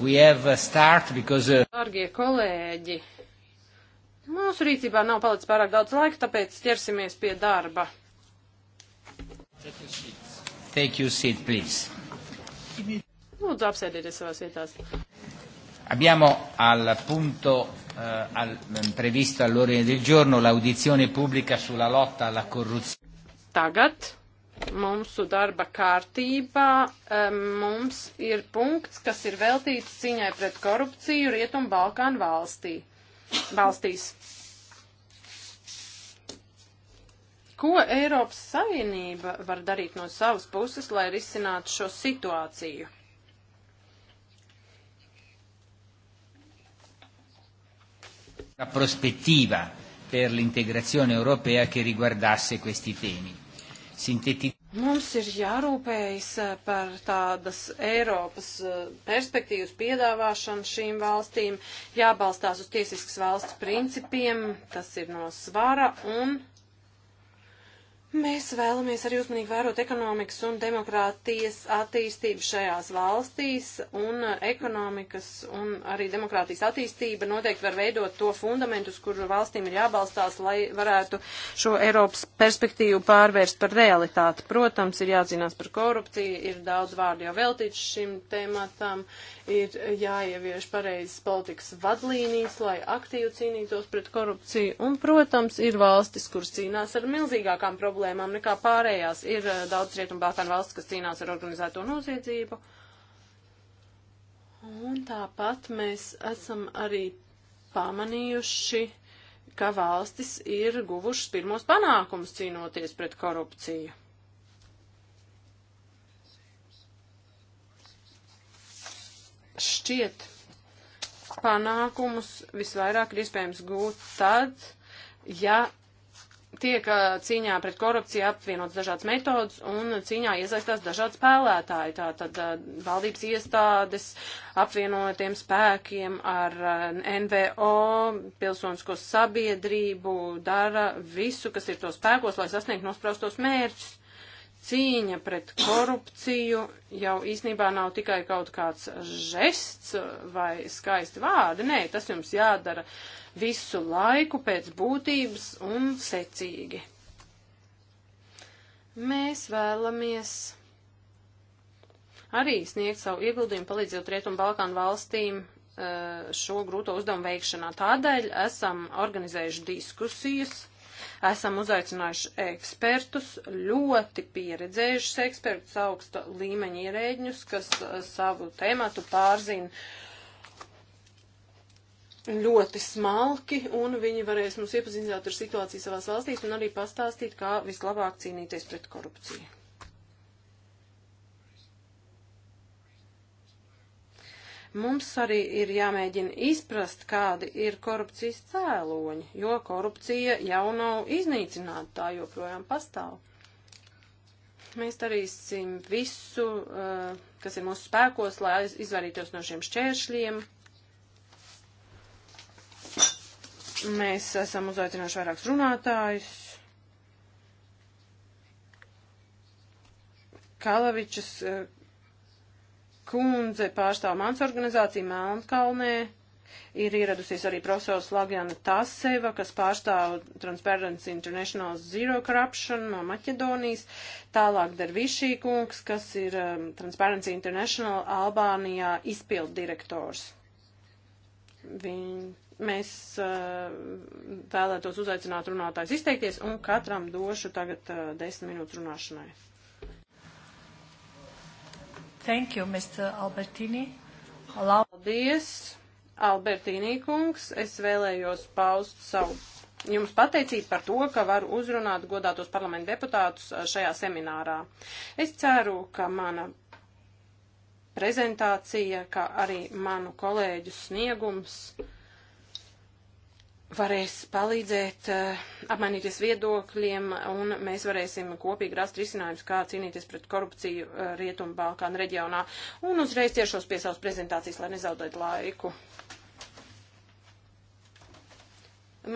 we have a start because... Uh... Dargie kolēģi, mūsu rīcībā nav palicis pārāk daudz laika, tāpēc ķersimies pie darba. Take your seat, please. Lūdzu, apsēdieties savās vietās. Abbiamo al punto eh, uh, al, mm, previsto all'ordine del giorno l'audizione pubblica sulla lotta alla corruzione. Tagat mūsu darba kārtībā mums ir punkts, kas ir veltīts ciņai pret korupciju Rietumu Balkānu valstī. valstīs. Ko Eiropas Savienība var darīt no savas puses, lai risinātu šo situāciju? La prospettiva per l'integrazione europea che riguardasse questi temi. Sintetizzare Mums ir jārūpējas eh, par tādas Eiropas eh, perspektīvas piedāvāšanu šīm valstīm, jābalstās uz tiesiskas valsts principiem, tas ir no svara un Mēs vēlamies arī uzmanīgi vērot ekonomikas un demokrātijas attīstību šajās valstīs, un ekonomikas un arī demokrātijas attīstība noteikti var veidot to fundamentu, uz kuru valstīm ir jābalstās, lai varētu šo Eiropas perspektīvu pārvērst par realitāti. Protams, ir jācīnās par korupciju, ir daudz vārdu jau veltīts šim tematam, ir jāievieš pareizes politikas vadlīnijas, lai aktīvi cīnītos pret korupciju. Un, protams, ir valstis, kuras cīnās ar milzīgākām problēmām nekā pārējās. Ir eh, daudz rietumbalkānu valsts, kas cīnās ar organizēto noziedzību. Un tāpat mēs esam arī pamanījuši, ka valstis ir guvušas pirmos panākumus cīnoties pret korupciju. šķiet panākumus visvairāk ir iespējams gūt tad, ja tiek cīņā pret korupciju apvienotas dažādas metodas un cīņā iesaistās dažādi spēlētāji, tātad valdības iestādes, apvienotiem spēkiem ar NVO, pilsonisko sabiedrību, dara visu, kas ir to spēkos, lai sasniegtu nospraustos mērķus cīņa pret korupciju jau īsnībā nav tikai kaut kāds žests vai skaisti vārdi. Nē, tas jums jādara visu laiku pēc būtības un secīgi. Mēs vēlamies arī sniegt savu ieguldījumu, palīdzot Rietumu Balkānu valstīm eh, šo grūto uzdevumu veikšanā. Tādēļ esam organizējuši diskusijas Esam uzaicinājuši ekspertus, ļoti pieredzējušus ekspertus, augsta līmeņa ierēģņus, kas uh, savu tēmatu pārzina ļoti smalki, un viņi varēs mums iepazīstināt ar situāciju savās valstīs un arī pastāstīt, kā vislabāk cīnīties pret korupciju. Mums arī ir jāmēģina izprast, kādi ir korupcijas cēloņi, jo korupcija jau nav iznīcināta, tā joprojām pastāv. Mēs darīsim visu, eh, kas ir mūsu spēkos, lai izvairītos no šiem šķēršļiem, mēs esam uzaicinājuši vairākus runātājus. Kalavičas eh, kundze pārstāv mans organizāciju Melnkalnē. Ir ieradusies arī profesors Lagjana Taseva, kas pārstāv Transparency International Zero Corruption no Maķedonijas. Tālāk Dervišī kungs, kas ir um, Transparency International Albānijā izpildu direktors. Viņ, mēs uh, vēlētos uzaicināt runātājs izteikties un katram došu tagad uh, desmit minūtes runāšanai. Thank you, Mr. Albertini. Allow... Paldies, Albertīnī kungs. Es vēlējos paust savu jums pateicību par to, ka varu uzrunāt godātos parlamentu deputātus uh, šajā seminārā. Es ceru, ka mana prezentācija, kā arī manu kolēģu sniegums varēs palīdzēt, eh, apmainīties viedokļiem, un mēs varēsim kopīgi rast risinājumus, kā cīnīties pret korupciju eh, Rietumu Balkānu reģionā. Un uzreiz tiešos pie savas prezentācijas, lai nezaudētu laiku.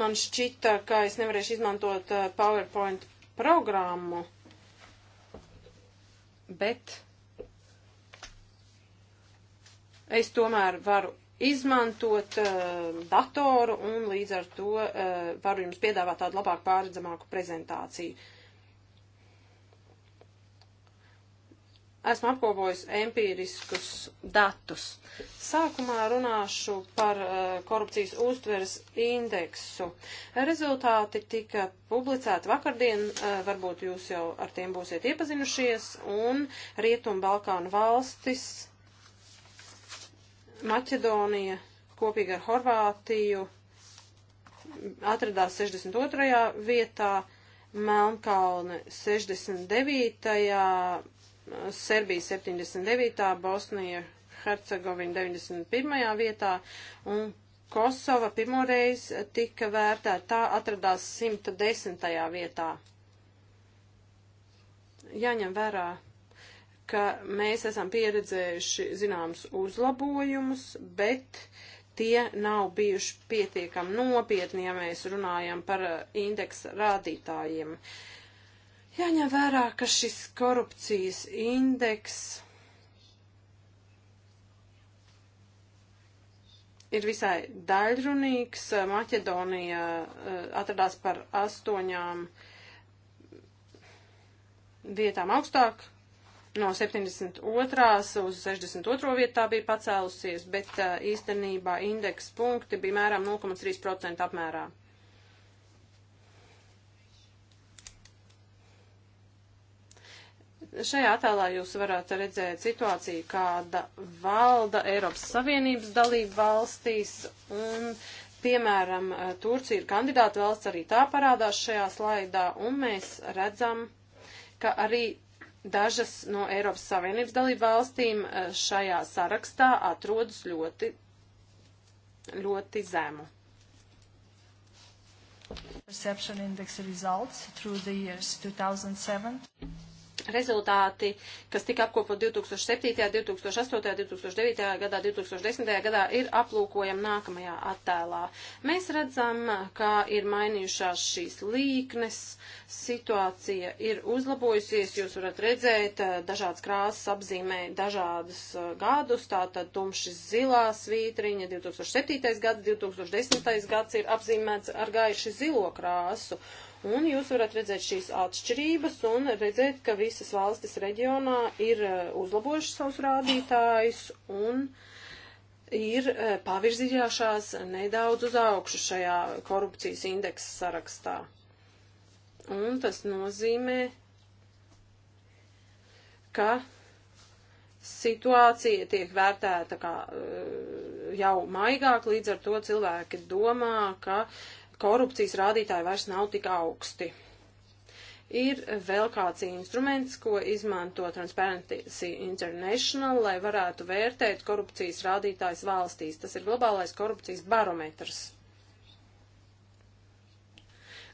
Man šķita, ka es nevarēšu izmantot eh, PowerPoint programmu, bet es tomēr varu izmantot uh, datoru un līdz ar to uh, varu jums piedāvāt tādu labāk pārredzamāku prezentāciju. Esmu apkopojis empiriskus datus. Sākumā runāšu par uh, korupcijas uztveres indeksu. Rezultāti tika publicēti vakardien, uh, varbūt jūs jau ar tiem būsiet iepazinušies, un Rietumbalkānu valstis Maķedonija kopīgi ar Horvātiju atradās 62. vietā, Melnkalne 69. Serbija 79. Bosnija Hercegovina 91. vietā un Kosova pirmoreiz tika vērtēta, tā atradās 110. vietā. Jāņem vērā ka mēs esam pieredzējuši zināms uzlabojumus, bet tie nav bijuši pietiekami nopietni, ja mēs runājam par uh, indeksa rādītājiem. Jāņem vērā, ka šis korupcijas indeks ir visai daļrunīgs. Uh, Maķedonija uh, atradās par astoņām vietām augstāk no 72. uz 62. vietā bija pacēlusies, bet īstenībā indeksa punkti bija mēram 0,3% apmērā. Šajā attēlā jūs varat redzēt situāciju, kāda valda Eiropas Savienības dalību valstīs, un, piemēram, Turcija ir kandidāta valsts, arī tā parādās šajā slaidā, un mēs redzam, ka arī Dažas no Eiropas Savienības dalību valstīm eh, šajā sarakstā atrodas ļoti, ļoti zemu. Perception index results through the years 2007. Rezultāti, kas tika apkopot 2007., 2008., 2009. gadā, 2010. gadā, ir aplūkojami nākamajā attēlā. Mēs redzam, kā ir mainījušās šīs līknes, situācija ir uzlabojusies, jūs varat redzēt, eh, dažādas krāsas apzīmē dažādas eh, gadus, tātad tumši zilā svītriņa, 2007. gads, 2010. gads ir apzīmēts ar gaiši zilo krāsu. Un jūs varat redzēt šīs atšķirības un redzēt, ka visas valstis reģionā ir eh, uzlabojušas savus rādītājus un ir eh, pavirzījušās nedaudz uz augšu šajā korupcijas indeksa sarakstā. Un tas nozīmē, ka situācija tiek vērtēta kā eh, jau maigāk, līdz ar to cilvēki domā, ka korupcijas rādītāji vairs nav tik augsti. Ir vēl kāds instruments, ko izmanto Transparency International, lai varētu vērtēt korupcijas rādītājs valstīs. Tas ir globālais korupcijas barometrs.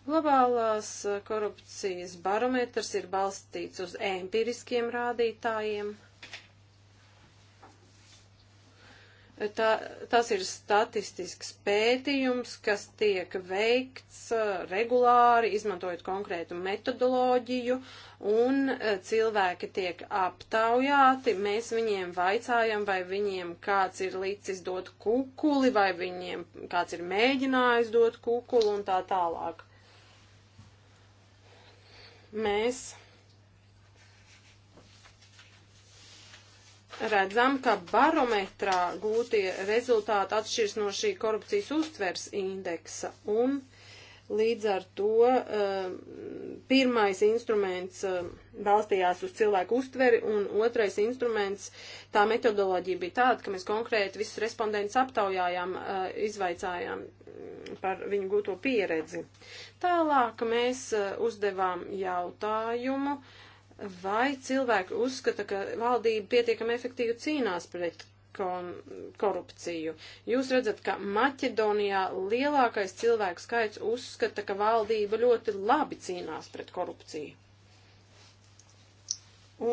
Globālās korupcijas barometrs ir balstīts uz empiriskiem rādītājiem Tā, tas ir statistisks pētījums, kas tiek veikts uh, regulāri, izmantojot konkrētu metodoloģiju, un uh, cilvēki tiek aptaujāti. Mēs viņiem vaicājam, vai viņiem kāds ir licis dot kukuli, vai viņiem kāds ir mēģinājis dot kukuli un tā tālāk. Mēs redzam, ka barometrā gūtie rezultāti atšķirs no šī korupcijas uztvers indeksa un līdz ar to um, pirmais instruments um, balstījās uz cilvēku uztveri un otrais instruments, tā metodoloģija bija tāda, ka mēs konkrēti visus respondentus aptaujājām, uh, izvaicājām mm, par viņu gūto pieredzi. Tālāk mēs uh, uzdevām jautājumu, uh, Vai cilvēki uzskata, ka valdība pietiekami efektīvi cīnās pret korupciju? Jūs redzat, ka Maķedonijā lielākais cilvēku skaits uzskata, ka valdība ļoti labi cīnās pret korupciju.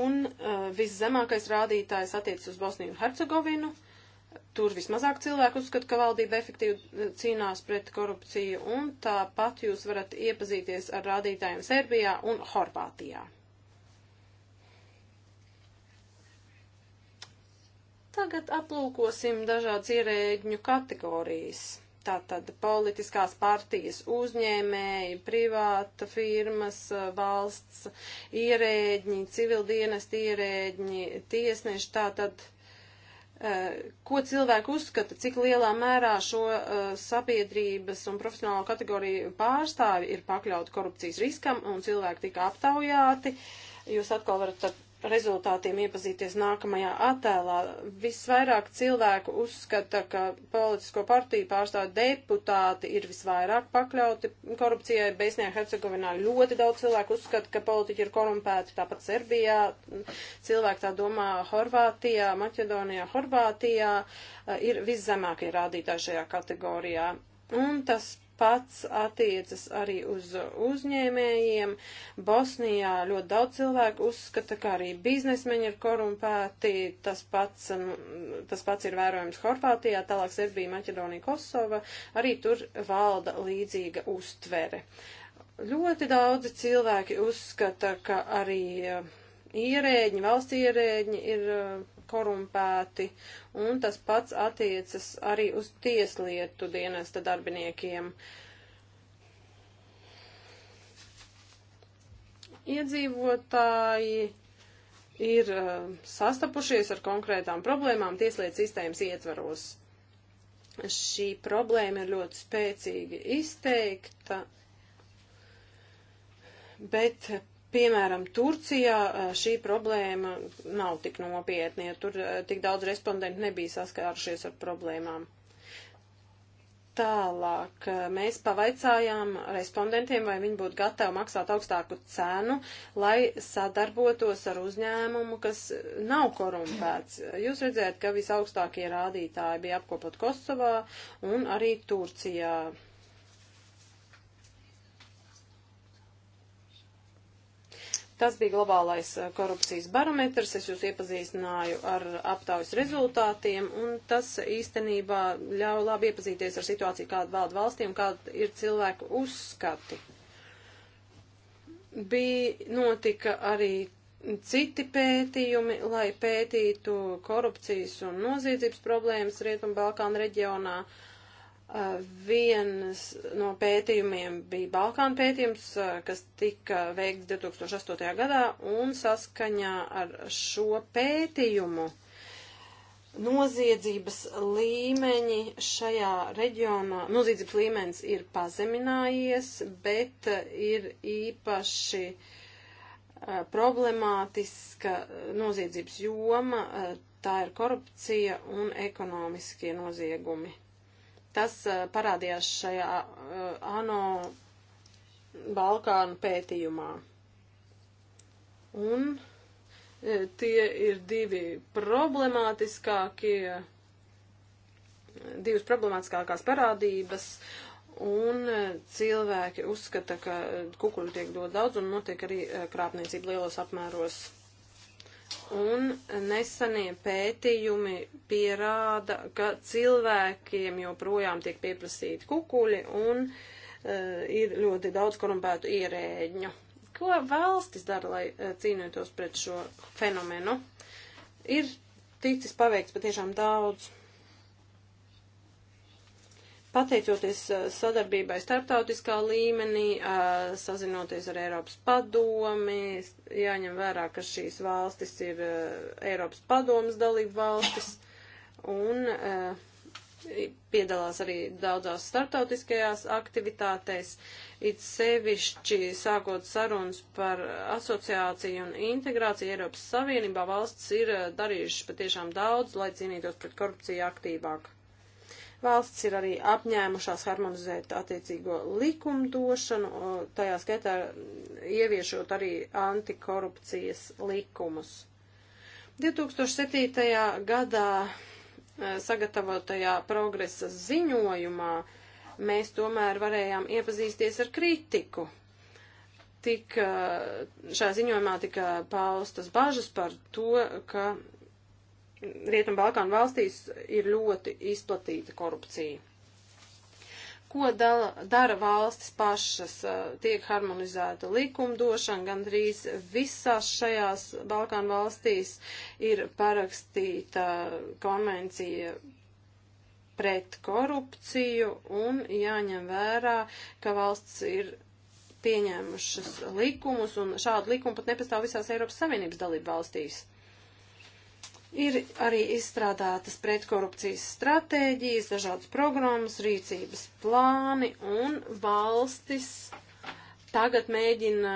Un uh, viszemākais rādītājs attiecas uz Bosniju un Hercegovinu. Tur vismazāk cilvēku uzskata, ka valdība efektīvi uh, cīnās pret korupciju, un tāpat jūs varat iepazīties ar rādītājiem Serbijā un Horvātijā. Tagad aplūkosim dažādas ierēģņu kategorijas. Tātad politiskās partijas uzņēmēji, privāta firmas, valsts ierēģņi, civildienesti ierēģņi, tiesneši. Tātad, eh, ko cilvēki uzskata, cik lielā mērā šo eh, sabiedrības un profesionālo kategoriju pārstāvi ir pakļauti korupcijas riskam un cilvēki tika aptaujāti. Jūs atkal varat rezultātiem iepazīties nākamajā attēlā. Visvairāk cilvēku uzskata, ka politisko partiju pārstāv deputāti ir visvairāk pakļauti korupcijai. Bēsnijā Hercegovinā ļoti daudz cilvēku uzskata, ka politiķi ir korumpēti, tāpat Serbijā. Cilvēki tā domā Horvātijā, Maķedonijā, Horvātijā ir viszemākie rādītāji šajā kategorijā. Un tas pats attiecas arī uz uzņēmējiem. Bosnijā ļoti daudz cilvēku uzskata, ka arī biznesmeņi ir korumpēti. Tas pats, tas pats ir vērojams Horvātijā, tālāk Serbija, Maķedonija, Kosova. Arī tur valda līdzīga uztvere. Ļoti daudzi cilvēki uzskata, ka arī eh, ierēģi, valsts ierēģi ir eh, korumpēti, un tas pats attiecas arī uz tieslietu dienesta darbiniekiem. Iedzīvotāji ir uh, sastapušies ar konkrētām problēmām tieslietu sistēmas ietvaros. Šī problēma ir ļoti spēcīgi izteikta, bet Piemēram, Turcijā šī problēma nav tik nopietna, ja tur tik daudz respondentu nebija saskārušies ar problēmām. Tālāk mēs pavaicājām respondentiem, vai viņi būtu gatavi maksāt augstāku cenu, lai sadarbotos ar uzņēmumu, kas nav korumpēts. Jūs redzējat, ka visaugstākie rādītāji bija apkopot Kosovā un arī Turcijā. Tas bija globālais eh, korupcijas barometrs, es jūs iepazīstināju ar aptaujas rezultātiem, un tas īstenībā ļauj labi iepazīties ar situāciju, kāda valda valstī un kāda ir cilvēku uzskati. Bija notika arī citi pētījumi, lai pētītu korupcijas un noziedzības problēmas Rietumbalkānu reģionā. Uh, Vienas no pētījumiem bija Balkāna pētījums, kas tika veikts 2008. gadā, un saskaņā ar šo pētījumu noziedzības līmeņi šajā reģionā, noziedzības līmenis ir pazeminājies, bet ir īpaši problemātiska noziedzības joma, tā ir korupcija un ekonomiskie noziegumi. Tas eh, parādījās šajā eh, ANO Balkānu pētījumā. Un eh, tie ir divi problemātiskākie, divas problemātiskākās parādības, un cilvēki uzskata, ka kukuļi tiek dot daudz un notiek arī krāpniecība lielos apmēros. Un nesanie pētījumi pierāda, ka cilvēkiem joprojām tiek pieprasīti kukuļi un uh, ir ļoti daudz korumpētu ierēģņu. Ko valstis dara, lai uh, cīnītos pret šo fenomenu? Ir ticis paveikts patiešām daudz Pateicoties sadarbībai starptautiskā līmenī, sazinoties ar Eiropas padomi, jāņem vērā, ka šīs valstis ir Eiropas padomas dalību valstis un piedalās arī daudzās starptautiskajās aktivitātēs, it sevišķi sākot sarunas par asociāciju un integrāciju Eiropas Savienībā valsts ir darījušas patiešām daudz, lai cīnītos pret korupciju aktīvāk. Valsts ir arī apņēmušās harmonizēt attiecīgo likumdošanu, tajā skaitā ieviešot arī antikorupcijas likumus. 2007. gadā e, sagatavotajā progresa ziņojumā mēs tomēr varējām iepazīsties ar kritiku. Tik e, šajā ziņojumā tika paustas bažas par to, ka Rietumu Balkānu valstīs ir ļoti izplatīta korupcija. Ko dala, dara valstis pašas? Eh, tiek harmonizēta likumdošana, gandrīz visās šajās Balkānu valstīs ir parakstīta konvencija pret korupciju un jāņem vērā, ka valsts ir pieņēmušas likumus un šādu likumu pat nepastāv visās Eiropas Savienības dalību valstīs. Ir arī izstrādātas pretkorupcijas stratēģijas, dažādas programmas, rīcības plāni un valstis tagad mēģina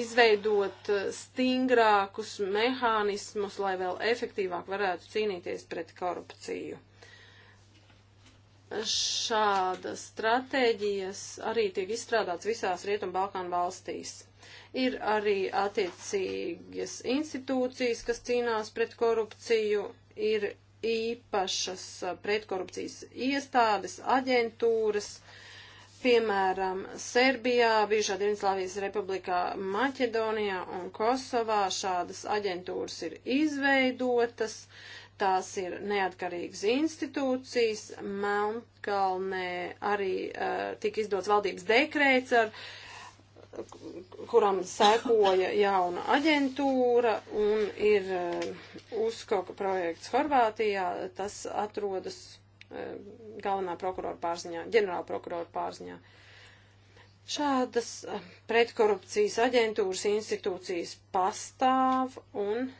izveidot eh, stingrākus mehānismus, lai vēl efektīvāk varētu cīnīties pret korupciju. Šādas stratēģijas arī tiek izstrādāts visās Rietumbalkānu valstīs. Ir arī attiecīgas institūcijas, kas cīnās pret korupciju, ir īpašas pretkorupcijas iestādes, aģentūras, piemēram, Serbijā, bijušā Dienvidslāvijas republikā, Maķedonijā un Kosovā šādas aģentūras ir izveidotas, tās ir neatkarīgas institūcijas, Melnkalnē arī uh, tika izdots valdības dekrēts ar uh, kuram sekoja jauna aģentūra un ir eh, uzskoka projekts Horvātijā, tas atrodas eh, galvenā prokurora pārziņā, ģenerāla prokurora pārziņā. Šādas eh, pretkorupcijas aģentūras institūcijas pastāv un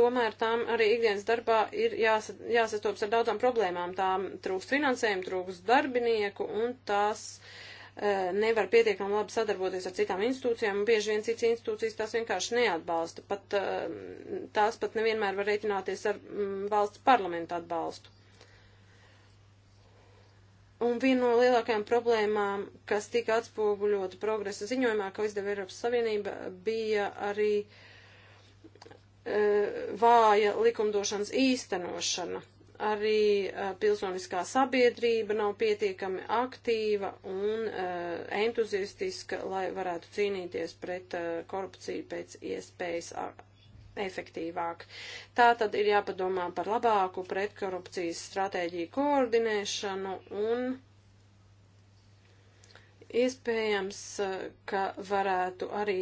tomēr tām arī ikdienas darbā ir jāsa, jāsastops ar daudzām problēmām. Tām trūks finansējumu, trūks darbinieku un tās uh, Eh, nevar pietiekami labi sadarboties ar citām institūcijām, un bieži vien citas institūcijas tās vienkārši neatbalsta. Pat, eh, tās pat nevienmēr var rēķināties ar mm, valsts parlamentu atbalstu. Un viena no lielākajām problēmām, kas tika atspoguļota progresa ziņojumā, ko izdeva Eiropas Savienība, bija arī e, vāja likumdošanas īstenošana arī uh, pilsoniskā sabiedrība nav pietiekami aktīva un uh, entuziastiska, lai varētu cīnīties pret uh, korupciju pēc iespējas efektīvāk. Tā tad ir jāpadomā par labāku pretkorupcijas stratēģiju koordinēšanu un iespējams, ka varētu arī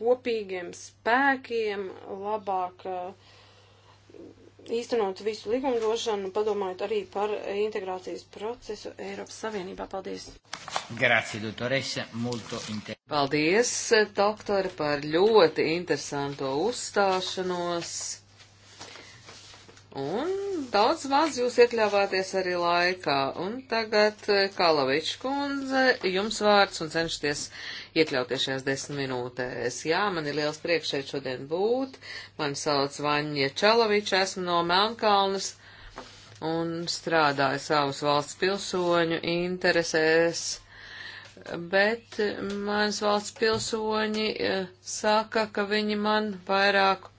kopīgiem spēkiem labāk uh, īstenot visu likumdošanu, padomājot arī par integrācijas procesu Eiropas Savienībā. Paldies! Grazie, doktorese, molto inter... Paldies, doktori, par ļoti interesanto uzstāšanos. Un daudz maz jūs iekļāvāties arī laikā. Un tagad, eh, Kalavičs kundze, jums vārds un cenšaties iekļauties šajās desmit minūtēs. Jā, man ir liels prieks šeit šodien būt. Mani sauc Vaņie Čalaviča, esmu no Melnkalnes un strādāju savus valsts pilsoņu interesēs. Bet manas valsts pilsoņi eh, saka, ka viņi man vairāk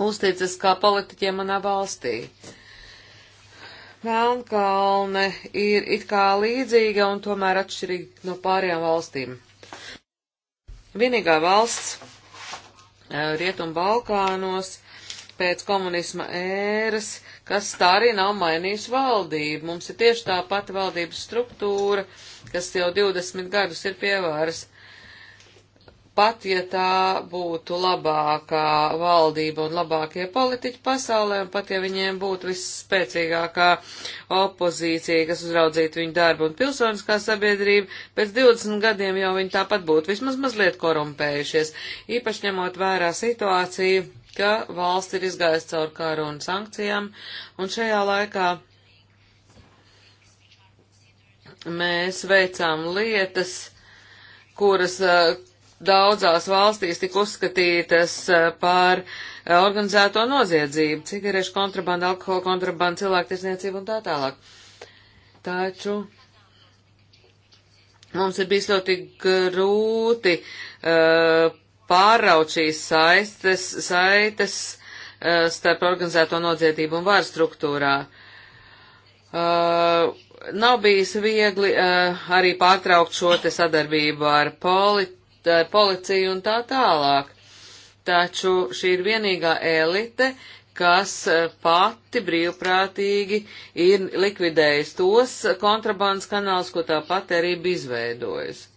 uzticas kā politiķiem manā valstī. Melnkalne ir it kā līdzīga un tomēr atšķirīga no pārējām valstīm. Vienīgā valsts eh, Rietumu Balkānos pēc komunisma ēras, kas tā arī nav mainījusi valdību. Mums ir tieši tā pati valdības struktūra, kas jau 20 gadus ir pievāras. Pat ja tā būtu labākā valdība un labākie politiķi pasaulē, un pat ja viņiem būtu visspēcīgākā opozīcija, kas uzraudzītu viņu darbu un pilsoniskā sabiedrība, pēc 20 gadiem jau viņi tāpat būtu vismaz mazliet korumpējušies, īpaši ņemot vērā situāciju, ka valsts ir izgājusi caur karu un sankcijām, un šajā laikā mēs veicām lietas, kuras daudzās valstīs tika uzskatītas eh, par eh, organizēto noziedzību, cigarešu kontrabanda, alkohola kontrabanda, cilvēktiesniecību un tā tālāk. Taču mums ir bijis ļoti grūti uh, pāraut šīs saistes, saites uh, starp organizēto nodziedību un varu struktūrā. Uh, nav bijis viegli uh, arī pārtraukt šo te sadarbību ar polit Eh, policija un tā tālāk. Taču šī ir vienīgā elite, kas eh, pati brīvprātīgi ir likvidējusi tos kontrabandas kanālus, ko tā pati arī bija izveidojusi.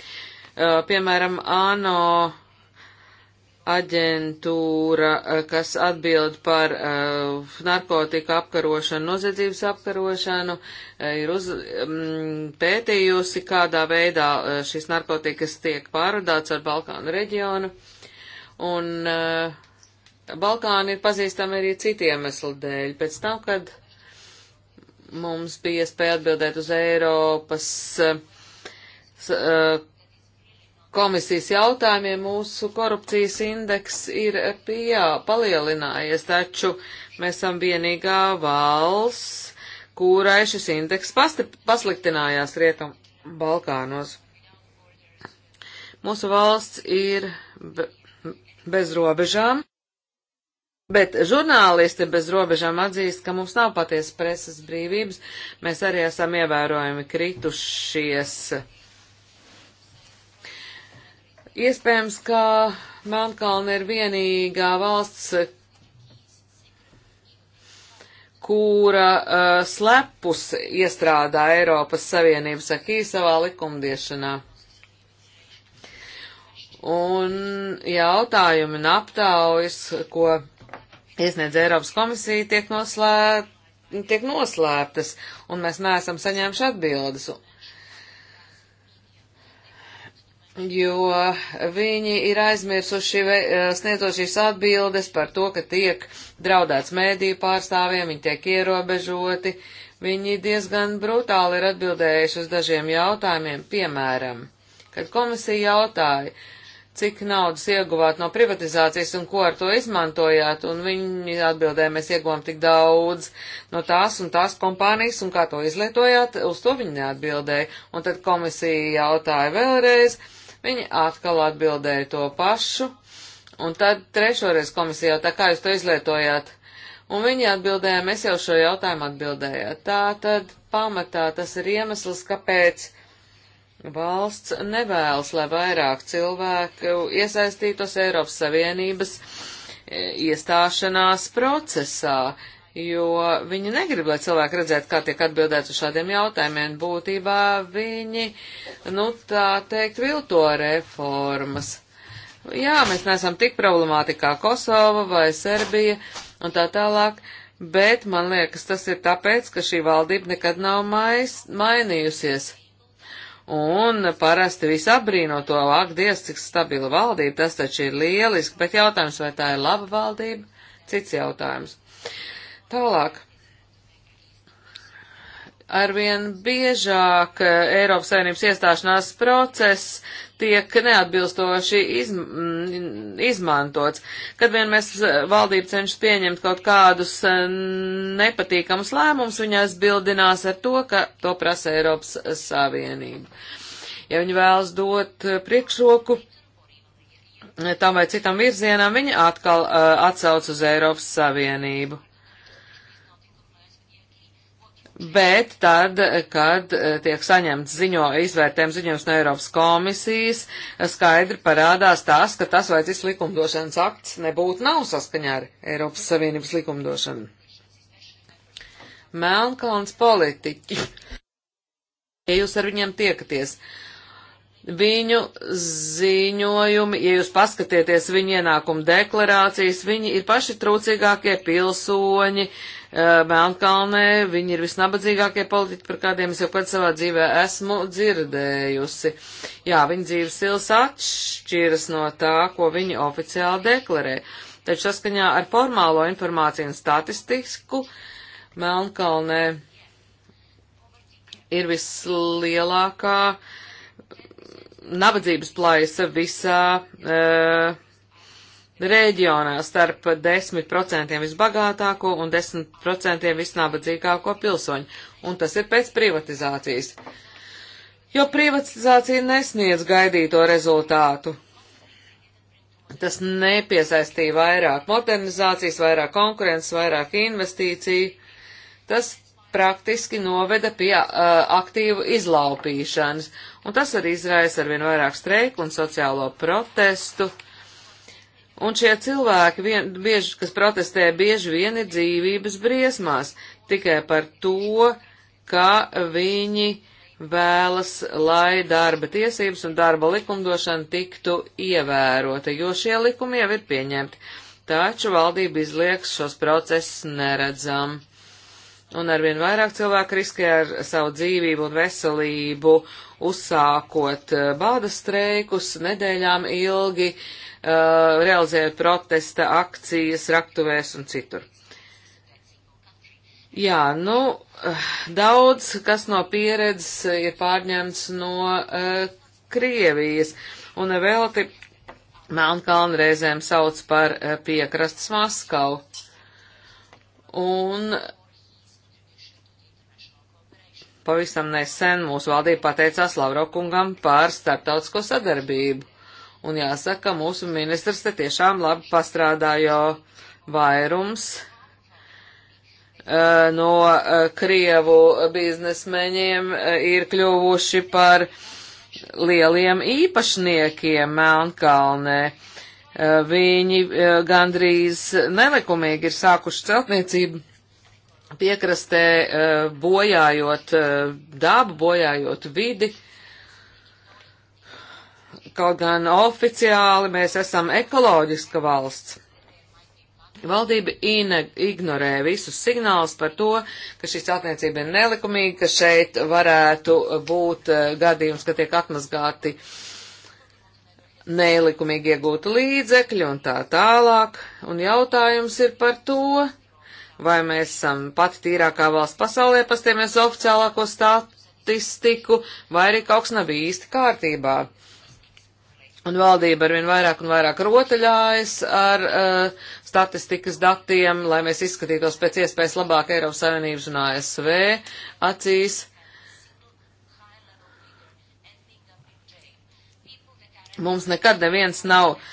Eh, piemēram, ANO aģentūra, eh, kas atbild par uh, narkotika apkarošanu, noziedzības apkarošanu, eh, ir uz, um, pētījusi, kādā veidā šīs narkotikas tiek pārvadāts ar Balkānu reģionu. Un uh, Balkāni ir pazīstami arī citiem eslu dēļ. Pēc tam, kad mums bija iespēja atbildēt uz Eiropas uh, komisijas jautājumiem mūsu korupcijas indeks ir pieā, palielinājies, taču mēs esam vienīgā valsts, kurai šis indeks pasti, pasliktinājās Rietum Balkānos. Mūsu valsts ir be, bez robežām, bet žurnālisti bez robežām atzīst, ka mums nav patiesa preses brīvības, mēs arī esam ievērojami kritušies Iespējams, ka Melnkalna ir vienīgā valsts, kura uh, slepus iestrādā Eiropas Savienības akī savā likumdiešanā. Un jautājumi un aptaujas, ko iesniedz Eiropas komisija, tiek, noslēp, tiek noslēptas, un mēs neesam saņēmuši atbildes. jo viņi ir aizmirsuši eh, sniedzot šīs atbildes par to, ka tiek draudēts mēdīju pārstāvjiem, viņi tiek ierobežoti. Viņi diezgan brutāli ir atbildējuši uz dažiem jautājumiem, piemēram, kad komisija jautāja, cik naudas ieguvāt no privatizācijas un ko ar to izmantojāt, un viņi atbildēja, mēs ieguvām tik daudz no tās un tās kompānijas, un kā to izlietojāt, uz to viņi neatbildēja. Un tad komisija jautāja vēlreiz, uh, Viņi atkal atbildēja to pašu, un tad trešoreiz komisija jau tā kā jūs to izlietojāt, un viņi atbildēja, mēs jau šo jautājumu atbildējāt. Tā tad pamatā tas ir iemesls, kāpēc valsts nevēlas, lai vairāk cilvēku iesaistītos Eiropas Savienības e, iestāšanās procesā, jo viņi negrib, lai cilvēki redzētu, kā tiek atbildēts uz šādiem jautājumiem. Būtībā viņi, nu tā teikt, vilto reformas. Jā, mēs neesam tik problemāti kā Kosova vai Serbija un tā tālāk, bet man liekas, tas ir tāpēc, ka šī valdība nekad nav mais, mainījusies. Un parasti visi apbrīno to, ak, Dievs, cik stabila valdība, tas taču ir lieliski, bet jautājums, vai tā ir laba valdība, cits jautājums. Uh, Tālāk. Arvien biežāk eh, Eiropas Savienības iestāšanās process tiek neatbilstoši iz, izmantots. Kad vien mēs eh, valdība cenšas pieņemt kaut kādus eh, nepatīkamus lēmumus, viņās bildinās ar to, ka to prasa Eiropas Savienība. Ja viņi vēlas dot priekšroku tam vai citam virzienam, viņi atkal uh, atsauc uz Eiropas Savienību. Bet tad, kad eh, tiek saņemts ziņo, izvērtējums ziņojums no Eiropas komisijas, skaidri parādās tas, ka tas vai cits likumdošanas akts nebūtu nav saskaņā ar Eiropas Savienības likumdošanu. Melnkalns politiķi. Ja jūs ar viņiem tiekaties, uh, Viņu ziņojumi, ja jūs paskatieties viņu ienākumu deklarācijas, viņi ir paši trūcīgākie pilsoņi eh, Melnkalnē, viņi ir visnabadzīgākie politiķi, par kādiem es jau pēc savā dzīvē esmu dzirdējusi. Jā, viņa dzīves stils atšķiras no tā, ko viņi oficiāli deklarē. Taču saskaņā ar formālo informāciju un statistiku Melnkalnē ir vislielākā uh, nabadzības plaisa visā uh, reģionā starp 10% visbagātāko un 10% visnabadzīgāko pilsoņu, un tas ir pēc privatizācijas. Jo privatizācija nesniedz gaidīto rezultātu. Tas nepiesaistīja vairāk modernizācijas, vairāk konkurences, vairāk investīciju. Tas praktiski noveda pie uh, aktīvu izlaupīšanas, un tas arī izraisa arvien vairāk streiku un sociālo protestu. Un šie cilvēki, vien, bieži, kas protestē, bieži vien ir dzīvības briesmās tikai par to, ka viņi vēlas, lai darba tiesības un darba likumdošana tiktu ievērota, jo šie likumi jau ir pieņemti. Taču valdība izlieks šos procesus neredzam un arvien vairāk cilvēku riskē ar savu dzīvību un veselību, uzsākot eh, bāda streikus nedēļām ilgi, uh, realizējot protesta akcijas, raktuvēs un citur. Jā, nu, eh, daudz kas no pieredzes ir pārņemts no uh, Krievijas, un vēl te Melnkalna reizēm sauc par uh, piekrastas Maskavu. Un uh, pavisam nesen mūsu valdība pateicās Lavrokungam par starptautisko sadarbību. Un jāsaka, ka mūsu ministrs te tiešām labi pastrādājo vairums uh, no uh, Krievu biznesmeņiem uh, ir kļuvuši par lieliem īpašniekiem Melnkalnē. Viņi gandrīz nelikumīgi ir sākuši celtniecību piekrastē eh, bojājot eh, dabu, bojājot vidi. Kaut gan oficiāli mēs esam ekoloģiska valsts. Valdība ignorē visus signālus par to, ka šī celtniecība ir nelikumīga, ka šeit varētu būt eh, gadījums, ka tiek atmazgāti nelikumīgi iegūti līdzekļi un tā tālāk. Un jautājums ir par to, vai mēs esam pati tīrākā valsts pasaulē, pastāmies oficiālāko statistiku, vai arī kaut kas nav īsti kārtībā. Un valdība arvien vairāk un vairāk rotaļājas ar uh, statistikas datiem, lai mēs izskatītos pēc iespējas labāk Eiropas Savienības un ASV acīs. Mums nekad neviens nav uh,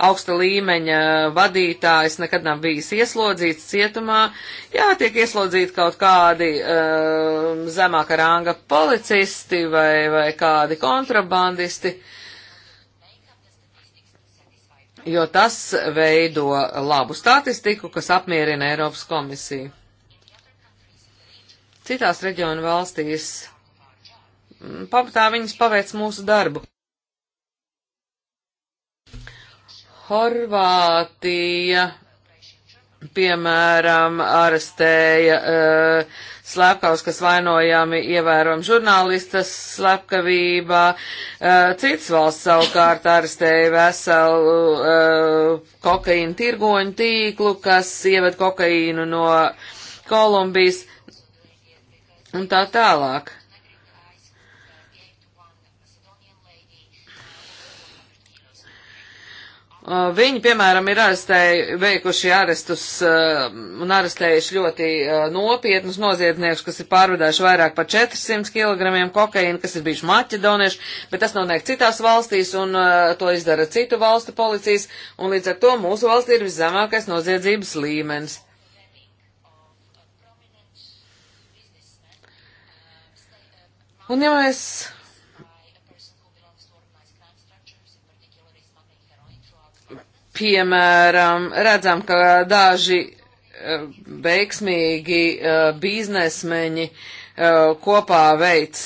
augsta līmeņa vadītājs nekad nav bijis ieslodzīts cietumā. Jā, tiek ieslodzīti kaut kādi uh, zemāka ranga policisti vai, vai kādi kontrabandisti, jo tas veido labu statistiku, kas apmierina Eiropas komisiju. Citās reģionu valstīs pamatā viņas paveic mūsu darbu. Horvātija, piemēram, arestēja uh, slepkavas, kas vainojami ievērojam žurnālistas slepkavībā. Uh, cits valsts savukārt arestēja veselu uh, eh, kokaīnu tirgoņu tīklu, kas ieved kokaīnu no Kolumbijas un tā tālāk. Uh, viņi, piemēram, ir arestēju, veikuši arestus uh, un arestējuši ļoti uh, nopietnus noziedzniekus, kas ir pārvedājuši vairāk par 400 kg kokaīna, kas ir bijuši maķedonieši, bet tas notiek citās valstīs un to izdara citu valstu policijas, un līdz ar to mūsu valstī ir viszemākais noziedzības līmenis. Un ja mēs piemēram, redzam, ka daži eh, veiksmīgi eh, biznesmeņi eh, kopā veic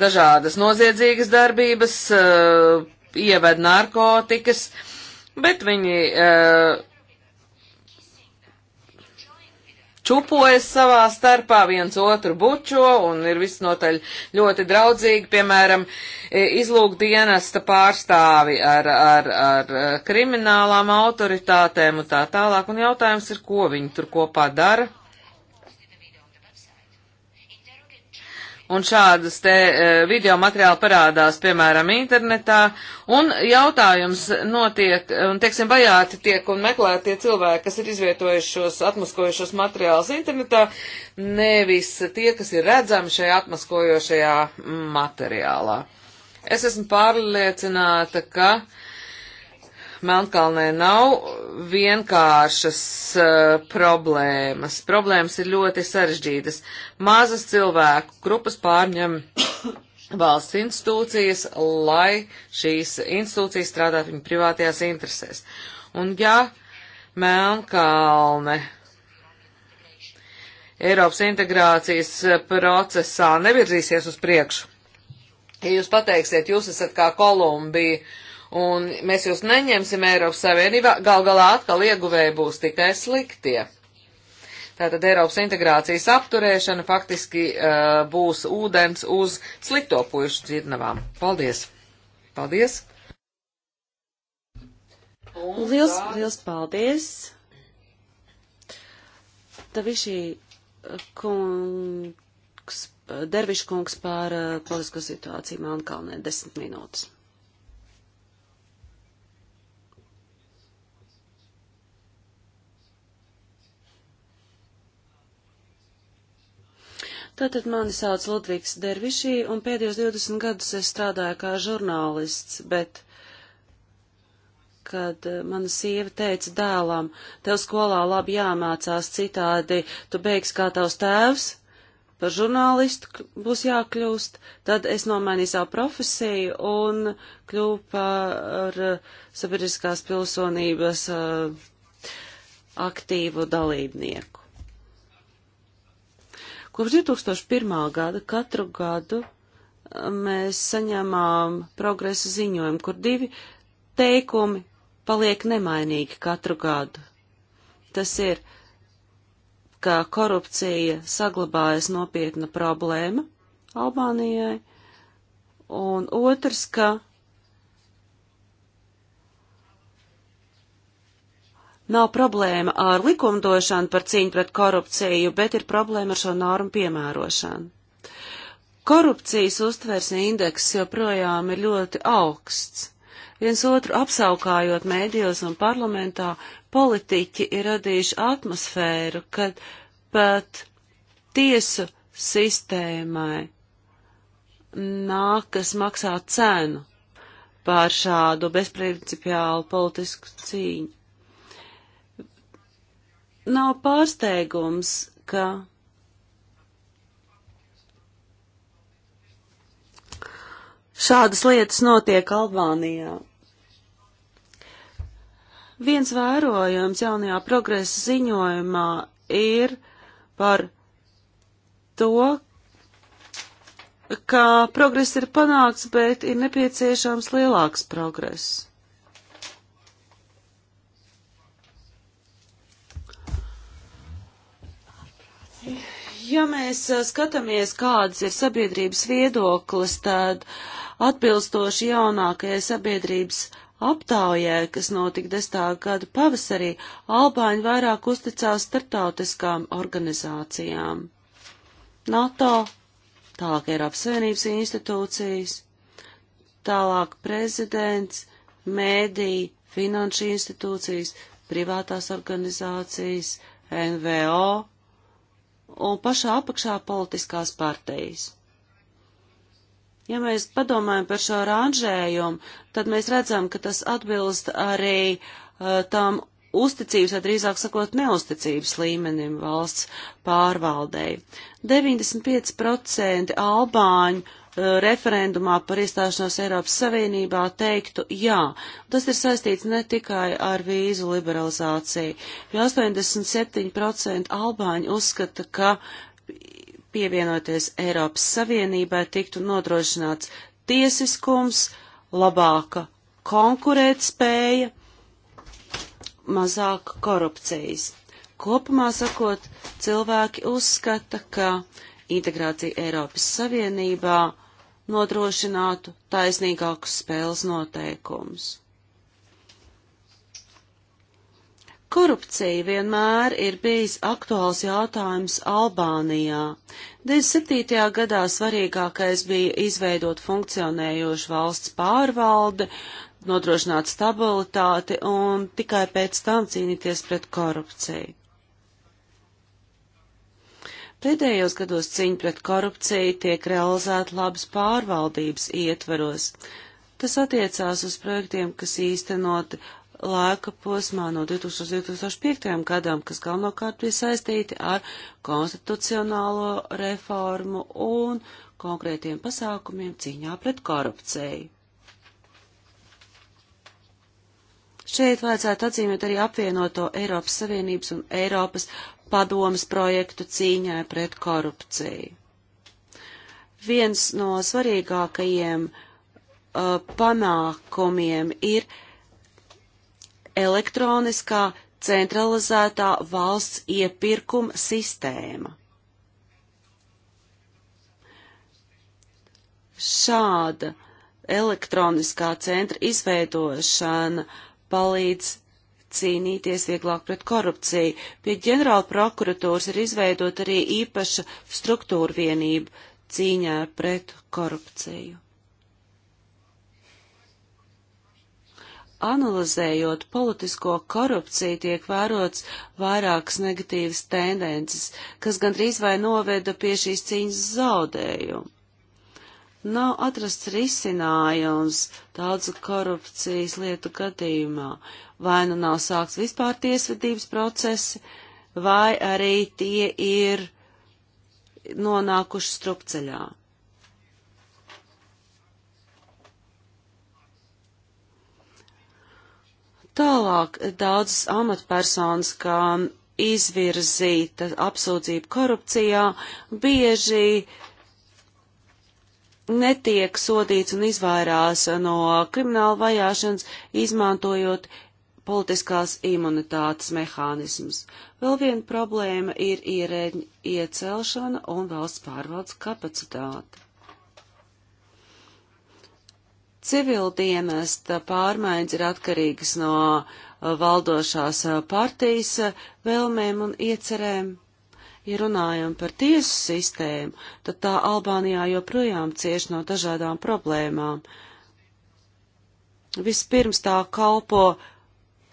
dažādas noziedzīgas darbības, ieved narkotikas, bet viņi uh, čupojas savā starpā, viens otru bučo un ir visnotaļ ļoti draudzīgi, piemēram, e, izlūk dienesta pārstāvi ar, ar, ar e, kriminālām autoritātēm un tā tālāk, un jautājums ir, ko viņi tur kopā dara. Un šādas te e, video materiāli parādās, piemēram, internetā, un jautājums notiek, e, un teiksim, vajāti tiek un meklētie cilvēki, kas ir izvietojušos, atmaskojušos materiālus internetā, nevis tie, kas ir redzami šajā atmaskojošajā materiālā. Es esmu pārliecināta, ka uh, Melnkalnē nav vienkāršas uh, problēmas. Problēmas ir ļoti sarežģītas. Mazas cilvēku grupas pārņem valsts institūcijas, lai šīs institūcijas strādātu viņu privātajās interesēs. Un ja Melnkalne Eiropas integrācijas eh, procesā nevirzīsies uz priekšu, ja jūs pateiksiet, jūs esat kā Kolumbija, uh, un mēs jūs neņemsim Eiropas Savienībā, gal galā atkal ieguvēji būs tikai sliktie. Tātad Eiropas integrācijas apturēšana faktiski uh, būs ūdens uz slikto pušu dzirnavām. Paldies! Paldies! Liels, liels paldies! Tavišī uh, kungs, dervišu kungs pār uh, politisko situāciju Melnkalnē desmit minūtes. Tātad mani sauc Ludvigs Dervišī, un pēdējos 20 gadus es strādāju kā žurnālists, bet kad eh, mana sieva teica dēlam, tev skolā labi jāmācās citādi, tu beigs kā tavs tēvs, par žurnālistu būs jākļūst, tad es nomainīju savu profesiju un kļuvu par eh, sabiedriskās pilsonības eh, aktīvu dalībnieku. Kopš 2001. gada katru gadu uh, mēs saņemām progresa ziņojumu, kur divi teikumi paliek nemainīgi katru gadu. Tas ir, ka korupcija saglabājas nopietna problēma Albānijai, un otrs, ka Nav problēma ar likumdošanu par cīņu pret korupciju, bet ir problēma ar šo normu piemērošanu. Korupcijas uztvers indeks joprojām ir ļoti augsts. Viens otru apsaukājot mēdījos un parlamentā, politiķi ir radījuši atmosfēru, kad pat tiesu sistēmai nākas maksāt cenu pār šādu bezprincipiālu politisku cīņu. Nav pārsteigums, ka šādas lietas notiek Albānijā. Viens vērojums jaunajā progresa ziņojumā ir par to, ka progress ir panākts, bet ir nepieciešams lielāks progress. Ja mēs skatāmies, kāds ir sabiedrības viedoklis, tad atbilstoši jaunākajai sabiedrības aptaujai, kas notika 10. gada pavasarī, Albāņi vairāk uzticās startautiskām organizācijām. NATO, tālāk Eiropas Savienības institūcijas, tālāk prezidents, mēdī, finanšu institūcijas, privātās organizācijas, NVO un pašā apakšā politiskās partijas. Ja mēs padomājam par šo ranžējumu, tad mēs redzam, ka tas atbilst arī uh, tām uzticības, vai drīzāk sakot, neusticības līmenim valsts pārvaldei. 95% albāņu Eh, referendumā par iestāšanos Eiropas Savienībā teiktu jā. Tas ir saistīts ne tikai ar vīzu liberalizāciju, jo 87% albāņi uzskata, ka pievienoties Eiropas Savienībai tiktu nodrošināts tiesiskums, labāka konkurētspēja, mazāk korupcijas. Kopumā sakot, cilvēki uzskata, ka integrācija Eiropas Savienībā nodrošinātu taisnīgākus spēles noteikumus. Korupcija vienmēr ir bijis aktuāls jautājums Albānijā. 27. gadā svarīgākais bija izveidot funkcionējošu valsts pārvalde, nodrošināt stabilitāti un tikai pēc tam cīnīties pret korupciju. Pēdējos gados cīņa pret korupciju tiek realizēta labas pārvaldības ietveros. Tas attiecās uz projektiem, kas īstenoti laika posmā no 2005. gadam, kas galvenokārt bija saistīti ar konstitucionālo reformu un konkrētiem pasākumiem cīņā pret korupciju. Šeit vajadzētu atzīmēt arī apvienoto Eiropas Savienības un Eiropas padomas projektu cīņai pret korupciju. Viens no svarīgākajiem uh, panākumiem ir elektroniskā centralizētā valsts iepirkuma sistēma. Šāda elektroniskā centra izveidošana palīdz cīnīties vieglāk pret korupciju. Pie ģenerāla prokuratūras ir izveidot arī īpaša struktūra vienība cīņā pret korupciju. Analizējot politisko korupciju, tiek vērots vairākas negatīvas tendences, kas gandrīz vai noveda pie šīs cīņas zaudējumu. Nav atrasts risinājums daudzu korupcijas lietu gadījumā. Uh, vai nu nav sāks vispār tiesvedības procesi, vai arī tie ir nonākuši strupceļā. Tālāk daudzas amatpersonas, kā izvirzīta apsūdzība korupcijā, bieži netiek sodīts un izvairās no krimināla vajāšanas, izmantojot politiskās imunitātes mehānisms. Vēl viena problēma ir ierēģi iecelšana un valsts pārvaldes kapacitāte. Civildienesta pārmaiņas ir atkarīgas no uh, valdošās uh, partijas uh, vēlmēm un iecerēm. Ja runājam par tiesu sistēmu, tad tā Albānijā joprojām cieš no dažādām problēmām. Vispirms tā kalpo uh,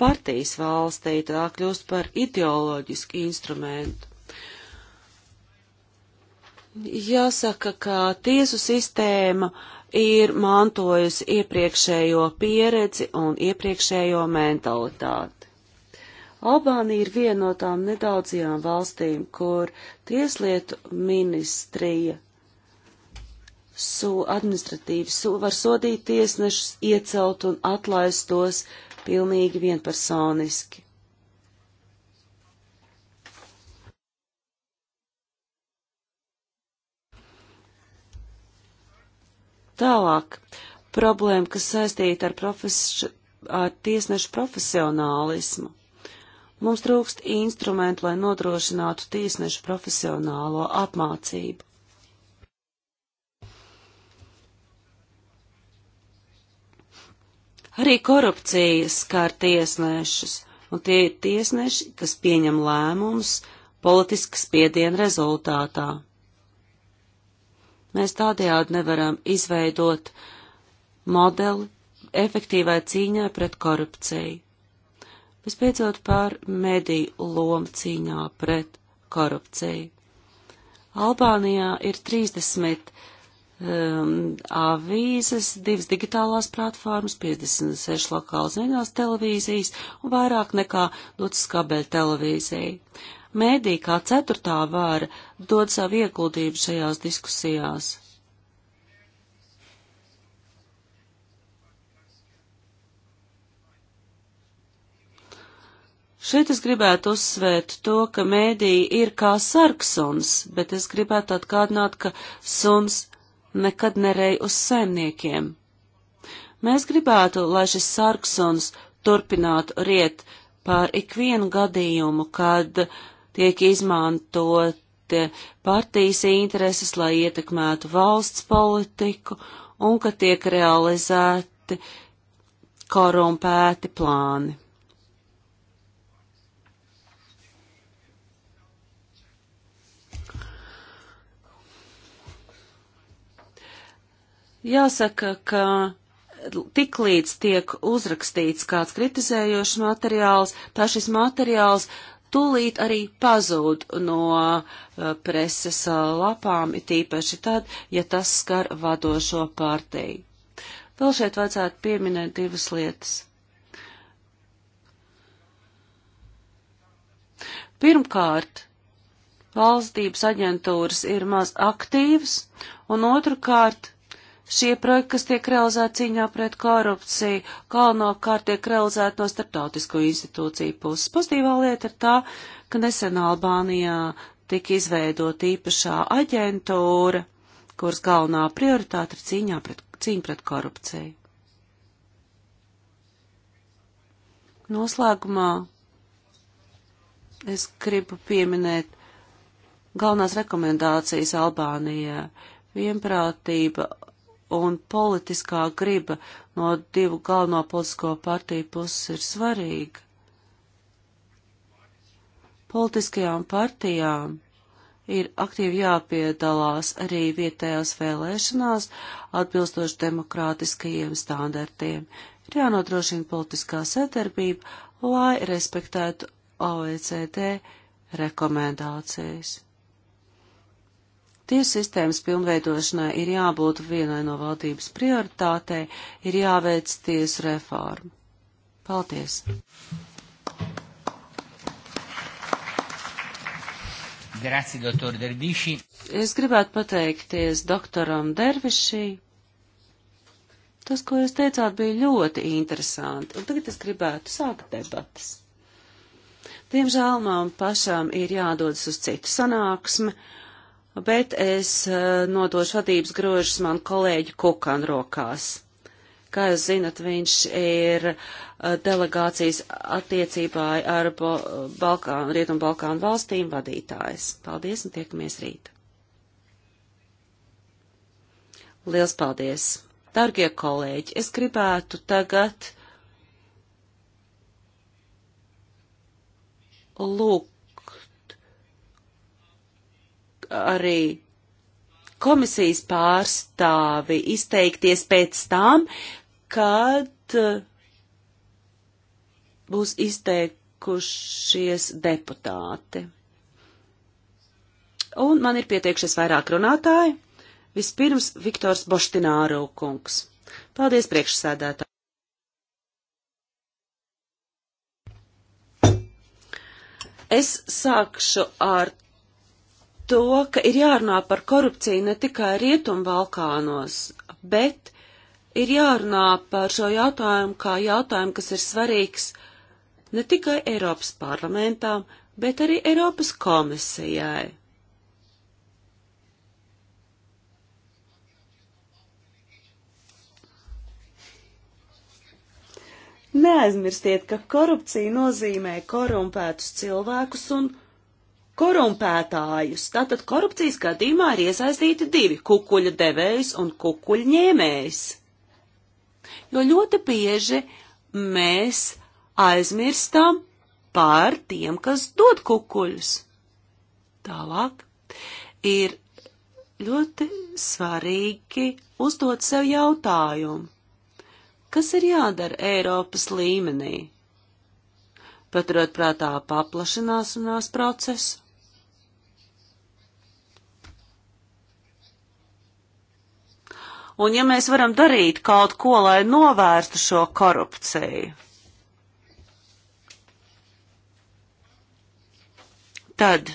partijas valstī, tā kļūst par ideoloģisku instrumentu. Jāsaka, ka tiesu sistēma ir mantojusi iepriekšējo pieredzi un iepriekšējo mentalitāti. Albānija ir viena no tām nedaudzajām valstīm, kur tieslietu ministrija su administratīvi su var sodīt tiesnešus, iecelt un atlaistos pilnīgi vienpersoniski. Tālāk, problēma, kas saistīta ar, profes, ar tiesnešu profesionālismu. Mums trūkst instrumentu, lai nodrošinātu tiesnešu profesionālo apmācību. Arī korupcija skār tiesnešus, un tie ir tiesneši, kas pieņem lēmumus politiska spiediena rezultātā. Mēs tādējādi nevaram izveidot modeli efektīvai cīņai pret korupciju. Vispēcot par mediju lomu cīņā pret korupciju. Albānijā ir 30 um, avīzes, divas digitālās platformas, 56 lokālas ziņās televīzijas un vairāk nekā Lūtas kabeļa televīzija. Mēdī kā ceturtā vāra dod savu ieguldību šajās diskusijās. Šeit es gribētu uzsvērt to, ka mēdī ir kā sarksons, bet es gribētu atgādināt, ka suns nekad nerej uz saimniekiem. Mēs gribētu, lai šis sarksons turpinātu riet pār ikvienu gadījumu, kad tiek izmantoti partijas intereses, lai ietekmētu valsts politiku un ka tiek realizēti korumpēti plāni. Jāsaka, ka tiklīdz tiek uzrakstīts kāds kritizējošs materiāls, tā šis materiāls tūlīt arī pazūd no uh, preses uh, lapām, it īpaši tad, ja tas skar vadošo pārteju. Vēl šeit vajadzētu pieminēt divas lietas. Pirmkārt, valstības aģentūras ir maz aktīvas, un otrkārt, Šie projekti, kas tiek realizēti cīņā pret korupciju, galvenokārt tiek realizēti no starptautisko institūciju puses. Pozitīvā lieta ir tā, ka nesen Albānijā tika izveidota īpašā aģentūra, kuras galvenā prioritāte ir cīņā pret, cīņa pret korupciju. Noslēgumā es gribu pieminēt galvenās rekomendācijas Albānijā - vienprātība un politiskā griba no divu galveno politisko partiju puses ir svarīga. Politiskajām partijām ir aktīvi jāpiedalās arī vietējās vēlēšanās atbilstoši demokrātiskajiem standartiem. Ir jānodrošina politiskā sadarbība, lai respektētu OECD rekomendācijas. Tiesu sistēmas pilnveidošanai ir jābūt vienai no valdības prioritātei, ir jāveic tiesu reforma. Paldies! Grazie, doktor Derviši. Es gribētu pateikties doktoram Dervišī. Tas, ko jūs teicāt, bija ļoti interesanti, un tagad es gribētu sākt debatas. Diemžēl man pašām ir jādodas uz citu sanāksmi bet es eh, nodošu vadības grožus man kolēģi Kukan rokās. Kā jūs zinat, viņš ir eh, delegācijas attiecībā ar Balkānu, Rietumu Balkānu valstīm vadītājs. Paldies un tiekamies rīt. Liels paldies! Dargie kolēģi, es gribētu tagad lūk arī komisijas pārstāvi izteikties pēc tam, kad eh, būs izteikušies deputāti. Un man ir pieteikšies vairāk runātāji. Vispirms Viktors Boštināru kungs. Paldies priekšsēdētā. Es sākšu ar to, ka ir jārunā par korupciju ne tikai Rietumbalkānos, bet ir jārunā par šo jautājumu kā jautājumu, kas ir svarīgs ne tikai Eiropas parlamentām, bet arī Eiropas komisijai. Neaizmirstiet, ka korupcija nozīmē korumpētus cilvēkus un korumpētājus. Tātad korupcijas gadījumā ir iesaistīti divi - kukuļa devējs un kukuļa ņēmējs. Jo ļoti bieži mēs aizmirstam par tiem, kas dod kukuļus. Tālāk ir ļoti svarīgi uzdot sev jautājumu, kas ir jādara Eiropas līmenī, paturot prātā paplašināšanās procesu, Un ja mēs varam darīt kaut ko, lai novērstu šo korupciju, tad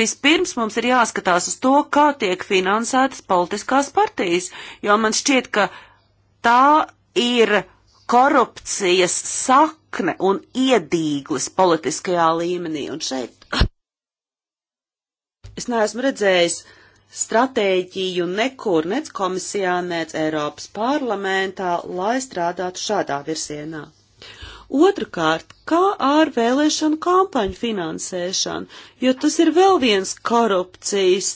Vispirms mums ir jāskatās uz to, kā tiek finansētas politiskās partijas, jo man šķiet, ka tā ir korupcijas sakne un iedīglis politiskajā līmenī. Un šeit es neesmu redzējis uh, stratēģiju nekur, nec komisijā, nec Eiropas parlamentā, lai strādātu šādā virzienā. Otrakārt, kā ar vēlēšanu kampaņu finansēšanu, jo tas ir vēl viens korupcijas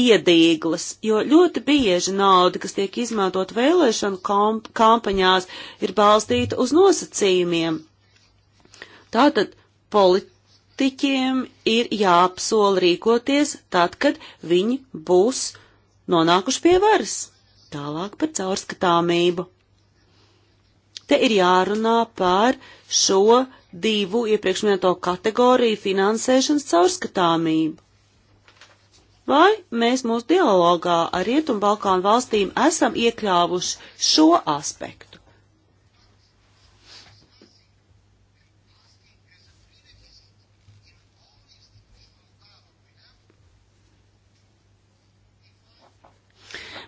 iedīglas, jo ļoti bieži nauda, kas tiek izmantot vēlēšanu kamp kampaņās, ir balstīta uz nosacījumiem. Tātad polit politiķiem ir jāapsola rīkoties tad, kad viņi būs nonākuši pie varas. Tālāk par caurskatāmību. Te ir jārunā par šo divu iepriekš minēto kategoriju finansēšanas caurskatāmību. Vai mēs mūsu dialogā ar Rietumbalkānu valstīm esam iekļāvuši šo aspektu?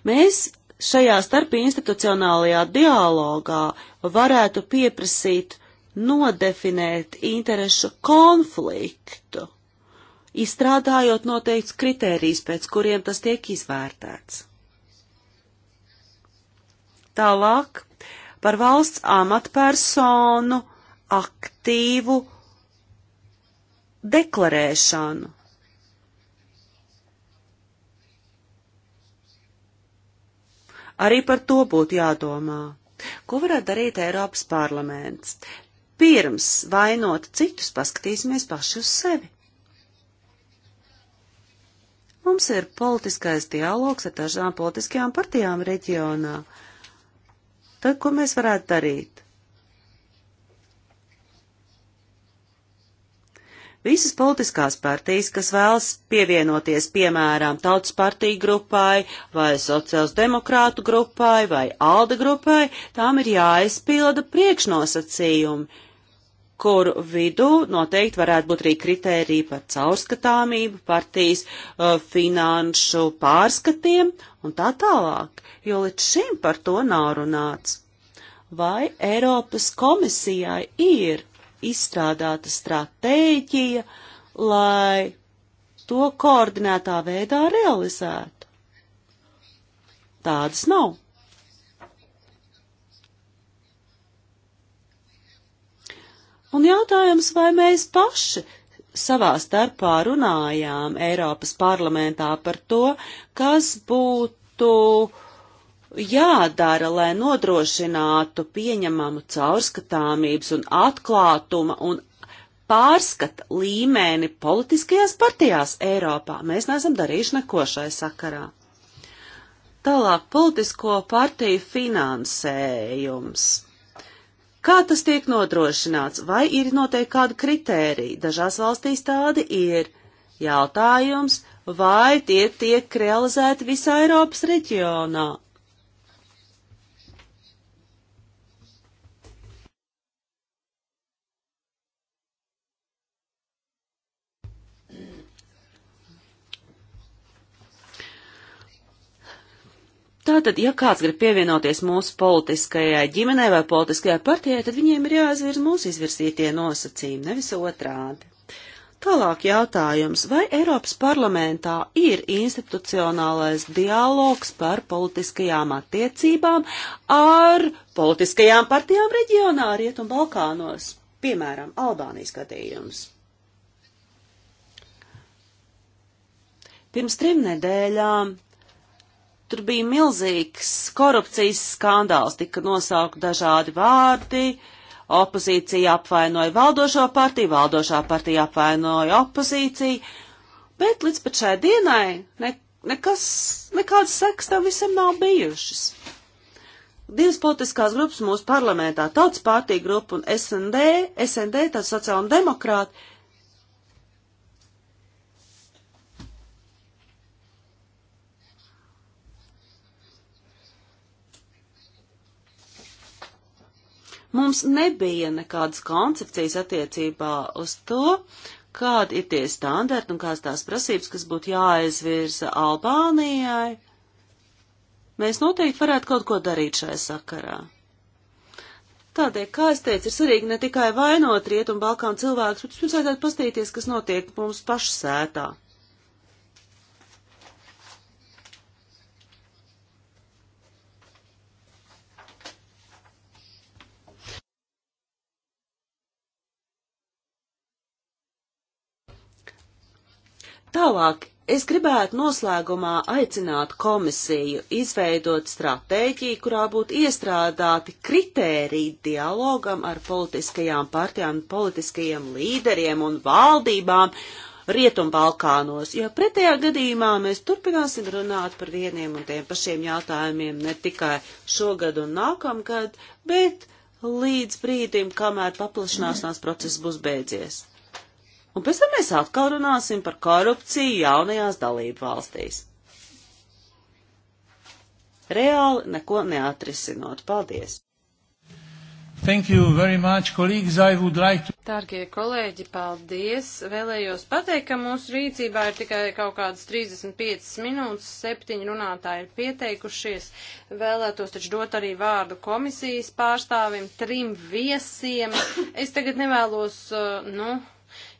Mēs šajā starpinstitucionālajā dialogā varētu pieprasīt nodefinēt interešu konfliktu, izstrādājot noteikts kritērijs, pēc kuriem tas tiek izvērtēts. Tālāk par valsts amatpersonu aktīvu deklarēšanu. Arī par to būtu jādomā. Ko varētu darīt Eiropas parlaments? Pirms vainot citus, paskatīsimies paši uz sevi. Mums ir politiskais dialogs ar dažām politiskajām partijām reģionā. Tad ko mēs varētu darīt? Visas politiskās partijas, kas vēlas pievienoties, piemēram, Tautas partiju grupai vai Sociāls demokrātu grupai vai Alda grupai, tām ir jāizpilda priekšnosacījumi, kuru vidū noteikti varētu būt arī kritērija par caurskatāmību, partijas uh, finanšu pārskatiem un tā tālāk, jo līdz šim par to nav runāts. Vai Eiropas komisijai ir izstrādāta stratēģija, lai to koordinētā veidā realizētu. Tādas nav. Un jautājums, vai mēs paši savā starpā runājām Eiropas parlamentā par to, kas būtu uh, jādara, lai nodrošinātu pieņemamu caurskatāmības un atklātuma un pārskata līmeni politiskajās partijās Eiropā. Mēs neesam darījuši neko šai sakarā. Tālāk politisko partiju finansējums. Kā tas tiek nodrošināts? Vai ir noteikti kādi kritēriji? Dažās valstīs tādi ir. Jautājums, vai tie tiek realizēti visā Eiropas reģionā? Tātad, ja kāds grib pievienoties mūsu politiskajai ģimenei vai politiskajai partijai, tad viņiem ir jāizvirz mūsu izvirsītie nosacījumi, nevis otrādi. Tālāk jautājums, vai Eiropas parlamentā ir institucionālais dialogs par politiskajām attiecībām ar politiskajām partijām reģionā Rietumbalkānos, piemēram, Albānijas gadījums? Pirms trim nedēļām Tur bija milzīgs korupcijas skandāls, tika nosaukt dažādi vārdi, opozīcija apvainoja valdošo partiju, valdošā partija apvainoja opozīciju, bet līdz pat šai dienai ne, nekas, nekāds seks tam visam nav bijušas. Divas politiskās grupas mūsu parlamentā, Tautas partija grupa un SND, SND, tāds sociāla demokrāta, Mums nebija nekādas koncepcijas attiecībā uz to, kādi ir tie standarti un kādas tās prasības, kas būtu jāaizvirza Albānijai. Mēs noteikti varētu kaut ko darīt šajā sakarā. Tādēļ, kā es teicu, ir svarīgi ne tikai vainot Rietumu Balkānu cilvēkus, bet pirms vajadzētu pastīties, kas notiek mums pašu sētā. Tālāk Es gribētu noslēgumā aicināt komisiju izveidot stratēģiju, kurā būtu iestrādāti kritēriji dialogam ar politiskajām partijām, politiskajiem līderiem un valdībām Rietumbalkānos, jo pretējā gadījumā mēs turpināsim runāt par vieniem un tiem pašiem jautājumiem ne tikai šogad un nākamgad, bet līdz brīdim, kamēr paplašanāsnās process būs beidzies. Un pēc tam mēs atkal runāsim par korupciju jaunajās dalību valstīs. Reāli neko neatrisinot. Paldies! Thank you very much, colleagues. I would like to... Tārgie kolēģi, paldies. Vēlējos pateikt, ka mūsu rīcībā ir tikai kaut kādas 35 minūtes, septiņi runātāji ir pieteikušies. Vēlētos taču dot arī vārdu komisijas pārstāvim, trim viesiem. Es tagad nevēlos, uh, nu,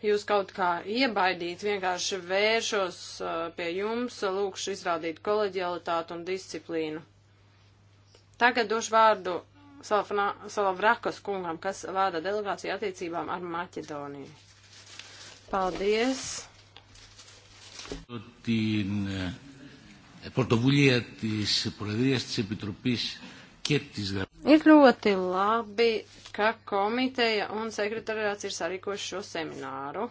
jūs kaut kā iebaidīt, vienkārši vēršos uh, pie jums, lūkšu izrādīt koleģialitātu un disciplīnu. Tagad došu vārdu Salavrakas kungam, kas vada delegāciju attiecībām ar Maķedoniju. Paldies! Την πρωτοβουλία της Προεδρίας της Επιτροπής Ir ļoti labi, ka komiteja un sekretariāts ir sarīkojuši šo semināru.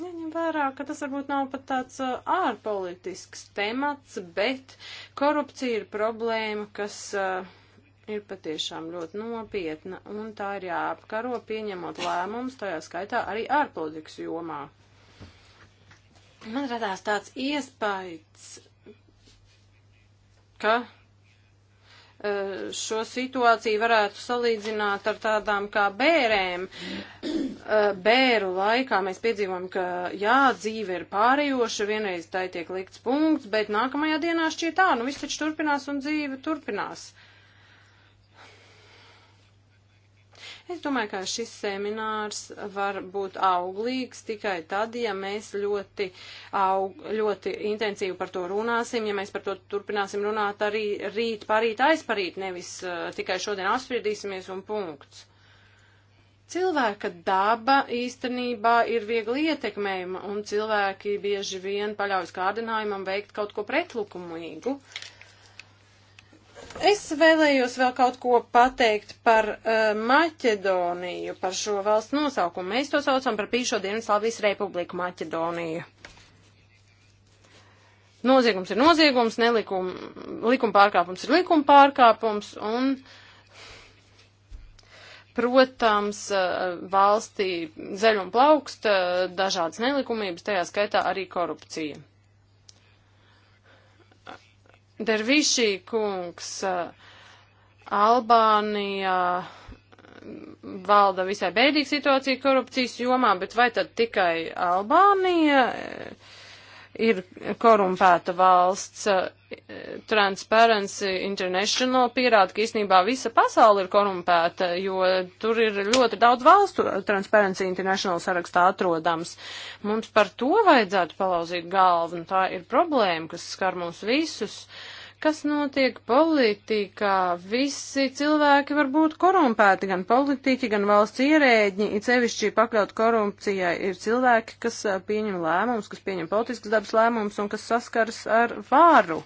Ņem vērā, ka tas varbūt nav pat tāds uh, ārpolitisks temats, bet korupcija ir problēma, kas uh, ir patiešām ļoti nopietna, un tā ir jāapkaro, pieņemot lēmumus, tajā skaitā arī ārpolitikas jomā. Man radās tāds iespējas, ka e, šo situāciju varētu salīdzināt ar tādām kā bērēm. E, bēru laikā mēs piedzīvojam, ka jā, dzīve ir pārējoša, vienreiz tai tiek likts punkts, bet nākamajā dienā šķiet tā, nu viss taču turpinās un dzīve turpinās. Uh, Es domāju, ka šis seminārs var būt auglīgs tikai tad, ja mēs ļoti, aug, ļoti intensīvi par to runāsim, ja mēs par to turpināsim runāt arī rīt, parīt, aizparīt, nevis uh, tikai šodien apspriedīsimies un punkts. Cilvēka daba īstenībā ir viegli ietekmējama, un cilvēki bieži vien paļaujas kārdinājumam veikt kaut ko pretlikumīgu. Uh, Es vēlējos vēl kaut ko pateikt par uh, Maķedoniju, par šo valsts nosaukumu. Mēs to saucam par Pīšo Dienvidslāvijas republiku Maķedoniju. Noziegums ir noziegums, nelikuma likuma pārkāpums ir likuma pārkāpums, un, protams, eh, valstī zeļuma plaukst eh, dažādas nelikumības, tajā skaitā arī korupcija. Dervišī kungs Albānijā valda visai bēdīga situācija korupcijas jomā, bet vai tad tikai Albānija ir korumpēta valsts? Transparency International pierāda, ka īstenībā visa pasaule ir korumpēta, jo tur ir ļoti daudz valstu Transparency International sarakstā atrodams. Mums par to vajadzētu palauzīt galvu, un tā ir problēma, kas skar mūs visus. Uh, kas notiek politikā. Visi cilvēki var būt korumpēti, gan politiķi, gan valsts ierēģi. It sevišķi pakļaut korupcijai ir cilvēki, kas eh, pieņem lēmumus, kas pieņem politiskas dabas lēmumus un kas saskaras ar vāru.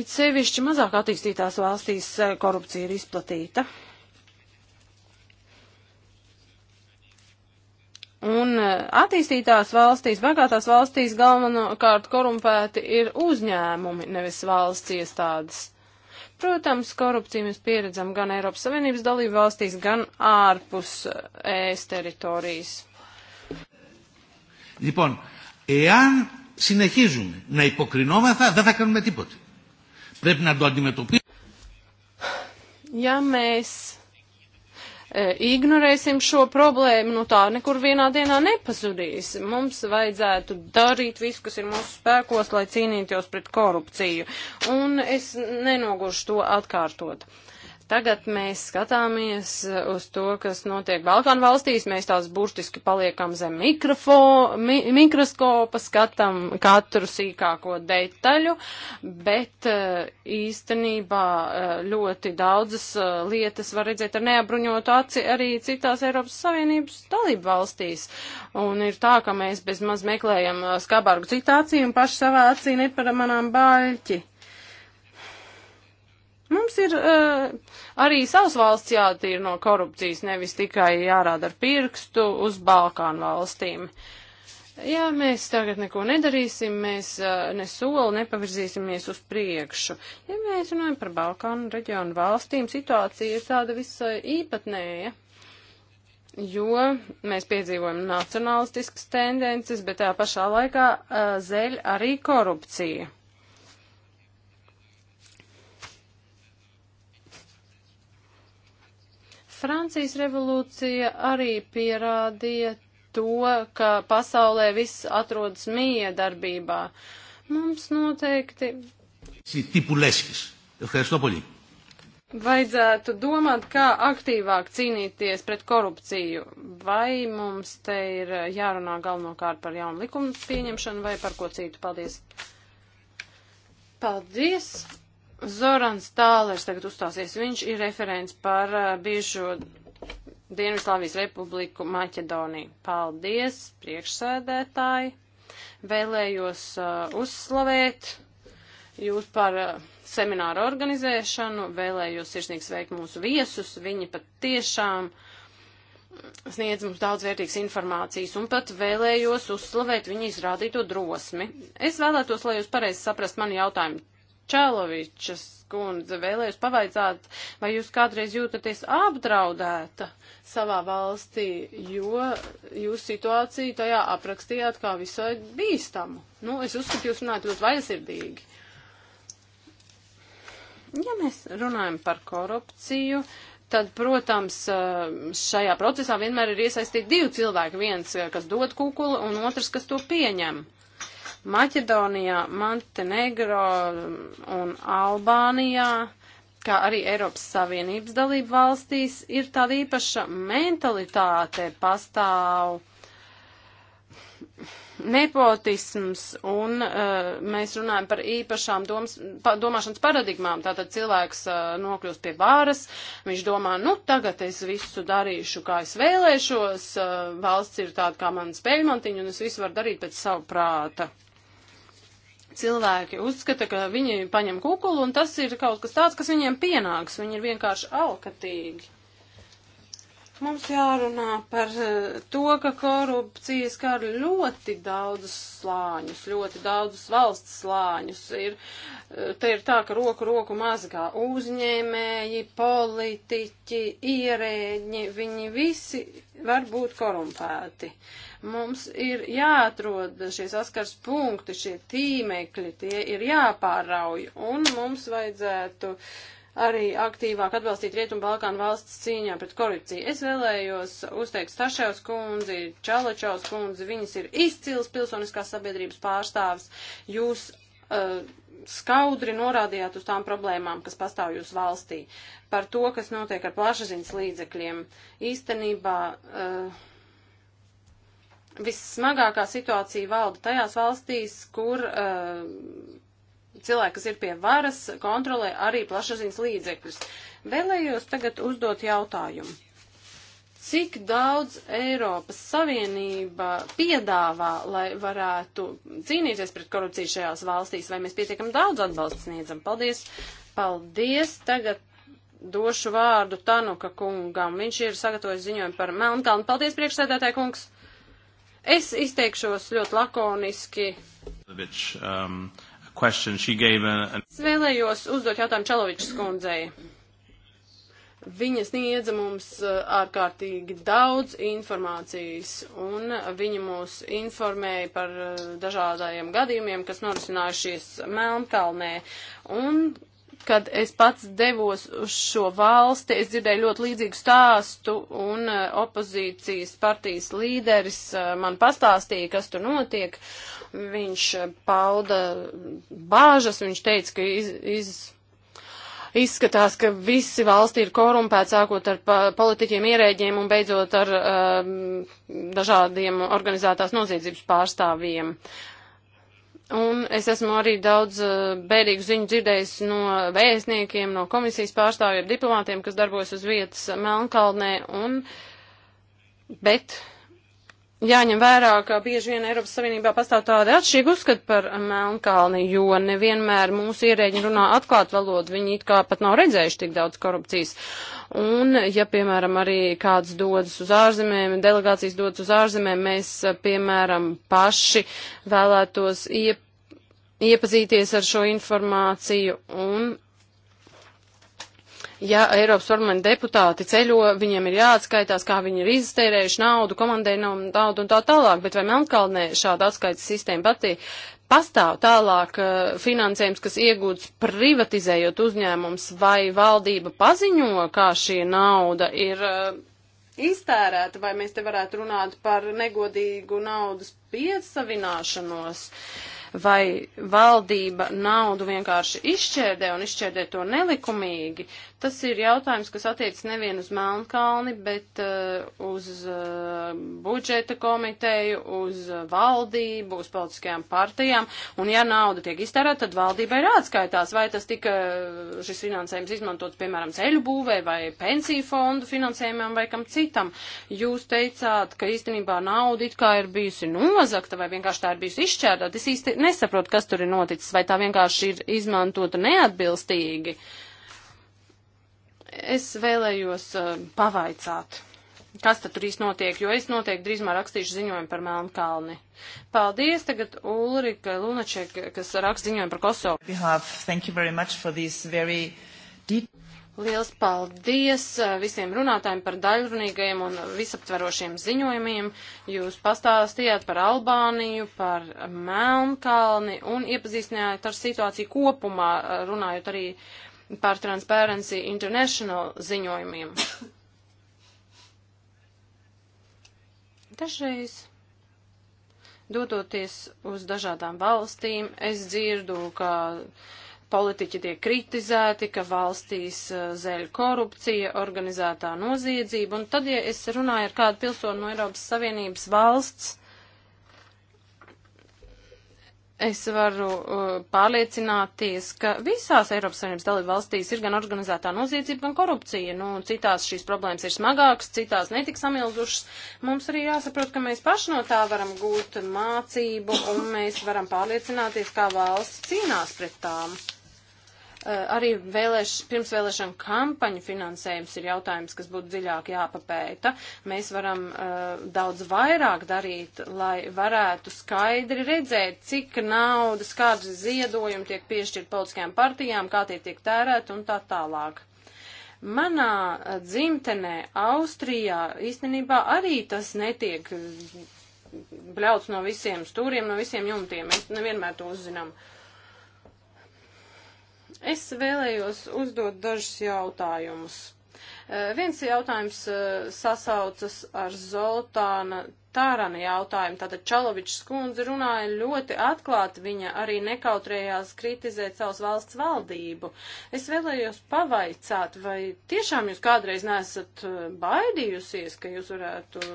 It sevišķi mazāk attīstītās valstīs eh, korupcija ir izplatīta. Un eh, attīstītās valstīs, bagātās valstīs galvenokārt korumpēti ir uzņēmumi, nevis valsts iestādes. Protams, korupciju mēs pieredzam gan Eiropas Savienības dalību valstīs, gan ārpus ES eh, teritorijas. Λοιπόν, εάν συνεχίζουμε να υποκρινόμεθα, δεν θα κάνουμε τίποτα. Πρέπει να το αντιμετωπίσουμε. Για μέσα E, ignorēsim šo problēmu, nu tā nekur vienā dienā nepazudīs. Mums vajadzētu darīt visu, kas ir mūsu spēkos, lai cīnītos pret korupciju. Un es nenoguršu to atkārtot. Tagad mēs skatāmies uh, uz to, kas notiek Balkānu valstīs. Mēs tās burtiski paliekam zem mikrofo, mi, mikroskopa, skatam katru sīkāko detaļu, bet uh, īstenībā uh, ļoti daudzas lietas var redzēt ar neabruņotu aci arī citās Eiropas Savienības dalību valstīs. Un ir tā, ka mēs bezmaz meklējam skabargu citāciju un paši savā acī nepamanām bāļķi. Mums ir uh, arī savas valsts jātīra no korupcijas, nevis tikai jārāda ar pirkstu uz Balkānu valstīm. Ja mēs tagad neko nedarīsim, mēs uh, ne soli nepavirzīsimies uz priekšu. Ja mēs runājam par Balkānu reģionu valstīm, situācija ir tāda visai īpatnēja jo mēs piedzīvojam nacionalistiskas tendences, bet tajā pašā laikā uh, zeļ arī korupcija. Francijas revolūcija arī pierādīja to, ka pasaulē viss atrodas miedarbībā. Mums noteikti. Vajadzētu domāt, kā aktīvāk cīnīties pret korupciju. Vai mums te ir jārunā galvenokārt par jaunu likumu pieņemšanu vai par ko citu? Paldies! Paldies! Zorans Tālers tagad uzstāsies. Viņš ir referents par uh, bijušo Dienvidslāvijas republiku Maķedoniju. Paldies, priekšsēdētāji! Vēlējos uh, uzslavēt jūs par uh, semināru organizēšanu, vēlējos sirsnīgi sveikt mūsu viesus. Viņi pat tiešām sniedz mums daudz vērtīgas informācijas un pat vēlējos uzslavēt viņu izrādīto drosmi. Es vēlētos, lai jūs pareizi saprast mani jautājumu Čēlovičas kundze vēlējos pavaicāt, vai jūs kādreiz jūtaties apdraudēta savā valstī, jo jūs situāciju tajā aprakstījāt kā visai bīstamu. Nu, es uzskatu, jūs runājat ļoti vaisirdīgi. Ja mēs runājam par korupciju, tad, protams, šajā procesā vienmēr ir iesaistīti divi cilvēki. Viens, kas dod kukuli, un otrs, kas to pieņem. Uh, Maķedonijā, Montenegro un Albānijā kā arī Eiropas Savienības dalību valstīs, ir tāda īpaša mentalitāte pastāv nepotisms, un uh, mēs runājam par īpašām domas, pa, domāšanas paradigmām. Tātad cilvēks uh, nokļūst pie varas, viņš domā, nu tagad es visu darīšu, kā es vēlēšos, uh, valsts ir tāda kā mana spēļmantiņa, un es visu varu darīt pēc savu prāta. Cilvēki uzskata, ka viņi paņem kukulu un tas ir kaut kas tāds, kas viņiem pienāks. Viņi ir vienkārši alkatīgi. Mums jārunā par eh, to, ka korupcija skar ļoti daudzus slāņus, ļoti daudzus valsts slāņus. Ir, eh, te ir tā, ka roku roku mazgā uzņēmēji, politiķi, ierēģi, viņi visi var būt korumpēti. Mums ir jāatrod šie saskars punkti, šie tīmekļi, tie ir jāpārauj, un mums vajadzētu uh, arī aktīvāk atbalstīt Rietumu Balkānu valsts cīņā pret korupciju. Es vēlējos uzteikt Staševs kundzi, Čalačaus kundzi, viņas ir izcils pilsoniskās sabiedrības pārstāvis. Jūs uh, skaudri norādījāt uz tām problēmām, kas pastāv jūsu valstī, par to, kas notiek ar plašsaziņas līdzekļiem. Īstenībā uh, vissmagākā situācija valda tajās valstīs, kur uh, cilvēki, kas ir pie varas, kontrolē arī plašsaziņas līdzekļus. Vēlējos tagad uzdot jautājumu. Cik daudz Eiropas Savienība piedāvā, lai varētu cīnīties pret korupciju šajās valstīs, vai mēs pietiekam daudz atbalstu sniedzam? Paldies! Paldies! Tagad došu vārdu Tanuka kungam. Viņš ir sagatavojis ziņojumu par Melnkalnu. Paldies, priekšsēdētāji kungs! Es izteikšos ļoti lakoniski. Um, question. She gave a, an... Es vēlējos uzdot jautājumu Čelovičs kundzei. Viņa sniedza mums uh, ārkārtīgi daudz informācijas, un viņa mūs informēja par uh, dažādajiem gadījumiem, kas norisinājušies Melnkalnē. Un, kad es pats devos uz šo valsti, es dzirdēju ļoti līdzīgu stāstu, un uh, opozīcijas partijas līderis man pastāstīja, kas tur notiek. Uh, Viņš pauda bāžas, viņš teica, ka iz, iz, izskatās, ka visi valsti ir korumpēti, sākot ar politiķiem, ierēģiem un beidzot ar um, dažādiem organizētās noziedzības pārstāvjiem. Un es esmu arī daudz uh, bērīgu ziņu dzirdējis no vēstniekiem, no komisijas pārstāvjiem, diplomātiem, kas darbojas uz vietas Melnkalnē, un, bet jāņem vērā, ka bieži vien Eiropas Savienībā pastāv tādi atšķirīgi uzskati par Melnkalni, jo nevienmēr mūsu ierēģi runā atklāt valodu, viņi it kā pat nav redzējuši tik daudz korupcijas. Un, ja, piemēram, arī kāds dodas uz ārzemēm, delegācijas dodas uz ārzemēm, mēs, piemēram, paši vēlētos ie, iepazīties ar šo informāciju un ja Eiropas parlamenta deputāti ceļo, viņiem ir jāatskaitās, kā viņi ir iztērējuši naudu, komandē naudu un tā tālāk, bet vai Melnkalnē šāda atskaitas sistēma patī pastāv tālāk eh, finansējums, kas iegūts privatizējot uzņēmums, vai valdība paziņo, kā šī nauda ir eh, iztērēta, vai mēs te varētu runāt par negodīgu naudas piesavināšanos, vai valdība naudu vienkārši izšķērdē un izšķērdē to nelikumīgi, Tas ir jautājums, kas attiecas nevien uz Melnkalni, bet uh, uz uh, budžeta komiteju, uz uh, valdību, uz politiskajām partijām. Un ja nauda tiek iztērēta, tad valdībai ir atskaitās, vai tas tika uh, šis finansējums izmantots, piemēram, ceļu būvē vai pensiju fondu finansējumam vai kam citam. Jūs teicāt, ka īstenībā nauda it kā ir bijusi nozakta vai vienkārši tā ir bijusi izšķērdāta. Es īsti nesaprotu, kas tur ir noticis, vai tā vienkārši ir izmantota neatbilstīgi. Uh, Es vēlējos eh, pavaicāt kas tad tur īsti notiek, jo es noteikti drīzumā rakstīšu ziņojumu par Melnkalni. Paldies tagad Ulrika Lunaček, kas raksta ziņojumu par Kosovu. Have, very... Liels paldies eh, visiem runātājiem par daļrunīgajiem un visaptverošiem ziņojumiem. Jūs pastāstījāt par Albāniju, par Melnkalni un iepazīstinājāt ar situāciju kopumā, eh, runājot arī uh, par Transparency International ziņojumiem. Dažreiz, dodoties uz dažādām valstīm, es dzirdu, ka politiķi tiek kritizēti, ka valstīs eh, zēļ korupcija, organizētā noziedzība, un tad, ja es runāju ar kādu pilsonu no Eiropas Savienības valsts, Es varu uh, pārliecināties, ka visās Eiropas Savienības dalību valstīs ir gan organizētā noziedzība, gan korupcija. Nu, citās šīs problēmas ir smagākas, citās netik samildušas. Mums arī jāsaprot, ka mēs paši no tā varam gūt mācību un mēs varam pārliecināties, kā valsts cīnās pret tām. Uh, Eh, arī vēlēš, pirmsvēlēšana kampaņu finansējums ir jautājums, kas būtu dziļāk jāpapēta. Mēs varam uh, daudz vairāk darīt, lai varētu skaidri redzēt, cik naudas, kādas ziedojumi tiek piešķirt politiskajām partijām, kā tie tiek tērēt un tā tālāk. Manā eh, dzimtenē, Austrijā, īstenībā arī tas netiek bļauts no visiem stūriem, no visiem jumtiem. Mēs nevienmēr to uzzinām. Uh, Es vēlējos uzdot dažus jautājumus. Eh, viens jautājums eh, sasaucas ar Zoltāna Tārana jautājumu. Tātad Čalovičs kundze runāja ļoti atklāti, viņa arī nekautrējās kritizēt savas valsts valdību. Es vēlējos pavaicāt, vai tiešām jūs kādreiz nesat eh, baidījusies, ka jūs varētu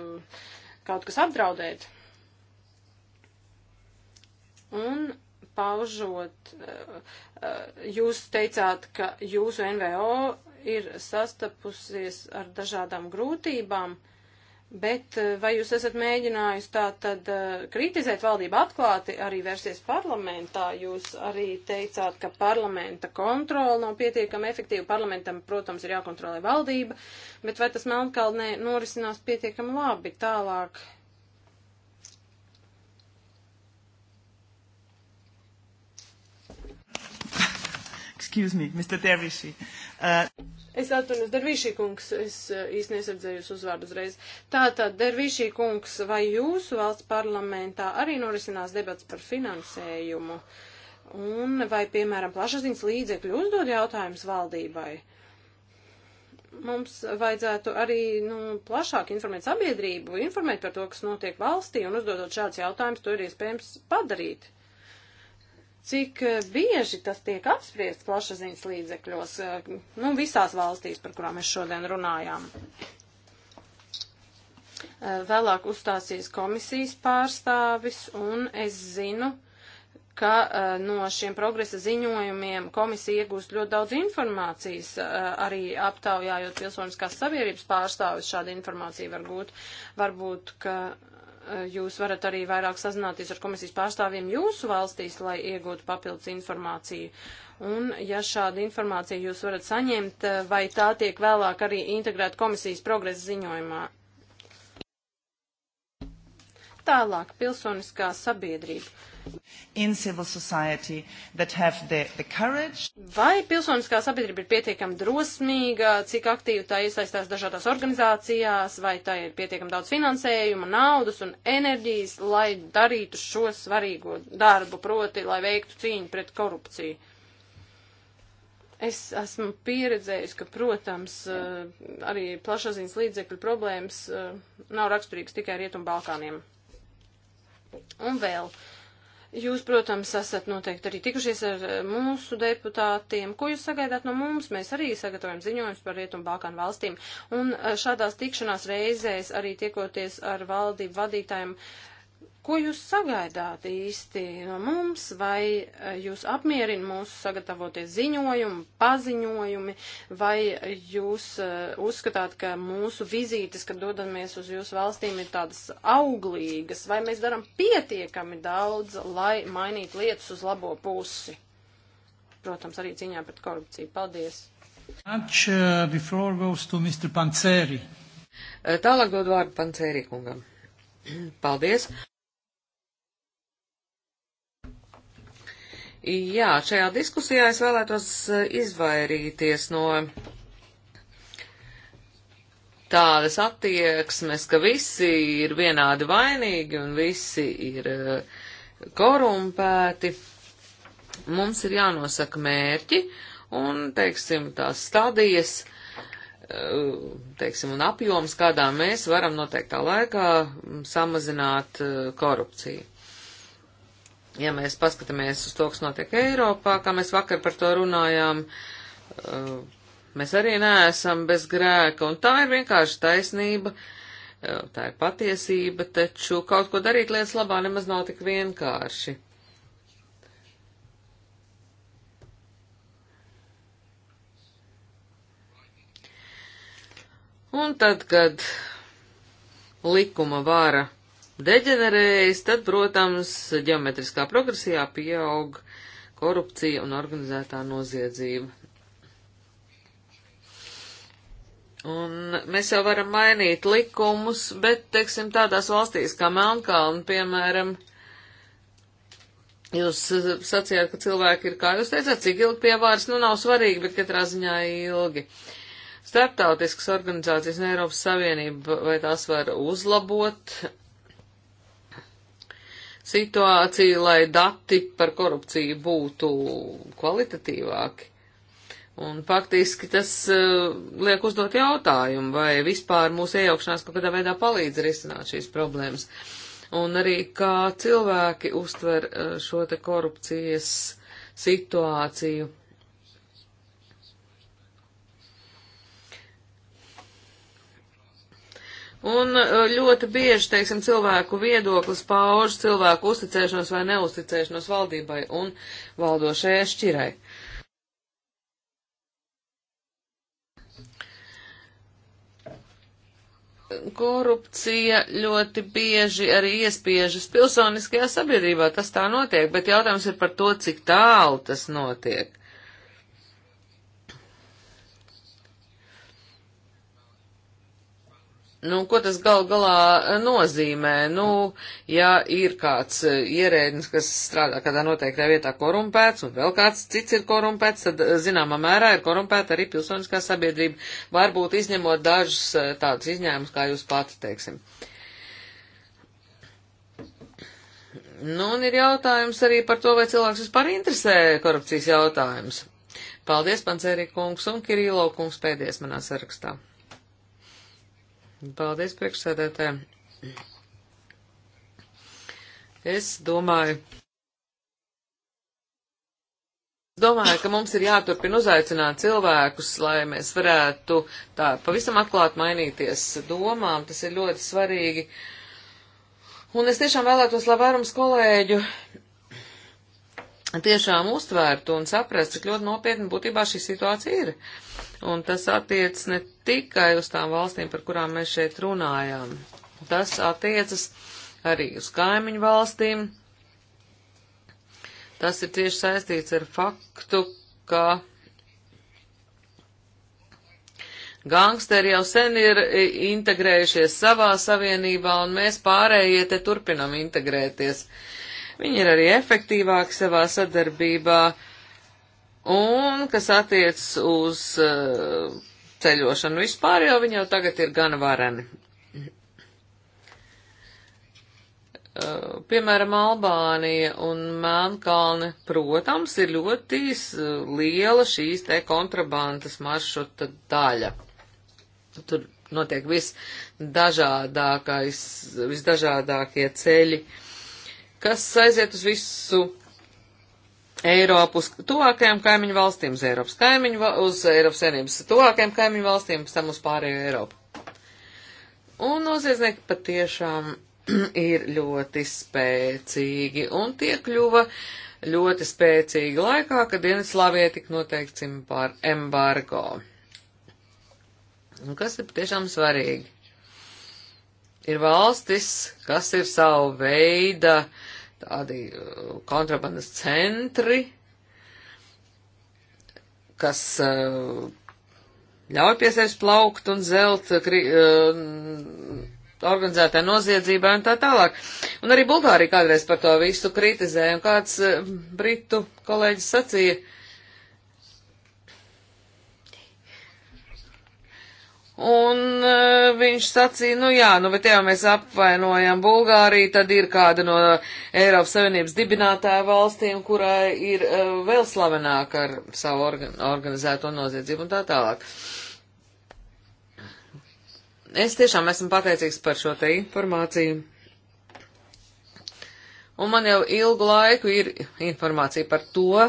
kaut kas apdraudēt? Un paužot jūs teicāt, ka jūsu NVO ir sastapusies ar dažādām grūtībām, bet eh, vai jūs esat mēģinājusi tā tad eh, kritizēt valdību atklāti, arī vērsties parlamentā? Jūs arī teicāt, ka parlamenta kontrola nav pietiekami efektīva. Parlamentam, protams, ir jākontrolē valdība, bet vai tas Melnkalnē norisinās pietiekami labi tālāk? excuse me, Mr. Derviši. Uh... Es atvainojos, Derviši kungs, es uh, īsti nesardzēju jūs uzvārdu uzreiz. Tātad, Derviši kungs, vai jūsu valsts parlamentā arī norisinās debats par finansējumu? Un vai, piemēram, plašsaziņas līdzekļi uzdod jautājumus valdībai? mums vajadzētu arī nu, plašāk informēt sabiedrību, informēt par to, kas notiek valstī, un uzdodot šādus jautājumus, to ir iespējams padarīt cik eh, bieži tas tiek apspriests plašsaziņas līdzekļos, eh, nu, visās valstīs, par kurām mēs šodien runājām. Eh, vēlāk uzstāsies komisijas pārstāvis, un es zinu, ka no šiem progresa ziņojumiem komisija iegūst ļoti daudz informācijas, arī aptaujājot pilsoniskās sabiedrības pārstāvis šādu informāciju var būt. Varbūt, ka jūs varat arī vairāk sazināties ar komisijas pārstāvjiem jūsu valstīs, lai iegūtu papildus informāciju. Un, ja šāda informācija jūs varat saņemt, vai tā tiek vēlāk arī integrēta komisijas progresa ziņojumā? Tālāk pilsoniskā sabiedrība. The, the courage... Vai pilsoniskā sabiedrība ir pietiekami drosmīga, cik aktīvi tā iesaistās dažādās organizācijās, vai tā ir pietiekami daudz finansējuma, naudas un enerģijas, lai darītu šo svarīgo darbu, proti, lai veiktu cīņu pret korupciju? Es esmu pieredzējis, ka, protams, eh, arī plašsaziņas līdzekļu problēmas eh, nav raksturīgas tikai Rietumbalkāniem. Balkāniem. Un vēl. Jūs, protams, esat noteikti arī tikušies ar eh, mūsu deputātiem. Ko jūs sagaidāt no mums? Mēs arī sagatavojam ziņojumus par Rietumu Balkānu valstīm. Un eh, šādās tikšanās reizēs arī tiekoties ar valdību vadītājiem, uh, Ko jūs sagaidāt īsti no mums, vai e, jūs apmierina mūsu sagatavotie ziņojumi, paziņojumi, vai jūs e, uzskatāt, ka mūsu vizītes, kad dodamies uz jūsu valstīm, ir tādas auglīgas, vai mēs daram pietiekami daudz, lai mainītu lietas uz labo pusi? Protams, arī cīņā pret korupciju. Paldies! Much, uh, the floor goes to Mr. Panceri. E, tālāk dod vārdu Panceri kungam. Paldies! Jā, šajā diskusijā es vēlētos eh, izvairīties no tādas attieksmes, ka visi ir vienādi vainīgi un visi ir eh, korumpēti. Mums ir jānosaka mērķi un, teiksim, tās stadijas, eh, teiksim, un apjoms, kādā mēs varam noteiktā laikā samazināt korupciju ja mēs paskatāmies uz to, kas notiek Eiropā, kā mēs vakar par to runājām, eh, mēs arī neesam bez grēka, un tā ir vienkārši taisnība, eh, tā ir patiesība, taču kaut ko darīt lietas labā nemaz nav tik vienkārši. Un tad, kad likuma vara deģenerējis, tad, protams, ģeometriskā progresijā pieaug korupcija un organizētā noziedzība. Un mēs jau varam mainīt likumus, bet, teiksim, tādās valstīs kā Melnkalna, piemēram, jūs sacījāt, ka cilvēki ir, kā jūs teicāt, cik ilgi pie vāras, nu nav svarīgi, bet katrā ziņā ilgi. Starptautiskas organizācijas un Eiropas Savienība vai tās var uzlabot situāciju, lai dati par korupciju būtu kvalitatīvāki. Un faktiski tas uh, liek uzdot jautājumu, vai vispār mūsu iejaukšanās kaut kādā veidā palīdz risināt šīs problēmas. Un arī kā cilvēki uztver uh, šo te korupcijas situāciju. Un e, ļoti bieži, teiksim, cilvēku viedoklis pauž cilvēku uzticēšanos vai neuzticēšanos valdībai un valdošajai šķirai. korupcija ļoti bieži arī iespiežas pilsoniskajā sabiedrībā. Tas tā notiek, bet jautājums ir par to, cik tālu tas notiek. Nu, ko tas gal galā e, nozīmē? Nu, ja ir kāds e, ierēdnis, kas strādā kādā noteiktā vietā korumpēts, un vēl kāds cits ir korumpēts, tad e, zināmā mērā ir korumpēta arī pilsoniskā sabiedrība, varbūt izņemot dažus tādus izņēmumus, kā jūs pati teiksim. Nu, un ir jautājums arī par to, vai cilvēks vispār interesē korupcijas jautājums. Paldies, Pancērī kungs un Kirīlo kungs pēdējais manā sarakstā. Paldies, priekšsēdētāji. Es domāju. Es domāju, ka mums ir jāturpina uzaicināt cilvēkus, lai mēs varētu tā pavisam atklāt mainīties domām. Tas ir ļoti svarīgi. Un es tiešām vēlētos, lai vairums kolēģu tiešām uztvērtu un saprastu, cik ļoti nopietni būtībā šī situācija ir. Un tas attiec ne tikai uz tām valstīm, par kurām mēs šeit runājām. Tas attiecas arī uz kaimiņu valstīm. Tas ir tieši saistīts ar faktu, ka gangsteri jau sen ir integrējušies savā savienībā, un mēs pārējie te turpinam integrēties. Viņi ir arī efektīvāki savā sadarbībā, uh, Un, kas attiec uz uh, ceļošanu vispār, jau viņi jau tagad ir gana vareni. Uh, piemēram, Albānija un Mēnkalne, protams, ir ļoti eh, liela šīs te kontrabandas maršruta daļa. Tur notiek visdažādākais, visdažādākie ceļi, kas aiziet uz visu Eiropu uz tuvākajām kaimiņu valstīm, uz Eiropas kaimiņu, va uz Eiropas Savienības tuvākajām kaimiņu valstīm, pēc tam uz pārējo Eiropu. Un noziedznieki patiešām ir ļoti spēcīgi, un tie kļuva ļoti spēcīgi laikā, kad Dienvidslāvija tik noteiksim par embargo. Un kas ir patiešām svarīgi? Ir valstis, kas ir savu veidu uh, tādi uh, kontrabandas centri, kas uh, ļauj pie sevis plaukt un zelt uh, kri, organizētā noziedzībā un tā tālāk. Un arī Bulgārija kādreiz par to visu kritizēja, un kāds britu kolēģis sacīja, uh, Un uh, viņš sacīja, nu jā, nu bet ja mēs apvainojam Bulgāriju, tad ir kāda no Eiropas Savienības dibinātāja valstīm, kurā ir uh, vēl slavenāka ar savu organ organizēto noziedzību un tā tālāk. Es tiešām esmu pateicīgs par šo te informāciju. Un man jau ilgu laiku ir informācija par to,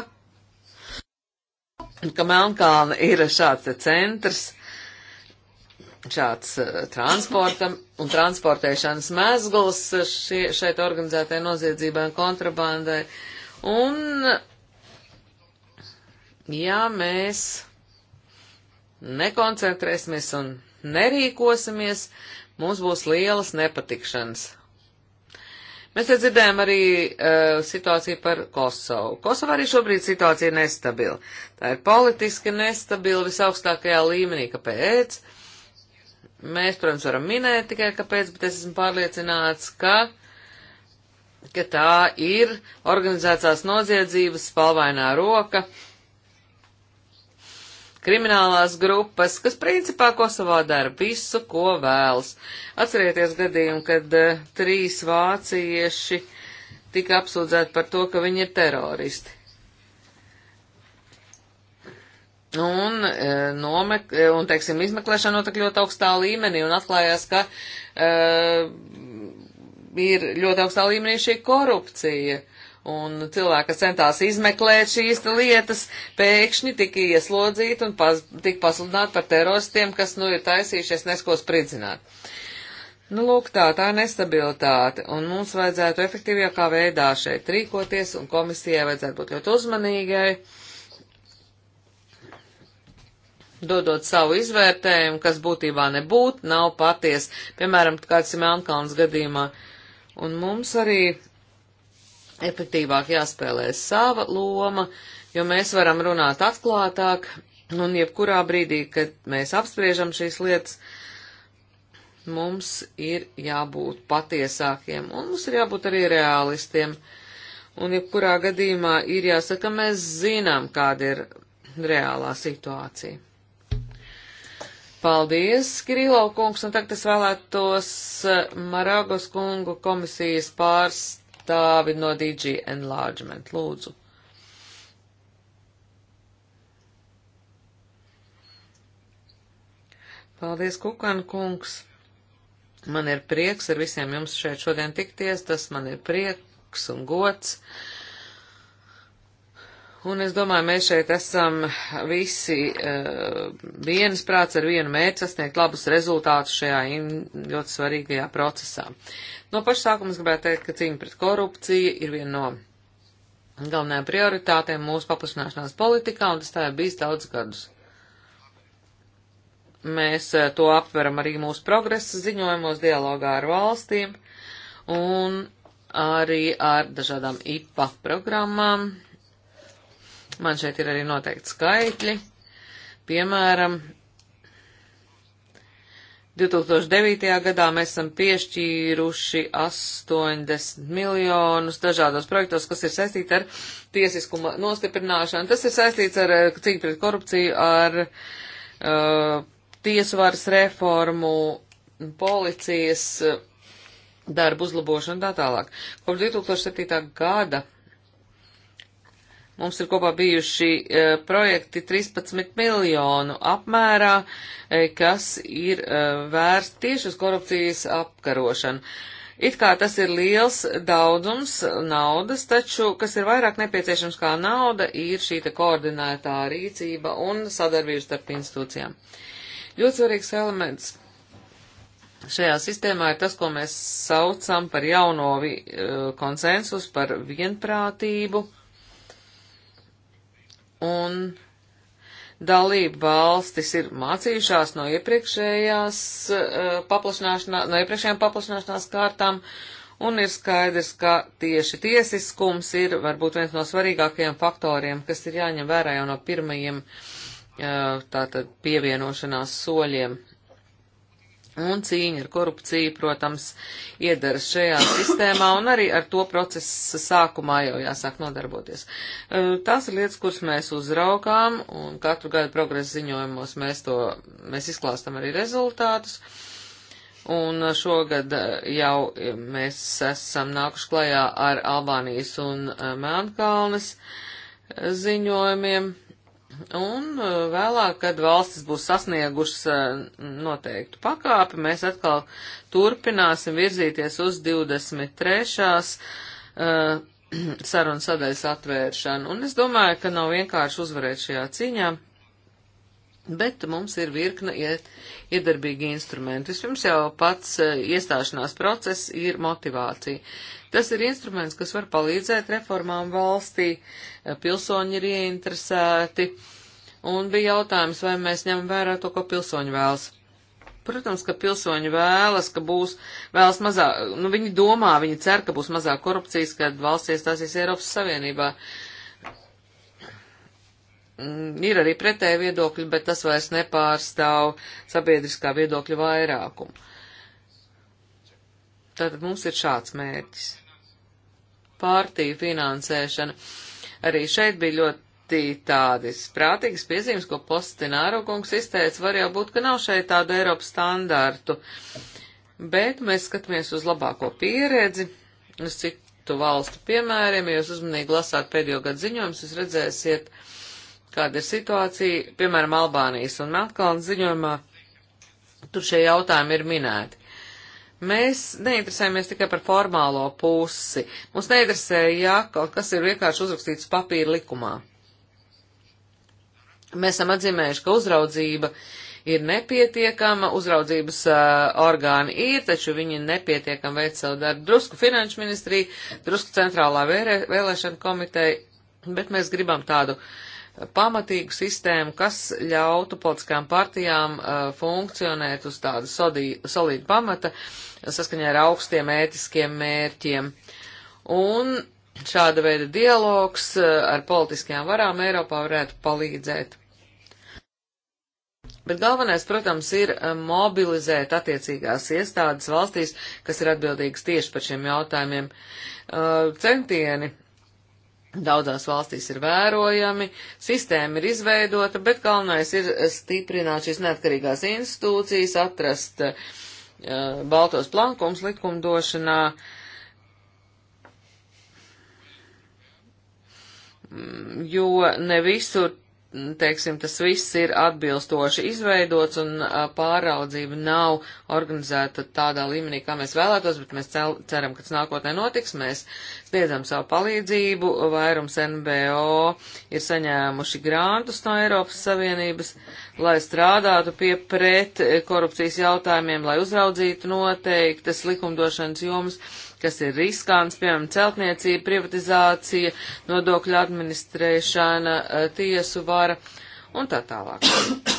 ka Melnkalna ir šāds centrs šāds eh, transporta un transportēšanas mezgls šie, šeit organizētai noziedzībai un kontrabandai. Un, ja mēs nekoncentrēsimies un nerīkosimies, mums būs lielas nepatikšanas. Mēs te dzirdējām arī uh, situāciju par Kosovu. Kosova arī šobrīd situācija nestabila. Tā ir politiski nestabila visaugstākajā līmenī. Kāpēc? Uh, Mēs, protams, varam minēt tikai kāpēc, bet es esmu pārliecināts, ka, ka tā ir organizētās noziedzības spalvainā roka, kriminālās grupas, kas principā Kosovā dara visu, ko vēlas. Atcerieties gadījumu, kad uh, trīs vācieši tika apsūdzēti par to, ka viņi ir teroristi. Un, e, nomek, e, un teiksim, izmeklēšana notika ļoti augstā līmenī un atklājās, ka uh, ir ļoti augstā līmenī šī korupcija. Un cilvēki, kas centās izmeklēt šīs lietas, pēkšņi tika ieslodzīti un paz, tika pasludināti par teroristiem, kas nu ir taisījušies neskos pridzināt. Nu, lūk, tā, tā ir nestabilitāte, un mums vajadzētu efektīvākā veidā šeit rīkoties, un komisijai vajadzētu būt ļoti uzmanīgai. Uh, dodot savu izvērtējumu, kas būtībā nebūtu, nav paties, piemēram, kāds ir Melnkalns gadījumā. Un mums arī efektīvāk jāspēlē sava loma, jo mēs varam runāt atklātāk, un jebkurā brīdī, kad mēs apspriežam šīs lietas, mums ir jābūt patiesākiem, un mums ir jābūt arī realistiem. Un jebkurā gadījumā ir jāsaka, mēs zinām, kāda ir reālā situācija. Paldies, Kirilo kungs, un tagad es vēlētos eh, Maragos kungu komisijas pārstāvi no DG Enlargement. Lūdzu. Paldies, Kukan kungs. Man ir prieks ar visiem jums šeit šodien tikties, tas man ir prieks un gods. Uh, Un es domāju, mēs šeit esam visi uh, vienas prāts ar vienu mērķi sasniegt labus rezultātus šajā ļoti svarīgajā procesā. No paša sākuma es gribētu teikt, ka cīņa pret korupciju ir viena no galvenajām prioritātēm mūsu paplašanāšanās politikā, un tas tā ir bijis daudz gadus. Mēs uh, to apveram arī mūsu progresa ziņojumos, dialogā ar valstīm un arī ar dažādām IPA programmām Man šeit ir arī noteikti skaitļi. Piemēram, 2009. gadā mēs esam piešķīruši 80 miljonus dažādos projektos, kas ir saistīti ar tiesiskuma nostiprināšanu. Tas ir saistīts ar eh, cīņu pret korupciju, ar uh, tiesvaras reformu, policijas eh, darbu uzlabošanu un tā tālāk. Kopš 2007. gada Mums ir kopā bijuši e, projekti 13 miljonu apmērā, e, kas ir e, vērsti tieši uz korupcijas apkarošanu. It kā tas ir liels daudzums naudas, taču, kas ir vairāk nepieciešams kā nauda, ir šī koordinētā rīcība un sadarbības starp institūcijām. Ļoti svarīgs elements šajā sistēmā ir tas, ko mēs saucam par jauno vi, e, konsensus, par vienprātību un dalība valstis ir mācījušās no iepriekšējās uh, eh, paplašināšanās, no iepriekšējām paplašināšanās kārtām, un ir skaidrs, ka tieši tiesiskums ir varbūt viens no svarīgākajiem faktoriem, kas ir jāņem vērā jau no pirmajiem uh, tātad pievienošanās soļiem. Un cīņa ar korupciju, protams, iedara šajā sistēmā, un arī ar to procesa sākumā jau jāsāk nodarboties. E, tās ir lietas, kuras mēs uzraukām, un katru gadu progresa ziņojumos mēs to, mēs izklāstam arī rezultātus. Un šogad jau mēs esam nākuši klajā ar Albānijas un Melnkalnes ziņojumiem Un eh, vēlāk, kad valstis būs sasniegušas eh, noteiktu pakāpi, mēs atkal turpināsim virzīties uz 23. Eh, sarunu sadaļas atvēršanu. Un es domāju, ka nav vienkārši uzvarēt šajā cīņā. Bet mums ir virkne iedarbīgi instrumenti. Vispirms jau pats e, iestāšanās process ir motivācija. Tas ir instruments, kas var palīdzēt reformām valstī, e, pilsoņi ir ieinteresēti, un bija jautājums, vai mēs ņemam vērā to, ko pilsoņi vēlas. Protams, ka pilsoņi vēlas, ka būs vēlas mazāk, nu viņi domā, viņi cer, ka būs mazāk korupcijas, kad valsts iestāsies Eiropas Savienībā. Uh, Mm, ir arī pretēji viedokļi, bet tas vairs nepārstāv sabiedriskā viedokļa vairākumu. Tātad mums ir šāds mērķis. Pārtīju finansēšana. Arī šeit bija ļoti tādas prātīgas piezīmes, ko Postināro kungs izteica. Var jau būt, ka nav šeit tādu Eiropas standārtu, bet mēs skatāmies uz labāko pieredzi, uz citu valstu piemēriem. Ja jūs uzmanīgi lasāt pēdējo gadu ziņojumus, jūs redzēsiet, uh, kāda ir situācija, piemēram, Albānijas un Melkalnas ziņojumā, tur šie jautājumi ir minēti. Mēs neinteresējamies tikai par formālo pusi. Mums neinteresē, ja kaut kas ir vienkārši uzrakstīts papīra likumā. Mēs esam atzīmējuši, ka uzraudzība ir nepietiekama, uzraudzības uh, orgāni ir, taču viņi nepietiekami veic savu darbu. Drusku finanšu ministrija, drusku centrālā vēlēšana komiteja, bet mēs gribam tādu uh, pamatīgu sistēmu, kas ļautu politiskām partijām uh, funkcionēt uz tādu solīdu pamata uh, saskaņā ar augstiem ētiskiem mērķiem. Un šāda veida dialogs uh, ar politiskajām varām Eiropā varētu palīdzēt. Bet galvenais, protams, ir uh, mobilizēt attiecīgās iestādes valstīs, kas ir atbildīgas tieši par šiem jautājumiem. Uh, centieni daudzās valstīs ir vērojami, sistēma ir izveidota, bet galvenais ir stiprināt šīs neatkarīgās institūcijas, atrast uh, baltos plankums likumdošanā. Mm, jo ne visur teiksim, tas viss ir atbilstoši izveidots un pāraudzība nav organizēta tādā līmenī, kā mēs vēlētos, bet mēs ceram, ka tas nākotnē notiks. Mēs sniedzam savu palīdzību, vairums NBO ir saņēmuši grantus no Eiropas Savienības, lai strādātu pie pret korupcijas jautājumiem, lai uzraudzītu noteiktas likumdošanas jomas kas ir riskants, piemēram, celtniecība, privatizācija, nodokļu administrēšana, eh, tiesu vara un tā tālāk.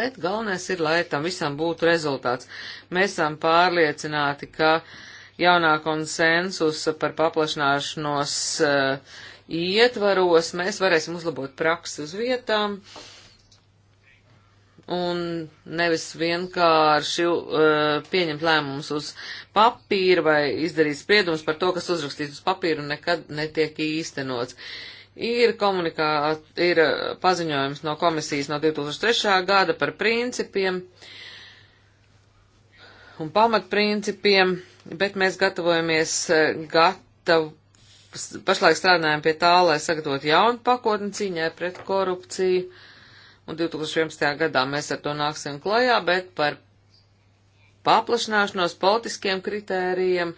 Bet galvenais ir, lai tam visam būtu rezultāts. Mēs esam pārliecināti, ka jaunā konsensusa par paplašināšanos uh, ietvaros mēs varēsim uzlabot praksi uz vietām. Uh, un nevis vienkārši uh, pieņemt lēmumus uz papīra vai izdarīt spriedumus par to, kas uzrakstīts uz papīra un nekad netiek īstenots. Ir komunikā, ir uh, paziņojums no komisijas no 2003. gada par principiem un pamatprincipiem, bet mēs gatavojamies uh, gatav, pašlaik strādājam pie tā, lai sagatavot jaunu pakotni cīņai pret korupciju. Uh, un 2011. gadā mēs ar to nāksim klajā, bet par paplašināšanos politiskiem kritērijiem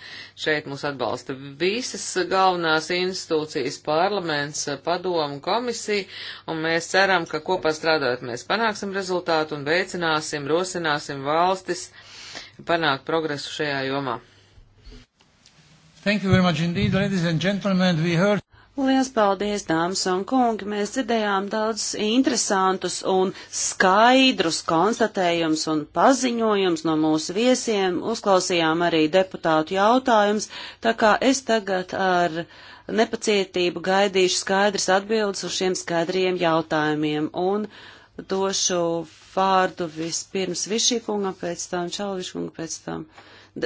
šeit mūs atbalsta visas galvenās institūcijas, parlaments, padomu, komisija, un mēs ceram, ka kopā strādājot mēs panāksim rezultātu un veicināsim, rosināsim valstis panākt progresu šajā jomā. Thank you very much indeed, ladies and gentlemen. We heard. Liels paldies, dāmas un kungi! Mēs dzirdējām daudz interesantus un skaidrus konstatējums un paziņojums no mūsu viesiem, uzklausījām arī deputātu jautājums, tā kā es tagad ar nepacietību gaidīšu skaidrs atbildes uz šiem skaidriem jautājumiem un došu vārdu vispirms Višīkungam, pēc tam Čalviškungam, pēc tam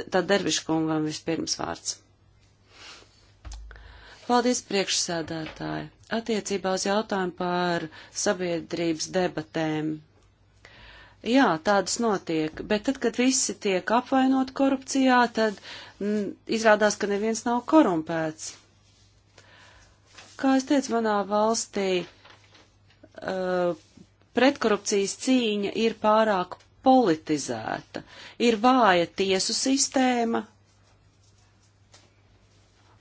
tad Derviškungam vispirms vārds. Paldies, priekšsēdētāji! Attiecībā uz jautājumu par sabiedrības debatēm. Jā, tādas notiek, bet tad, kad visi tiek apvainot korupcijā, tad m, mm, izrādās, ka neviens nav korumpēts. Kā es teicu, manā valstī uh, pretkorupcijas cīņa ir pārāk politizēta, ir vāja tiesu sistēma,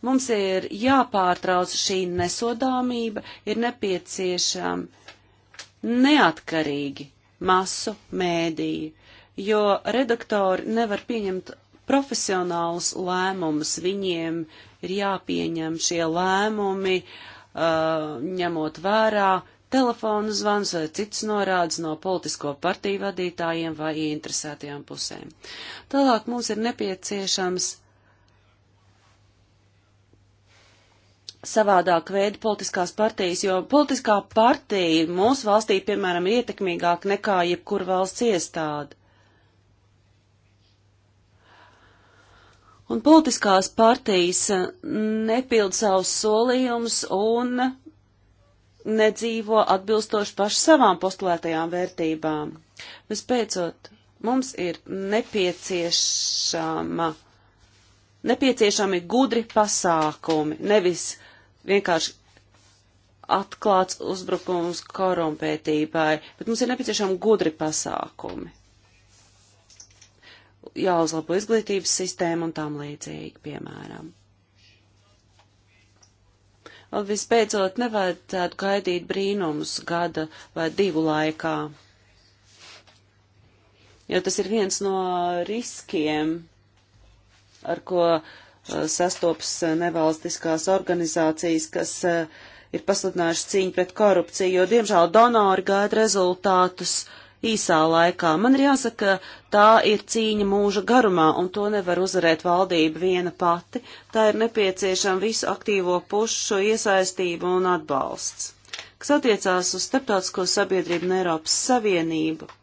Mums ir jāpārtrauc šī nesodāmība, ir nepieciešama neatkarīgi masu mēdīja, jo redaktori nevar pieņemt profesionālus lēmumus, viņiem ir jāpieņem šie lēmumi, uh, ņemot vērā telefonu zvans vai cits norādes no politisko partiju vadītājiem vai interesētajām pusēm. Tālāk mums ir nepieciešams savādāk veidu politiskās partijas, jo politiskā partija mūsu valstī, piemēram, ir ietekmīgāka nekā jebkura valsts iestāde. Un politiskās partijas eh, nepild savus solījumus un nedzīvo atbilstoši paši savām postulētajām vērtībām. Vispēcot, mums ir nepieciešama, nepieciešami gudri pasākumi, nevis uh, vienkārši atklāts uzbrukums korumpētībai, bet mums ir nepieciešami gudri pasākumi. Jāuzlabo izglītības sistēma un tam līdzīgi, piemēram. Un visbeidzot, nevajadzētu gaidīt brīnums gada vai divu laikā, jo tas ir viens no riskiem, ar ko uh, sastopas nevalstiskās organizācijas, kas eh, ir pasludinājušas cīņu pret korupciju, jo, diemžēl, donori gaida rezultātus īsā laikā. Man ir jāsaka, tā ir cīņa mūža garumā, un to nevar uzvarēt valdība viena pati. Tā ir nepieciešama visu aktīvo pušu iesaistība un atbalsts. Kas attiecās uz starptautisko sabiedrību un Eiropas Savienību,